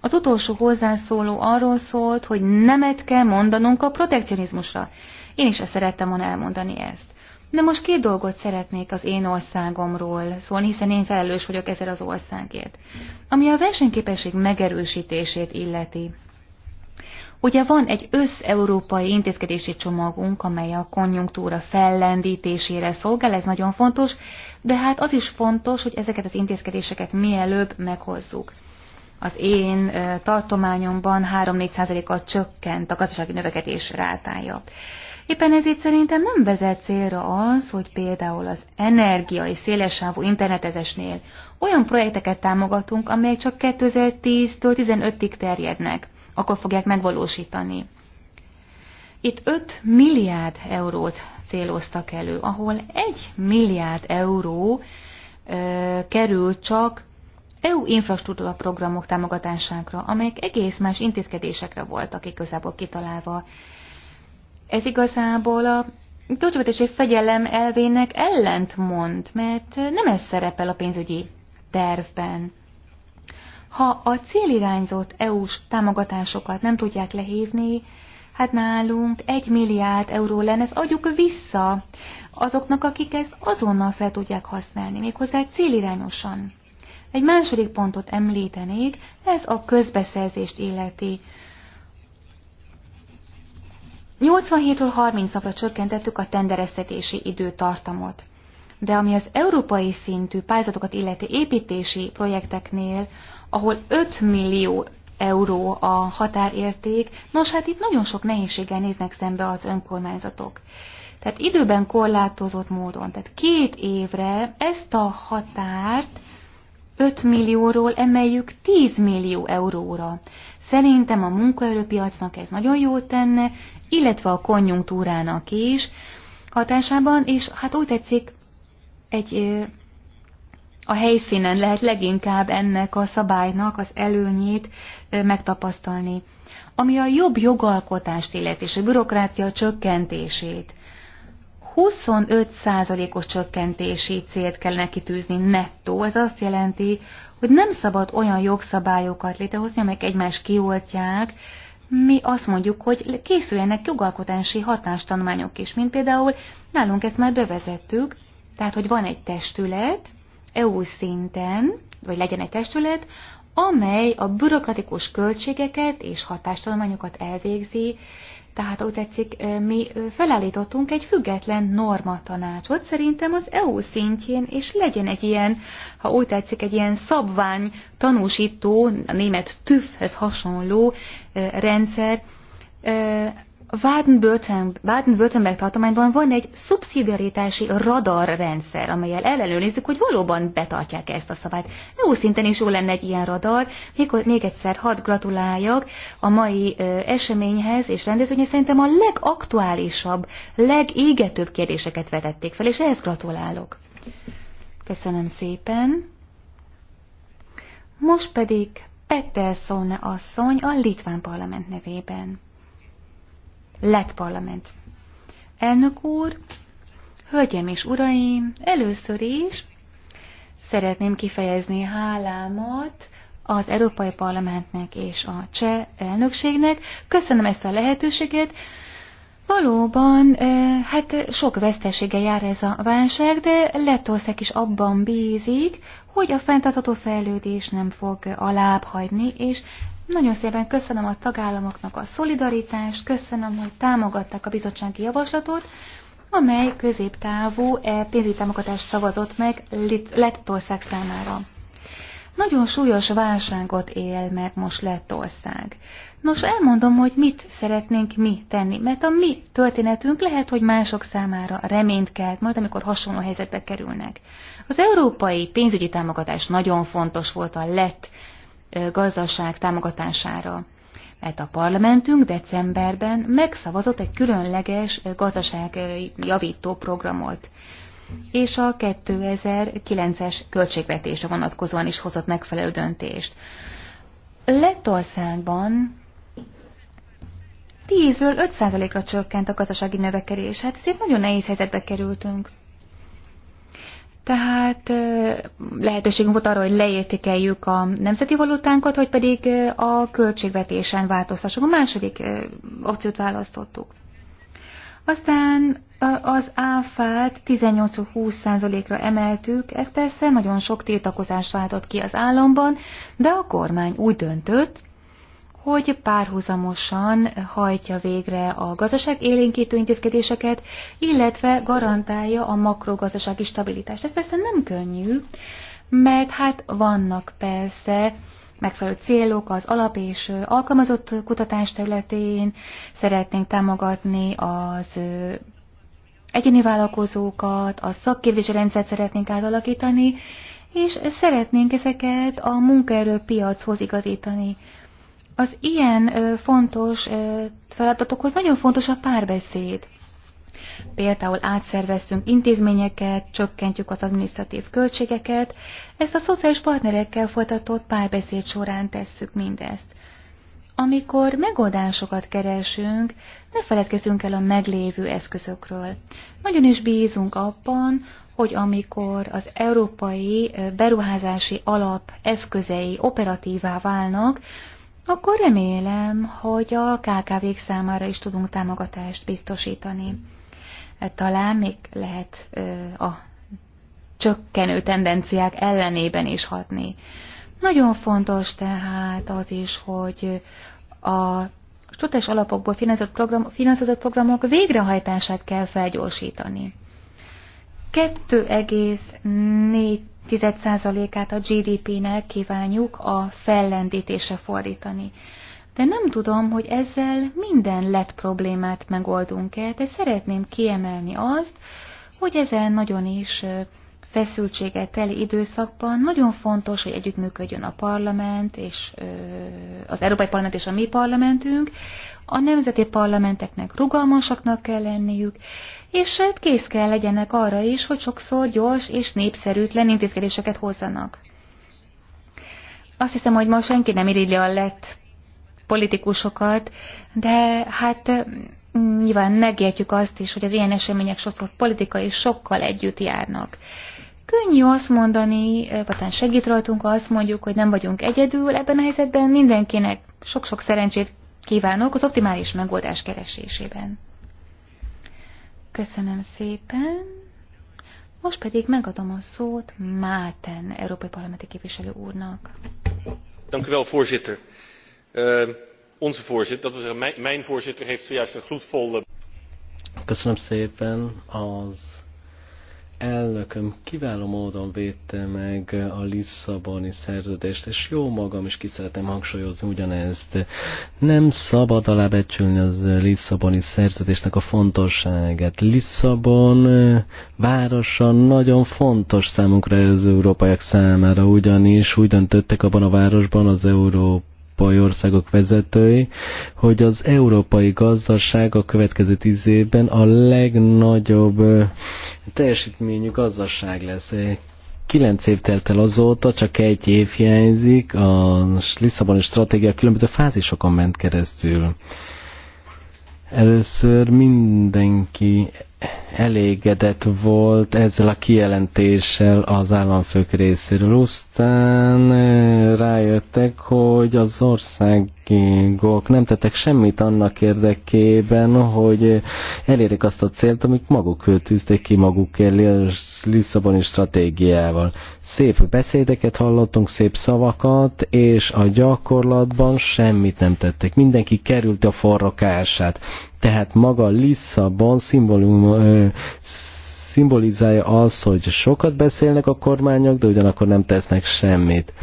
Az utolsó hozzászóló arról szólt, hogy nemet kell mondanunk a protekcionizmusra. Én is ezt szerettem volna elmondani ezt. De most két dolgot szeretnék az én országomról szólni, hiszen én felelős vagyok ezzel az országért. Ami a versenyképesség megerősítését illeti. Ugye van egy összeurópai intézkedési csomagunk, amely a konjunktúra fellendítésére szolgál, ez nagyon fontos, de hát az is fontos, hogy ezeket az intézkedéseket mielőbb meghozzuk. Az én tartományomban 3-4%-kal csökkent a gazdasági növekedés rátája. Éppen ezért szerintem nem vezet célra az, hogy például az energiai szélesávú internetezesnél internetezésnél olyan projekteket támogatunk, amelyek csak 2010-től 15-ig terjednek akkor fogják megvalósítani. Itt 5 milliárd eurót céloztak elő, ahol 1 milliárd euró ö, kerül csak EU infrastruktúra programok támogatására, amelyek egész más intézkedésekre voltak igazából kitalálva. Ez igazából a költségvetési fegyelem elvének ellentmond, mert nem ez szerepel a pénzügyi tervben. Ha a célirányzott EU-s támogatásokat nem tudják lehívni, hát nálunk egy milliárd euró lenne, ezt adjuk vissza azoknak, akik ezt azonnal fel tudják használni, méghozzá célirányosan. Egy második pontot említenék, ez a közbeszerzést illeti. 87-ről 30-ra csökkentettük a tendereztetési időtartamot. De ami az európai szintű pályázatokat illeti építési projekteknél, ahol 5 millió euró a határérték, nos hát itt nagyon sok nehézséggel néznek szembe az önkormányzatok. Tehát időben korlátozott módon, tehát két évre ezt a határt 5 millióról emeljük 10 millió euróra. Szerintem a munkaerőpiacnak ez nagyon jót tenne, illetve a konjunktúrának is hatásában, és hát úgy tetszik, egy a helyszínen lehet leginkább ennek a szabálynak az előnyét megtapasztalni. Ami a jobb jogalkotást illeti, és a bürokrácia csökkentését, 25%-os csökkentési célt kellene kitűzni nettó. Ez azt jelenti, hogy nem szabad olyan jogszabályokat létrehozni, amelyek egymást kioltják. Mi azt mondjuk, hogy készüljenek jogalkotási hatástanulmányok is, mint például nálunk ezt már bevezettük, tehát hogy van egy testület, EU szinten, vagy legyen egy testület, amely a bürokratikus költségeket és hatástalományokat elvégzi, tehát úgy tetszik, mi felállítottunk egy független norma tanácsot, szerintem az EU szintjén, és legyen egy ilyen, ha úgy tetszik, egy ilyen szabvány tanúsító, a német tüv hasonló rendszer, Baden-Württemberg tartományban van egy szubszidiaritási radarrendszer, amelyel ellenőrizzük, hogy valóban betartják -e ezt a szabályt. Jó szinten is jó lenne egy ilyen radar. Még, még egyszer hadd gratuláljak a mai ö, eseményhez és rendezvényhez. Szerintem a legaktuálisabb, legégetőbb kérdéseket vetették fel, és ehhez gratulálok. Köszönöm szépen. Most pedig Petterszone asszony a Litván parlament nevében lett parlament. Elnök úr, hölgyem és uraim, először is szeretném kifejezni hálámat az Európai Parlamentnek és a cseh elnökségnek. Köszönöm ezt a lehetőséget. Valóban, eh, hát sok vesztesége jár ez a válság, de Lettország is abban bízik, hogy a fenntartható fejlődés nem fog alább hagyni, és nagyon szépen köszönöm a tagállamoknak a szolidaritást, köszönöm, hogy támogatták a bizottsági javaslatot, amely középtávú e, pénzügyi támogatást szavazott meg Lettország számára. Nagyon súlyos válságot él meg most Lettország. Nos, elmondom, hogy mit szeretnénk mi tenni, mert a mi történetünk lehet, hogy mások számára reményt kelt majd, amikor hasonló helyzetbe kerülnek. Az európai pénzügyi támogatás nagyon fontos volt a lett gazdaság támogatására. Mert a parlamentünk decemberben megszavazott egy különleges gazdaságjavító programot, és a 2009-es költségvetése vonatkozóan is hozott megfelelő döntést. Lettországban 10-ről 5%-ra csökkent a gazdasági növekedés. Hát ezért nagyon nehéz helyzetbe kerültünk. Tehát lehetőségünk volt arra, hogy leértékeljük a nemzeti valutánkat, vagy pedig a költségvetésen változtassuk. A második opciót választottuk. Aztán az áfát 18-20%-ra emeltük, ez persze nagyon sok tiltakozást váltott ki az államban, de a kormány úgy döntött, hogy párhuzamosan hajtja végre a gazdaság élénkítő intézkedéseket, illetve garantálja a makrogazdasági stabilitást. Ez persze nem könnyű, mert hát vannak persze megfelelő célok az alap és alkalmazott kutatás területén, szeretnénk támogatni az egyéni vállalkozókat, a szakképzési rendszert szeretnénk átalakítani, és szeretnénk ezeket a munkaerőpiachoz igazítani. Az ilyen fontos feladatokhoz nagyon fontos a párbeszéd. Például átszerveztünk intézményeket, csökkentjük az adminisztratív költségeket, ezt a szociális partnerekkel folytatott párbeszéd során tesszük mindezt. Amikor megoldásokat keresünk, ne feledkezzünk el a meglévő eszközökről. Nagyon is bízunk abban, hogy amikor az európai beruházási alap eszközei operatívá válnak, akkor remélem, hogy a kkv számára is tudunk támogatást biztosítani. E, talán még lehet a csökkenő tendenciák ellenében is hatni. Nagyon fontos tehát az is, hogy a tudás alapokból finanszírozott, program, finanszírozott programok végrehajtását kell felgyorsítani. 2,4 10%-át a GDP-nek kívánjuk a fellendítése fordítani. De nem tudom, hogy ezzel minden lett problémát megoldunk-e, de szeretném kiemelni azt, hogy ezen nagyon is feszültséget teli időszakban nagyon fontos, hogy együttműködjön a parlament és az Európai Parlament és a mi parlamentünk. A nemzeti parlamenteknek rugalmasaknak kell lenniük, és hát kész kell legyenek arra is, hogy sokszor gyors és népszerűtlen intézkedéseket hozzanak. Azt hiszem, hogy ma senki nem irigyli a lett politikusokat, de hát nyilván megértjük azt is, hogy az ilyen események sokszor politikai sokkal együtt járnak. Könnyű azt mondani, vagy segít rajtunk, ha azt mondjuk, hogy nem vagyunk egyedül ebben a helyzetben, mindenkinek sok-sok szerencsét kívánok az optimális megoldás keresésében. Köszönöm szépen. Most pedig megadom a szót Máten, Európai Parlamenti Képviselő úrnak. Dank u wel, voorzitter. Uh, onze voorzitter, dat was mijn voorzitter, heeft zojuist een gloedvolle... Köszönöm szépen az elnököm kiváló módon védte meg a Lisszaboni szerződést, és jó magam is ki szeretem hangsúlyozni ugyanezt. Nem szabad alábecsülni az Lisszaboni szerződésnek a fontosságát. Lisszabon városa nagyon fontos számunkra az európaiak számára, ugyanis úgy döntöttek abban a városban az Európa európai országok vezetői, hogy az európai gazdaság a következő tíz évben a legnagyobb teljesítményű gazdaság lesz. Kilenc év telt el azóta, csak egy év hiányzik, a Lisszaboni stratégia különböző fázisokon ment keresztül. Először mindenki elégedett volt ezzel a kijelentéssel az államfők részéről. Aztán eh, rájöttek, hogy az országok nem tettek semmit annak érdekében, hogy eh, elérik azt a célt, amit maguk eh, tűzték ki maguk elé a Lisszaboni stratégiával. Szép beszédeket hallottunk, szép szavakat, és a gyakorlatban semmit nem tettek. Mindenki került a forrokását. Tehát maga Lisszabon szimbólum, szimbolizálja az, hogy sokat beszélnek a kormányok, de ugyanakkor nem tesznek semmit.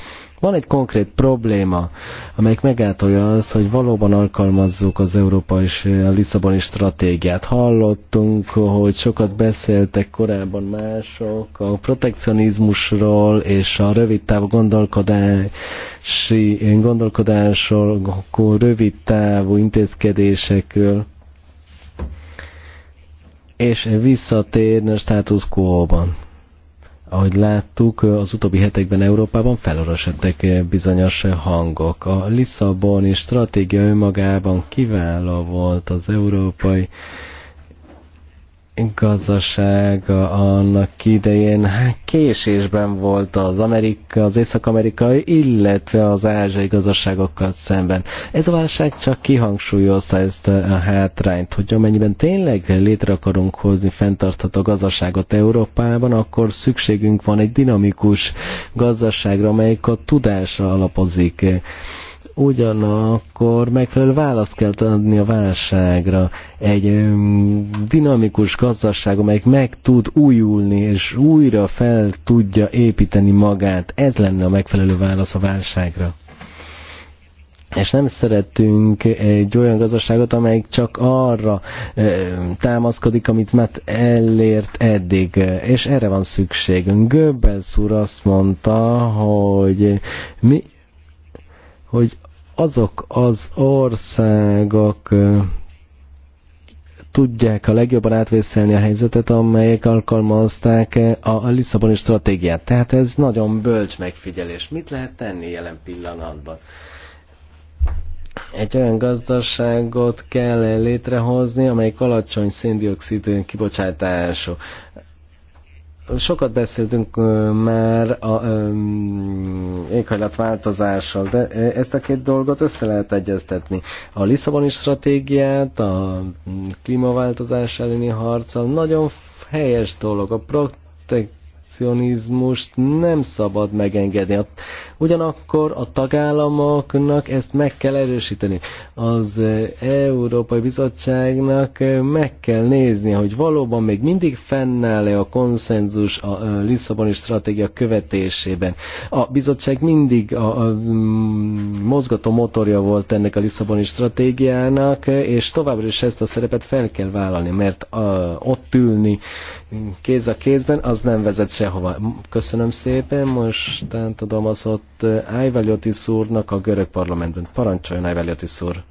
Van egy konkrét probléma, amelyik megátolja az, hogy valóban alkalmazzuk az Európa és a Lisszaboni stratégiát. Hallottunk, hogy sokat beszéltek korábban mások a protekcionizmusról és a rövid távú gondolkodási, gondolkodásról, rövid távú intézkedésekről és visszatérne a status quo-ban. Ahogy láttuk, az utóbbi hetekben Európában felorosodtak bizonyos hangok. A Lisszaboni stratégia önmagában kiváló volt az európai gazdasága annak idején késésben volt az, Amerika, az észak-amerikai, illetve az ázsiai gazdaságokkal szemben. Ez a válság csak kihangsúlyozta ezt a hátrányt, hogy amennyiben tényleg létre akarunk hozni fenntartható gazdaságot Európában, akkor szükségünk van egy dinamikus gazdaságra, amelyik a tudásra alapozik ugyanakkor megfelelő választ kell adni a válságra. Egy dinamikus gazdaság, amelyik meg tud újulni, és újra fel tudja építeni magát. Ez lenne a megfelelő válasz a válságra és nem szeretünk egy olyan gazdaságot, amelyik csak arra támaszkodik, amit már elért eddig, és erre van szükségünk. Göbbelsz úr azt mondta, hogy mi hogy azok az országok tudják a legjobban átvészelni a helyzetet, amelyek alkalmazták a Lisszaboni stratégiát. Tehát ez nagyon bölcs megfigyelés. Mit lehet tenni jelen pillanatban? Egy olyan gazdaságot kell létrehozni, amelyik alacsony széndiokszid kibocsátású sokat beszéltünk már a um, éghajlatváltozással, de ezt a két dolgot össze lehet egyeztetni. A Lisszaboni stratégiát, a mm, klímaváltozás elleni harccal nagyon helyes dolog. A protekcionizmust nem szabad megengedni. A Ugyanakkor a tagállamoknak ezt meg kell erősíteni. Az eh, Európai Bizottságnak eh, meg kell nézni, hogy valóban még mindig fennáll-e a konszenzus a eh, Lisszaboni stratégia követésében. A bizottság mindig a, a mm, mozgató motorja volt ennek a Lisszaboni stratégiának, és továbbra is ezt a szerepet fel kell vállalni, mert a, ott ülni kéz a kézben, az nem vezet sehova. Köszönöm szépen, most tudom az ott szót eh, Ájveliotis úrnak a görög parlamentben. Parancsoljon Ájveliotis úr!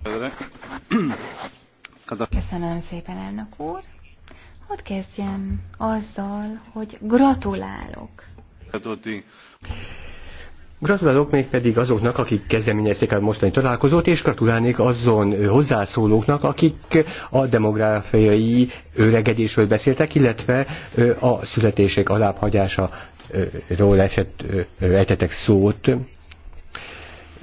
Köszönöm szépen, elnök úr! Hadd kezdjem azzal, hogy gratulálok. Gratulálok még pedig azoknak, akik kezdeményezték a mostani találkozót, és gratulálnék azon hozzászólóknak, akik a demográfiai öregedésről beszéltek, illetve a születések alábbhagyása ról esett, etetek szót,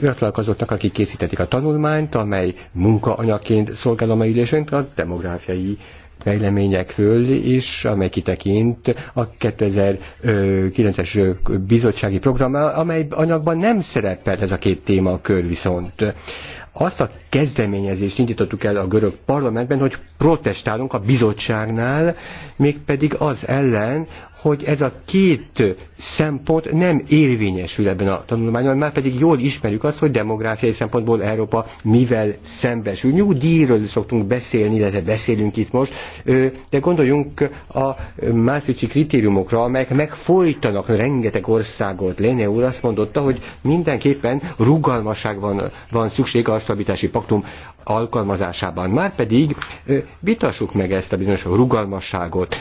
csatlakozottak, akik készítették a tanulmányt, amely munkaanyaként szolgál a mai ülésünk a demográfiai fejleményekről is, amely kitekint a 2009-es bizottsági program, amely anyagban nem szerepel ez a két témakör viszont. Azt a kezdeményezést indítottuk el a görög parlamentben, hogy protestálunk a bizottságnál, mégpedig az ellen, hogy ez a két szempont nem érvényesül ebben a tanulmányon, már pedig jól ismerjük azt, hogy demográfiai szempontból Európa mivel szembesül. Nyugdíjról szoktunk beszélni, illetve beszélünk itt most, de gondoljunk a Maastrichti kritériumokra, amelyek megfolytanak rengeteg országot. Léne úr azt mondotta, hogy mindenképpen rugalmasság van, van szükség a stabilitási paktum alkalmazásában. Már pedig vitassuk meg ezt a bizonyos rugalmasságot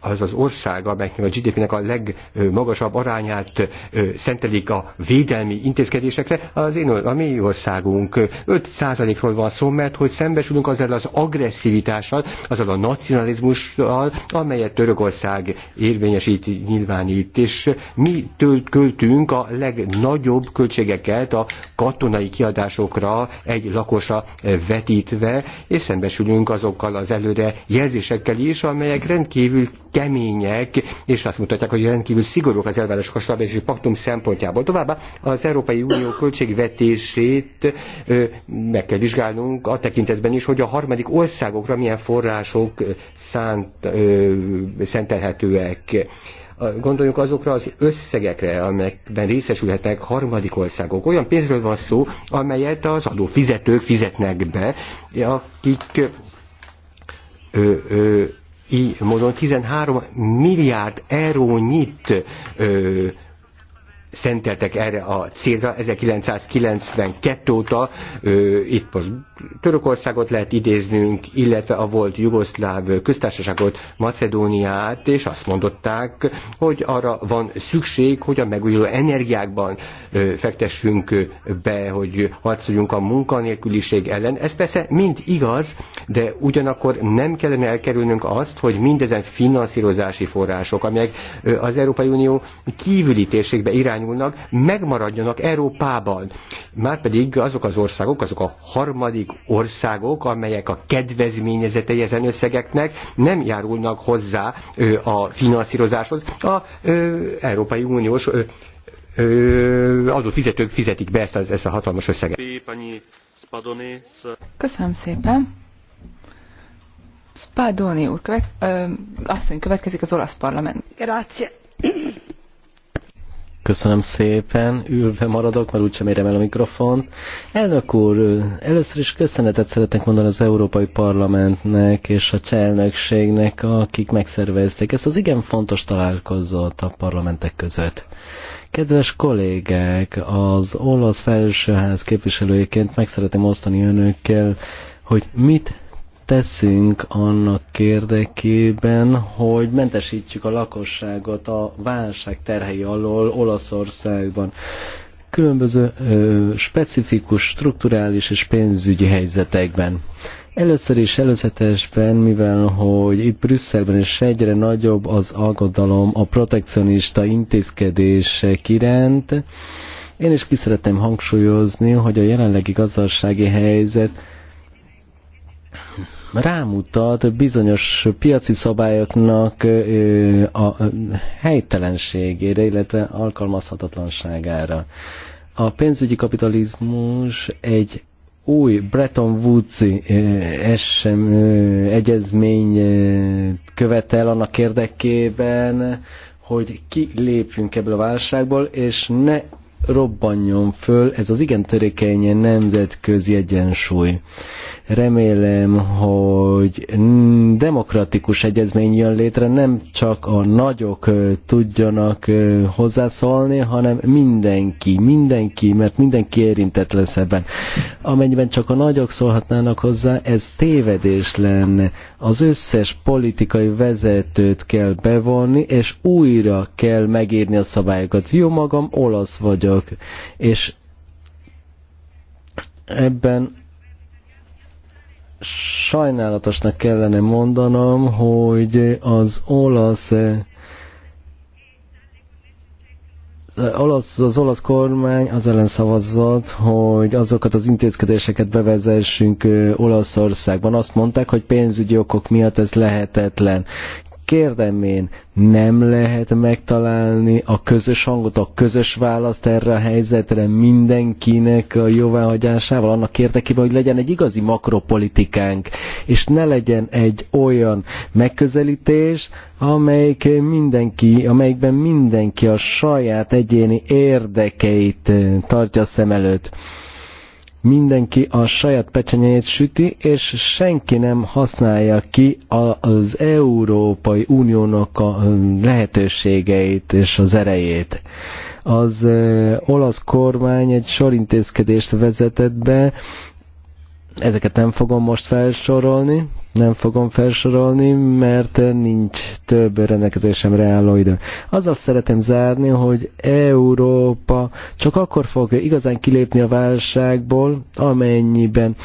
az az ország, amelynek a GDP-nek a legmagasabb arányát szentelik a védelmi intézkedésekre, az én, a mi országunk 5%-ról van szó, mert hogy szembesülünk azzal az agresszivitással, azzal a nacionalizmussal, amelyet Törökország érvényesít, nyilvánít, és mi tölt költünk a legnagyobb költségeket a katonai kiadásokra egy lakosa vetítve, és szembesülünk azokkal az előre jelzésekkel is, amelyek rendkívül kemények, és azt mutatják, hogy rendkívül szigorúk az elvárások a stabilitási paktum szempontjából. Továbbá az Európai Unió költségvetését meg kell vizsgálnunk a tekintetben is, hogy a harmadik országokra milyen források szánt, ö, szentelhetőek gondoljunk azokra az összegekre, amelyekben részesülhetnek harmadik országok. Olyan pénzről van szó, amelyet az adófizetők fizetnek be, akik ö, ö, így módon 13 milliárd eurónyit ö, szenteltek erre a célra 1992 óta, ö, itt most Törökországot lehet idéznünk, illetve a volt Jugoszláv köztársaságot, Macedóniát, és azt mondották, hogy arra van szükség, hogy a megújuló energiákban ö, fektessünk be, hogy harcoljunk a munkanélküliség ellen. Ez persze mind igaz, de ugyanakkor nem kellene elkerülnünk azt, hogy mindezen finanszírozási források, amelyek az Európai Unió kívüli térségbe irány irányulnak, megmaradjanak Európában. Márpedig azok az országok, azok a harmadik országok, amelyek a kedvezményezetei ezen összegeknek nem járulnak hozzá a finanszírozáshoz. A Európai Uniós adófizetők fizetik be ezt a, ezt a hatalmas összeget. Köszönöm szépen. Spadoni úr, követ, ö, asszony következik az olasz parlament. Grazie. Köszönöm szépen, ülve maradok, mert úgysem érem el a mikrofont. Elnök úr, először is köszönetet szeretnék mondani az Európai Parlamentnek és a cselnökségnek, akik megszervezték ezt az igen fontos találkozót a parlamentek között. Kedves kollégák, az olasz felsőház képviselőjeként meg szeretném osztani önökkel, hogy mit teszünk annak érdekében, hogy mentesítsük a lakosságot a válság terhei alól Olaszországban. Különböző ö, specifikus, strukturális és pénzügyi helyzetekben. Először is előzetesben, mivel hogy itt Brüsszelben is egyre nagyobb az aggodalom a protekcionista intézkedések iránt, én is ki szeretném hangsúlyozni, hogy a jelenlegi gazdasági helyzet rámutat bizonyos piaci szabályoknak a helytelenségére, illetve alkalmazhatatlanságára. A pénzügyi kapitalizmus egy új Bretton woods esem, egyezmény követel annak érdekében, hogy lépjünk ebből a válságból, és ne robbanjon föl ez az igen törékeny nemzetközi egyensúly. Remélem, hogy demokratikus egyezmény jön létre, nem csak a nagyok tudjanak hozzászólni, hanem mindenki, mindenki, mert mindenki érintett lesz ebben. Amennyiben csak a nagyok szólhatnának hozzá, ez tévedés lenne. Az összes politikai vezetőt kell bevonni, és újra kell megírni a szabályokat. Jó magam, olasz vagyok, és ebben sajnálatosnak kellene mondanom, hogy az olasz olasz, az olasz kormány az ellen szavazott, hogy azokat az intézkedéseket bevezessünk Olaszországban. Azt mondták, hogy pénzügyi okok miatt ez lehetetlen. Kérdem én, nem lehet megtalálni a közös hangot, a közös választ erre a helyzetre mindenkinek a jóváhagyásával, annak érdekében, hogy legyen egy igazi makropolitikánk, és ne legyen egy olyan megközelítés, amelyik mindenki, amelyikben mindenki a saját egyéni érdekeit tartja szem előtt mindenki a saját pecsenyét süti, és senki nem használja ki az Európai Uniónak a lehetőségeit és az erejét. Az olasz kormány egy sor intézkedést vezetett be, ezeket nem fogom most felsorolni, nem fogom felsorolni, mert nincs több rendelkezésemre álló idő. Azzal szeretem zárni, hogy Európa csak akkor fog igazán kilépni a válságból, amennyiben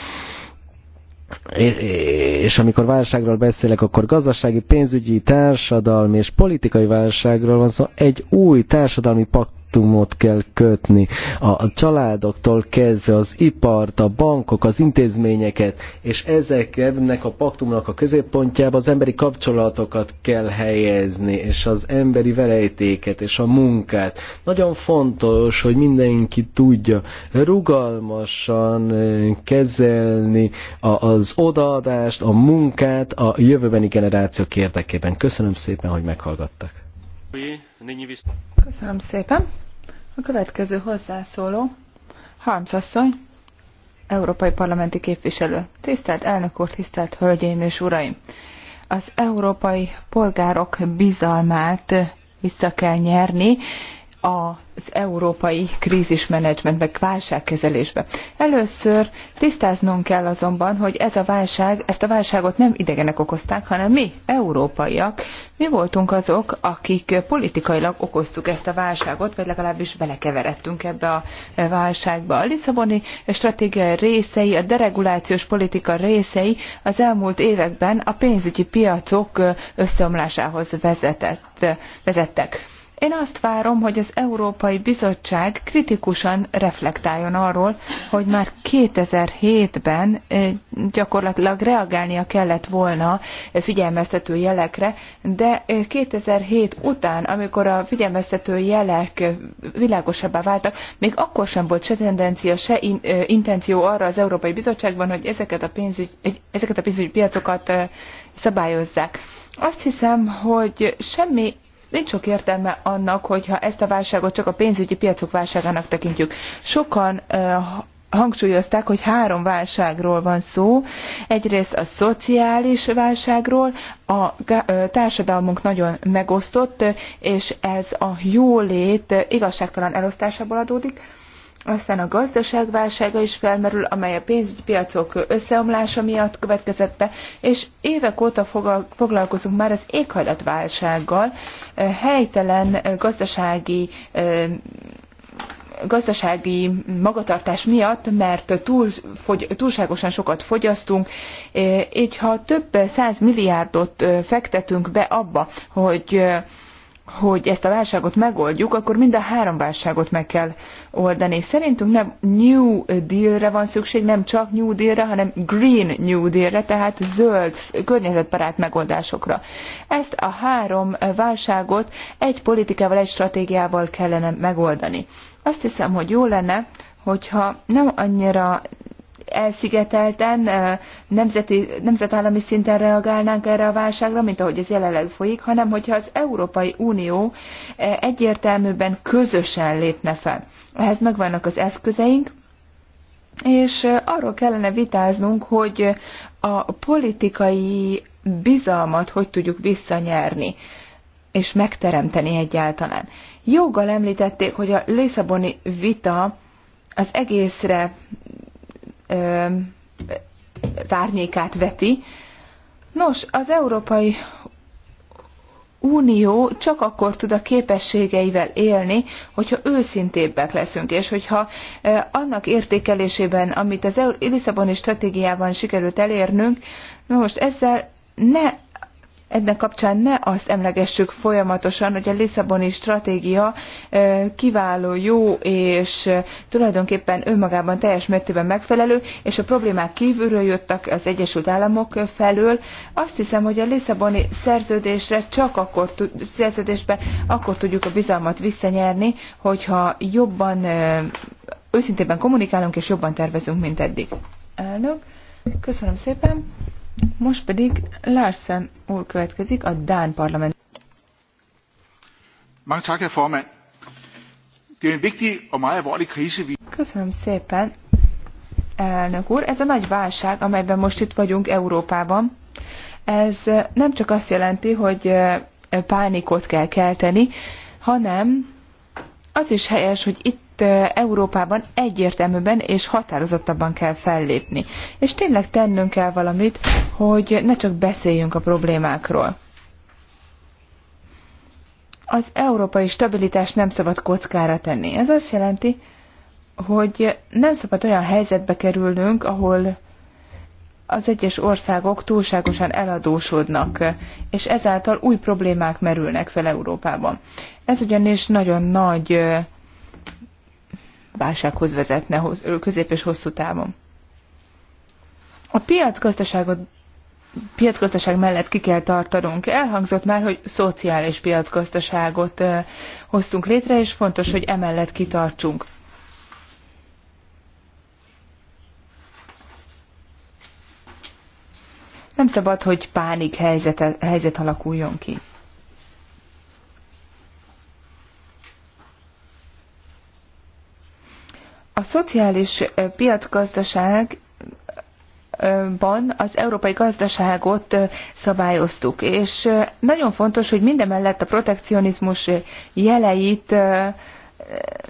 és amikor válságról beszélek, akkor gazdasági, pénzügyi, társadalmi és politikai válságról van szó, szóval egy új társadalmi pakt paktumot kell kötni. A családoktól kezdve az ipart, a bankok, az intézményeket, és ennek a paktumnak a középpontjába az emberi kapcsolatokat kell helyezni, és az emberi velejtéket, és a munkát. Nagyon fontos, hogy mindenki tudja rugalmasan kezelni az odaadást, a munkát a jövőbeni generációk érdekében. Köszönöm szépen, hogy meghallgattak. Köszönöm szépen. A következő hozzászóló Harms asszony, Európai Parlamenti Képviselő. Tisztelt elnök úr, tisztelt hölgyeim és uraim! Az európai polgárok bizalmát vissza kell nyerni, az európai krízismenedzsmentbe, válságkezelésbe. Először tisztáznunk kell azonban, hogy ez a válság, ezt a válságot nem idegenek okozták, hanem mi, európaiak, mi voltunk azok, akik politikailag okoztuk ezt a válságot, vagy legalábbis belekeveredtünk ebbe a válságba. A Lisszaboni stratégia részei, a deregulációs politika részei az elmúlt években a pénzügyi piacok összeomlásához vezetett, vezettek én azt várom, hogy az Európai Bizottság kritikusan reflektáljon arról, hogy már 2007-ben gyakorlatilag reagálnia kellett volna figyelmeztető jelekre, de 2007 után, amikor a figyelmeztető jelek világosabbá váltak, még akkor sem volt se tendencia, se in, intenció arra az Európai Bizottságban, hogy ezeket a, pénzügy, ezeket a pénzügyi piacokat szabályozzák. Azt hiszem, hogy semmi Nincs sok értelme annak, hogyha ezt a válságot csak a pénzügyi piacok válságának tekintjük. Sokan hangsúlyozták, hogy három válságról van szó. Egyrészt a szociális válságról, a társadalmunk nagyon megosztott, és ez a jólét igazságtalan elosztásából adódik aztán a gazdaság válsága is felmerül, amely a piacok összeomlása miatt következett be, és évek óta foglalkozunk már az éghajlatválsággal, helytelen gazdasági gazdasági magatartás miatt, mert túl, fogy, túlságosan sokat fogyasztunk, így ha több száz milliárdot fektetünk be abba, hogy hogy ezt a válságot megoldjuk, akkor mind a három válságot meg kell oldani. Szerintünk nem New Deal-re van szükség, nem csak New Deal-re, hanem Green New Deal-re, tehát zöld, környezetbarát megoldásokra. Ezt a három válságot egy politikával, egy stratégiával kellene megoldani. Azt hiszem, hogy jó lenne, hogyha nem annyira elszigetelten, nemzeti, nemzetállami szinten reagálnánk erre a válságra, mint ahogy ez jelenleg folyik, hanem hogyha az Európai Unió egyértelműben közösen lépne fel. Ehhez megvannak az eszközeink, és arról kellene vitáznunk, hogy a politikai bizalmat hogy tudjuk visszanyerni, és megteremteni egyáltalán. Joggal említették, hogy a Lisszaboni vita az egészre árnyékát veti. Nos, az Európai Unió csak akkor tud a képességeivel élni, hogyha őszintébbek leszünk, és hogyha annak értékelésében, amit az Lisszaboni stratégiában sikerült elérnünk, na most ezzel ne ennek kapcsán ne azt emlegessük folyamatosan, hogy a Lisszaboni stratégia kiváló, jó és tulajdonképpen önmagában teljes mértében megfelelő, és a problémák kívülről jöttek az Egyesült Államok felől. Azt hiszem, hogy a Lisszaboni szerződésre csak akkor, szerződésbe akkor tudjuk a bizalmat visszanyerni, hogyha jobban, őszintében kommunikálunk és jobban tervezünk, mint eddig. Elnök, köszönöm szépen. Most pedig Larsen úr következik a Dán parlament. Mange tak, herr formand. Det er en vigtig og meget alvorlig krise, vi... Köszönöm szépen, elnök úr. Ez a nagy válság, amelyben most itt vagyunk Európában, ez nem csak azt jelenti, hogy pánikot kell kelteni, hanem az is helyes, hogy itt Európában egyértelműben és határozottabban kell fellépni. És tényleg tennünk kell valamit, hogy ne csak beszéljünk a problémákról. Az európai stabilitás nem szabad kockára tenni. Ez azt jelenti, hogy nem szabad olyan helyzetbe kerülnünk, ahol az egyes országok túlságosan eladósodnak, és ezáltal új problémák merülnek fel Európában. Ez ugyanis nagyon nagy válsághoz vezetne közép és hosszú távon. A piacgazdaságot piacgazdaság mellett ki kell tartanunk. Elhangzott már, hogy szociális piacgazdaságot hoztunk létre, és fontos, hogy emellett kitartsunk. Nem szabad, hogy pánik helyzet, helyzet alakuljon ki. A szociális piacgazdaság az európai gazdaságot szabályoztuk, és nagyon fontos, hogy mindemellett a protekcionizmus jeleit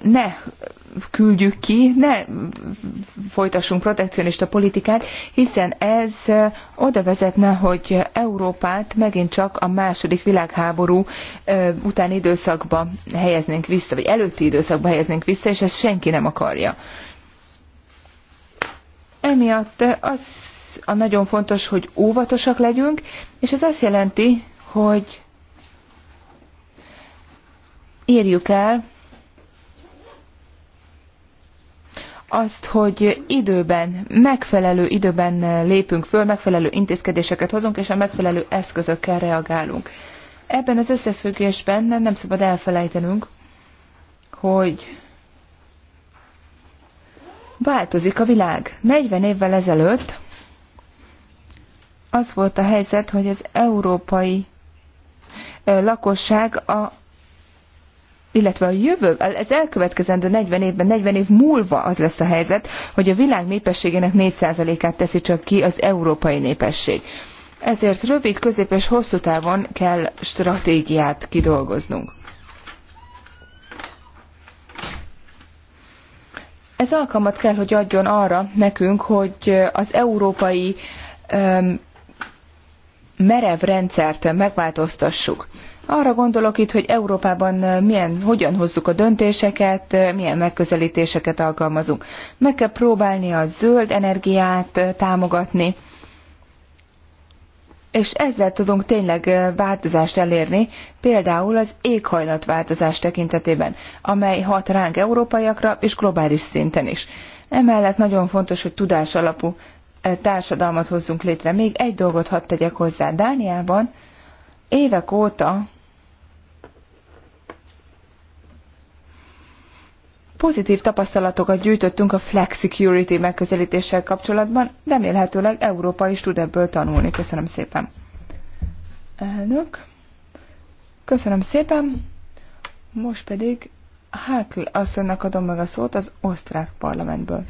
ne küldjük ki, ne folytassunk protekcionista politikát, hiszen ez oda vezetne, hogy Európát megint csak a második világháború utáni időszakba helyeznénk vissza, vagy előtti időszakba helyeznénk vissza, és ezt senki nem akarja. Emiatt az a nagyon fontos, hogy óvatosak legyünk, és ez azt jelenti, hogy érjük el azt, hogy időben, megfelelő időben lépünk föl, megfelelő intézkedéseket hozunk, és a megfelelő eszközökkel reagálunk. Ebben az összefüggésben nem szabad elfelejtenünk, hogy változik a világ. 40 évvel ezelőtt az volt a helyzet, hogy az európai lakosság a illetve a jövő, ez elkövetkezendő 40 évben, 40 év múlva az lesz a helyzet, hogy a világ népességének 4%-át teszi csak ki az európai népesség. Ezért rövid, közép és hosszú távon kell stratégiát kidolgoznunk. Ez alkalmat kell, hogy adjon arra nekünk, hogy az európai öm, merev rendszert megváltoztassuk. Arra gondolok itt, hogy Európában milyen, hogyan hozzuk a döntéseket, milyen megközelítéseket alkalmazunk. Meg kell próbálni a zöld energiát támogatni, és ezzel tudunk tényleg változást elérni, például az éghajlatváltozás tekintetében, amely hat ránk európaiakra és globális szinten is. Emellett nagyon fontos, hogy tudás alapú társadalmat hozzunk létre. Még egy dolgot hadd tegyek hozzá. Dániában évek óta pozitív tapasztalatokat gyűjtöttünk a Flex Security megközelítéssel kapcsolatban, remélhetőleg Európa is tud ebből tanulni. Köszönöm szépen. Elnök. Köszönöm szépen. Most pedig Hákl asszonynak adom meg a szót az osztrák parlamentből.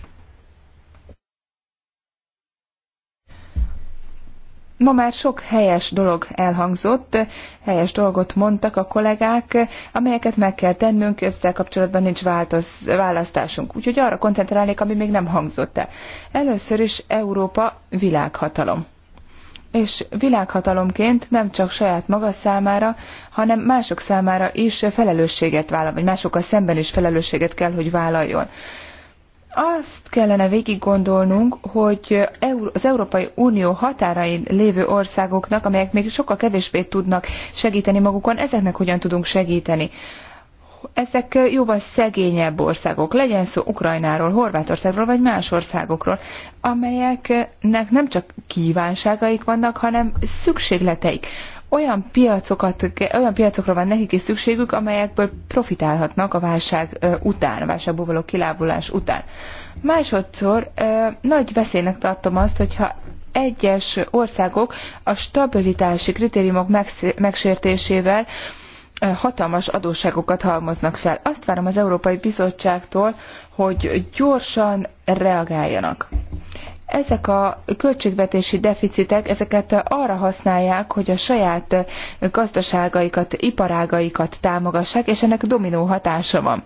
Ma már sok helyes dolog elhangzott, helyes dolgot mondtak a kollégák, amelyeket meg kell tennünk, ezzel kapcsolatban nincs változ, választásunk. Úgyhogy arra koncentrálnék, ami még nem hangzott el. Először is Európa világhatalom. És világhatalomként nem csak saját maga számára, hanem mások számára is felelősséget vállal, vagy másokkal szemben is felelősséget kell, hogy vállaljon azt kellene végig gondolnunk, hogy az Európai Unió határain lévő országoknak, amelyek még sokkal kevésbé tudnak segíteni magukon, ezeknek hogyan tudunk segíteni. Ezek jóval szegényebb országok, legyen szó Ukrajnáról, Horvátországról vagy más országokról, amelyeknek nem csak kívánságaik vannak, hanem szükségleteik olyan, piacokat, olyan piacokra van nekik is szükségük, amelyekből profitálhatnak a válság után, a válságból való kilábulás után. Másodszor nagy veszélynek tartom azt, hogyha egyes országok a stabilitási kritériumok megsértésével hatalmas adósságokat halmoznak fel. Azt várom az Európai Bizottságtól, hogy gyorsan reagáljanak ezek a költségvetési deficitek, ezeket arra használják, hogy a saját gazdaságaikat, iparágaikat támogassák, és ennek dominó hatása van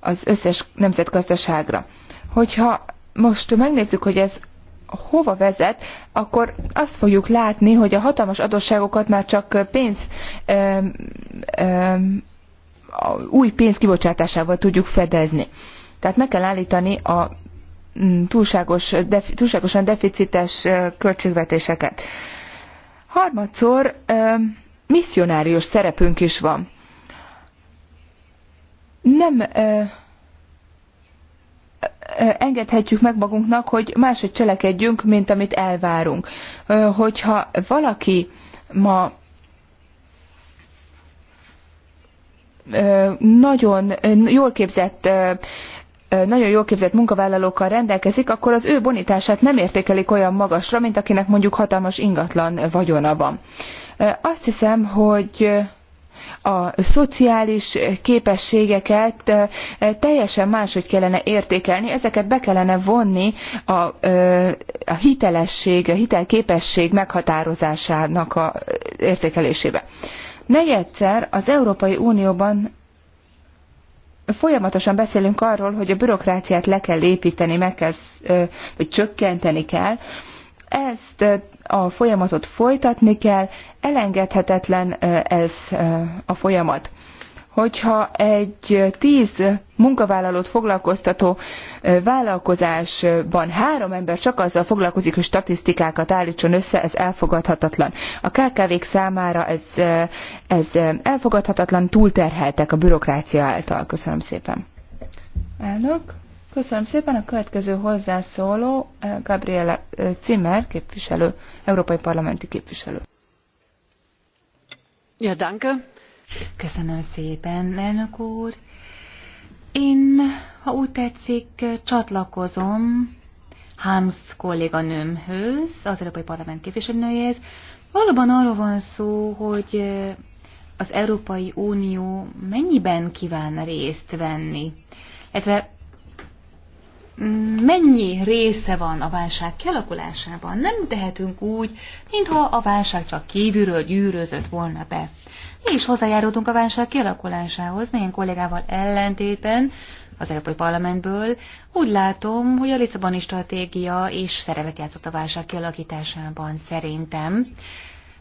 az összes nemzetgazdaságra. Hogyha most megnézzük, hogy ez hova vezet, akkor azt fogjuk látni, hogy a hatalmas adósságokat már csak pénz, ö, ö, új pénz kibocsátásával tudjuk fedezni. Tehát meg kell állítani a Mm, túlságos, túlságosan deficites költségvetéseket. Harmadszor misszionárius szerepünk is van. Nem engedhetjük meg magunknak, hogy máshogy cselekedjünk, mint amit elvárunk. Hogyha valaki ma nagyon jól képzett nagyon jól képzett munkavállalókkal rendelkezik, akkor az ő bonitását nem értékelik olyan magasra, mint akinek mondjuk hatalmas ingatlan vagyona van. Azt hiszem, hogy a szociális képességeket teljesen máshogy kellene értékelni, ezeket be kellene vonni a, a hitelesség, a hitelképesség meghatározásának a értékelésébe. Negyedszer az Európai Unióban folyamatosan beszélünk arról, hogy a bürokráciát le kell építeni, meg kell, vagy csökkenteni kell. Ezt a folyamatot folytatni kell, elengedhetetlen ez a folyamat hogyha egy tíz munkavállalót foglalkoztató vállalkozásban három ember csak azzal foglalkozik, hogy statisztikákat állítson össze, ez elfogadhatatlan. A KKV-k számára ez, ez elfogadhatatlan, túlterheltek a bürokrácia által. Köszönöm szépen. Elnök, köszönöm szépen. A következő hozzászóló Gabriela Zimmer, képviselő, Európai Parlamenti képviselő. Ja, danke Köszönöm szépen, elnök úr. Én, ha úgy tetszik, csatlakozom Harms kolléganőmhöz, az Európai Parlament képviselőjéhez. Valóban arról van szó, hogy az Európai Unió mennyiben kíván részt venni, illetve mennyi része van a válság kialakulásában. Nem tehetünk úgy, mintha a válság csak kívülről gyűrözött volna be és hozzájárultunk a válság kialakulásához, néhány kollégával ellentéten, az Európai Parlamentből. Úgy látom, hogy a Lisszaboni stratégia is szerepet játszott a válság kialakításában szerintem.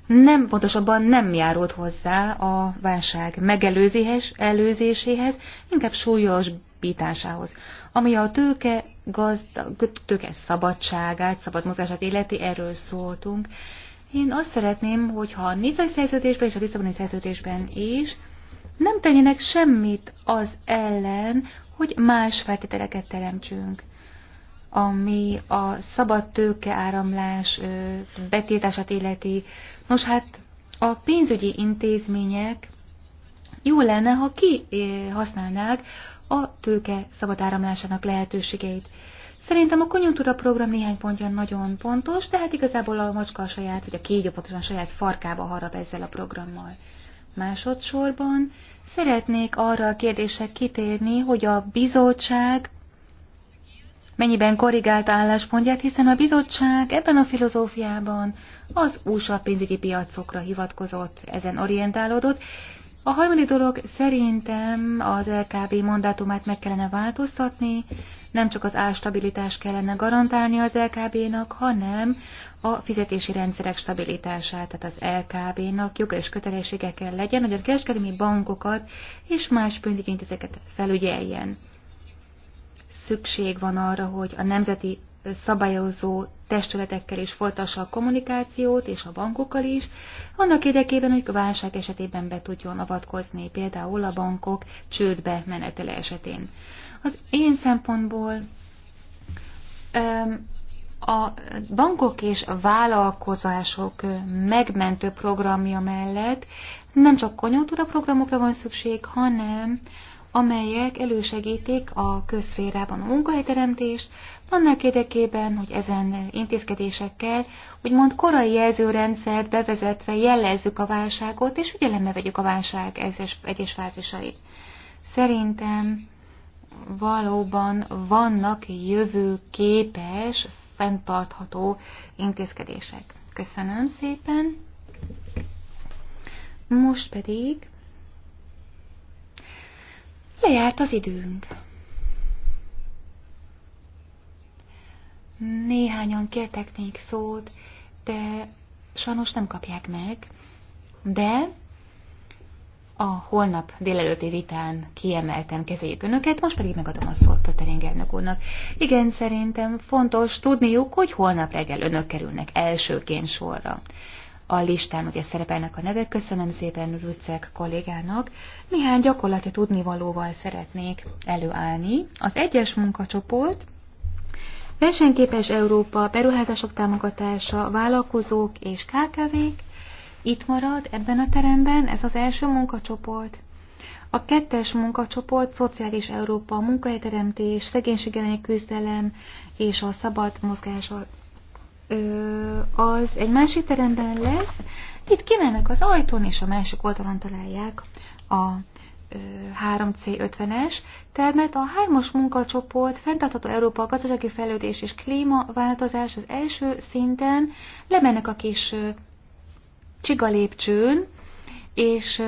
Nem, pontosabban nem járult hozzá a válság megelőzéhez, előzéséhez, inkább súlyos bításához, ami a tőke, gazda, tőke szabadságát, szabad mozgását életi, erről szóltunk, én azt szeretném, hogyha a Nicai szerződésben és a Lisszaboni szerződésben is nem tennének semmit az ellen, hogy más feltételeket teremtsünk, ami a szabad tőke áramlás betiltását illeti. Nos hát a pénzügyi intézmények jó lenne, ha kihasználnák a tőke szabad áramlásának lehetőségeit. Szerintem a konjunktúra program néhány pontja nagyon pontos, tehát igazából a macska a saját, vagy a kígyó pontosan a saját farkába harap ezzel a programmal. Másodszorban szeretnék arra a kérdésre kitérni, hogy a bizottság mennyiben korrigálta álláspontját, hiszen a bizottság ebben a filozófiában az USA pénzügyi piacokra hivatkozott, ezen orientálódott, a harmadik dolog szerintem az LKB mandátumát meg kellene változtatni, nem csak az ástabilitást kellene garantálni az LKB-nak, hanem a fizetési rendszerek stabilitását, tehát az LKB-nak joga és kötelessége kell legyen, hogy a kereskedelmi bankokat és más pénzügyi intézeteket felügyeljen. Szükség van arra, hogy a nemzeti szabályozó testületekkel is folytassa a kommunikációt, és a bankokkal is, annak érdekében, hogy válság esetében be tudjon avatkozni, például a bankok csődbe menetele esetén. Az én szempontból a bankok és vállalkozások megmentő programja mellett nem csak konjunktúra programokra van szükség, hanem amelyek elősegítik a közférában a munkahelyteremtést, annak érdekében, hogy ezen intézkedésekkel úgymond korai jelzőrendszert bevezetve jellezzük a válságot, és figyelembe vegyük a válság egyes, egyes fázisait. Szerintem valóban vannak jövőképes, fenntartható intézkedések. Köszönöm szépen! Most pedig lejárt az időnk. Néhányan kértek még szót, de sajnos nem kapják meg. De a holnap délelőtti vitán kiemelten kezeljük önöket, most pedig megadom a szót Pöttering elnök úrnak. Igen, szerintem fontos tudniuk, hogy holnap reggel önök kerülnek elsőként sorra. A listán ugye szerepelnek a nevek, köszönöm szépen Rüccek kollégának. Néhány gyakorlati tudnivalóval szeretnék előállni. Az egyes munkacsoport Versenyképes Európa, beruházások támogatása, vállalkozók és KKV-k, itt marad ebben a teremben, ez az első munkacsoport. A kettes munkacsoport Szociális Európa, munkahelyteremtés, szegénység elleni küzdelem és a szabad mozgás az egy másik teremben lesz. Itt kimennek az ajtón, és a másik oldalon találják a 3C50-es termet a hármas munkacsoport fenntartható Európa gazdasági fejlődés és klímaváltozás az első szinten lemennek a kis csiga lépcsőn, és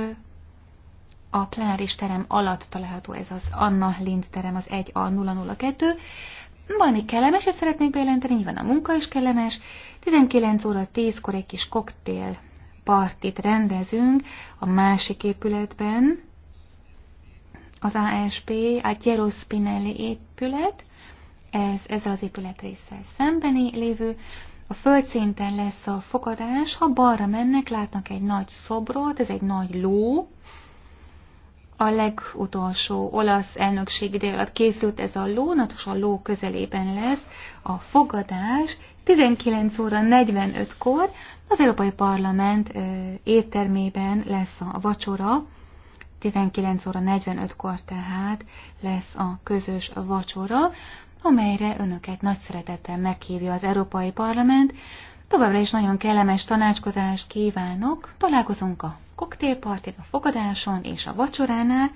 a plenáris terem alatt található ez az Anna Lind terem, az 1A002. Valami kellemeset szeretnék bejelenteni, nyilván a munka is kellemes. 19 óra 10-kor egy kis koktél partit rendezünk a másik épületben, az ASP, a Gyero Spinelli épület, ez, ezzel az épület részsel szembeni lévő, a földszinten lesz a fogadás, ha balra mennek, látnak egy nagy szobrot, ez egy nagy ló, a legutolsó olasz elnökség ideje alatt készült ez a ló, natos a ló közelében lesz a fogadás 19 óra 45-kor az Európai Parlament éttermében lesz a vacsora, 19 óra 45-kor tehát lesz a közös vacsora, amelyre önöket nagy szeretettel meghívja az Európai Parlament. Továbbra is nagyon kellemes tanácskozást kívánok. Találkozunk a koktélpartin, a fogadáson és a vacsoránál.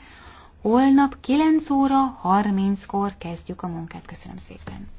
Holnap 9 óra 30-kor kezdjük a munkát. Köszönöm szépen!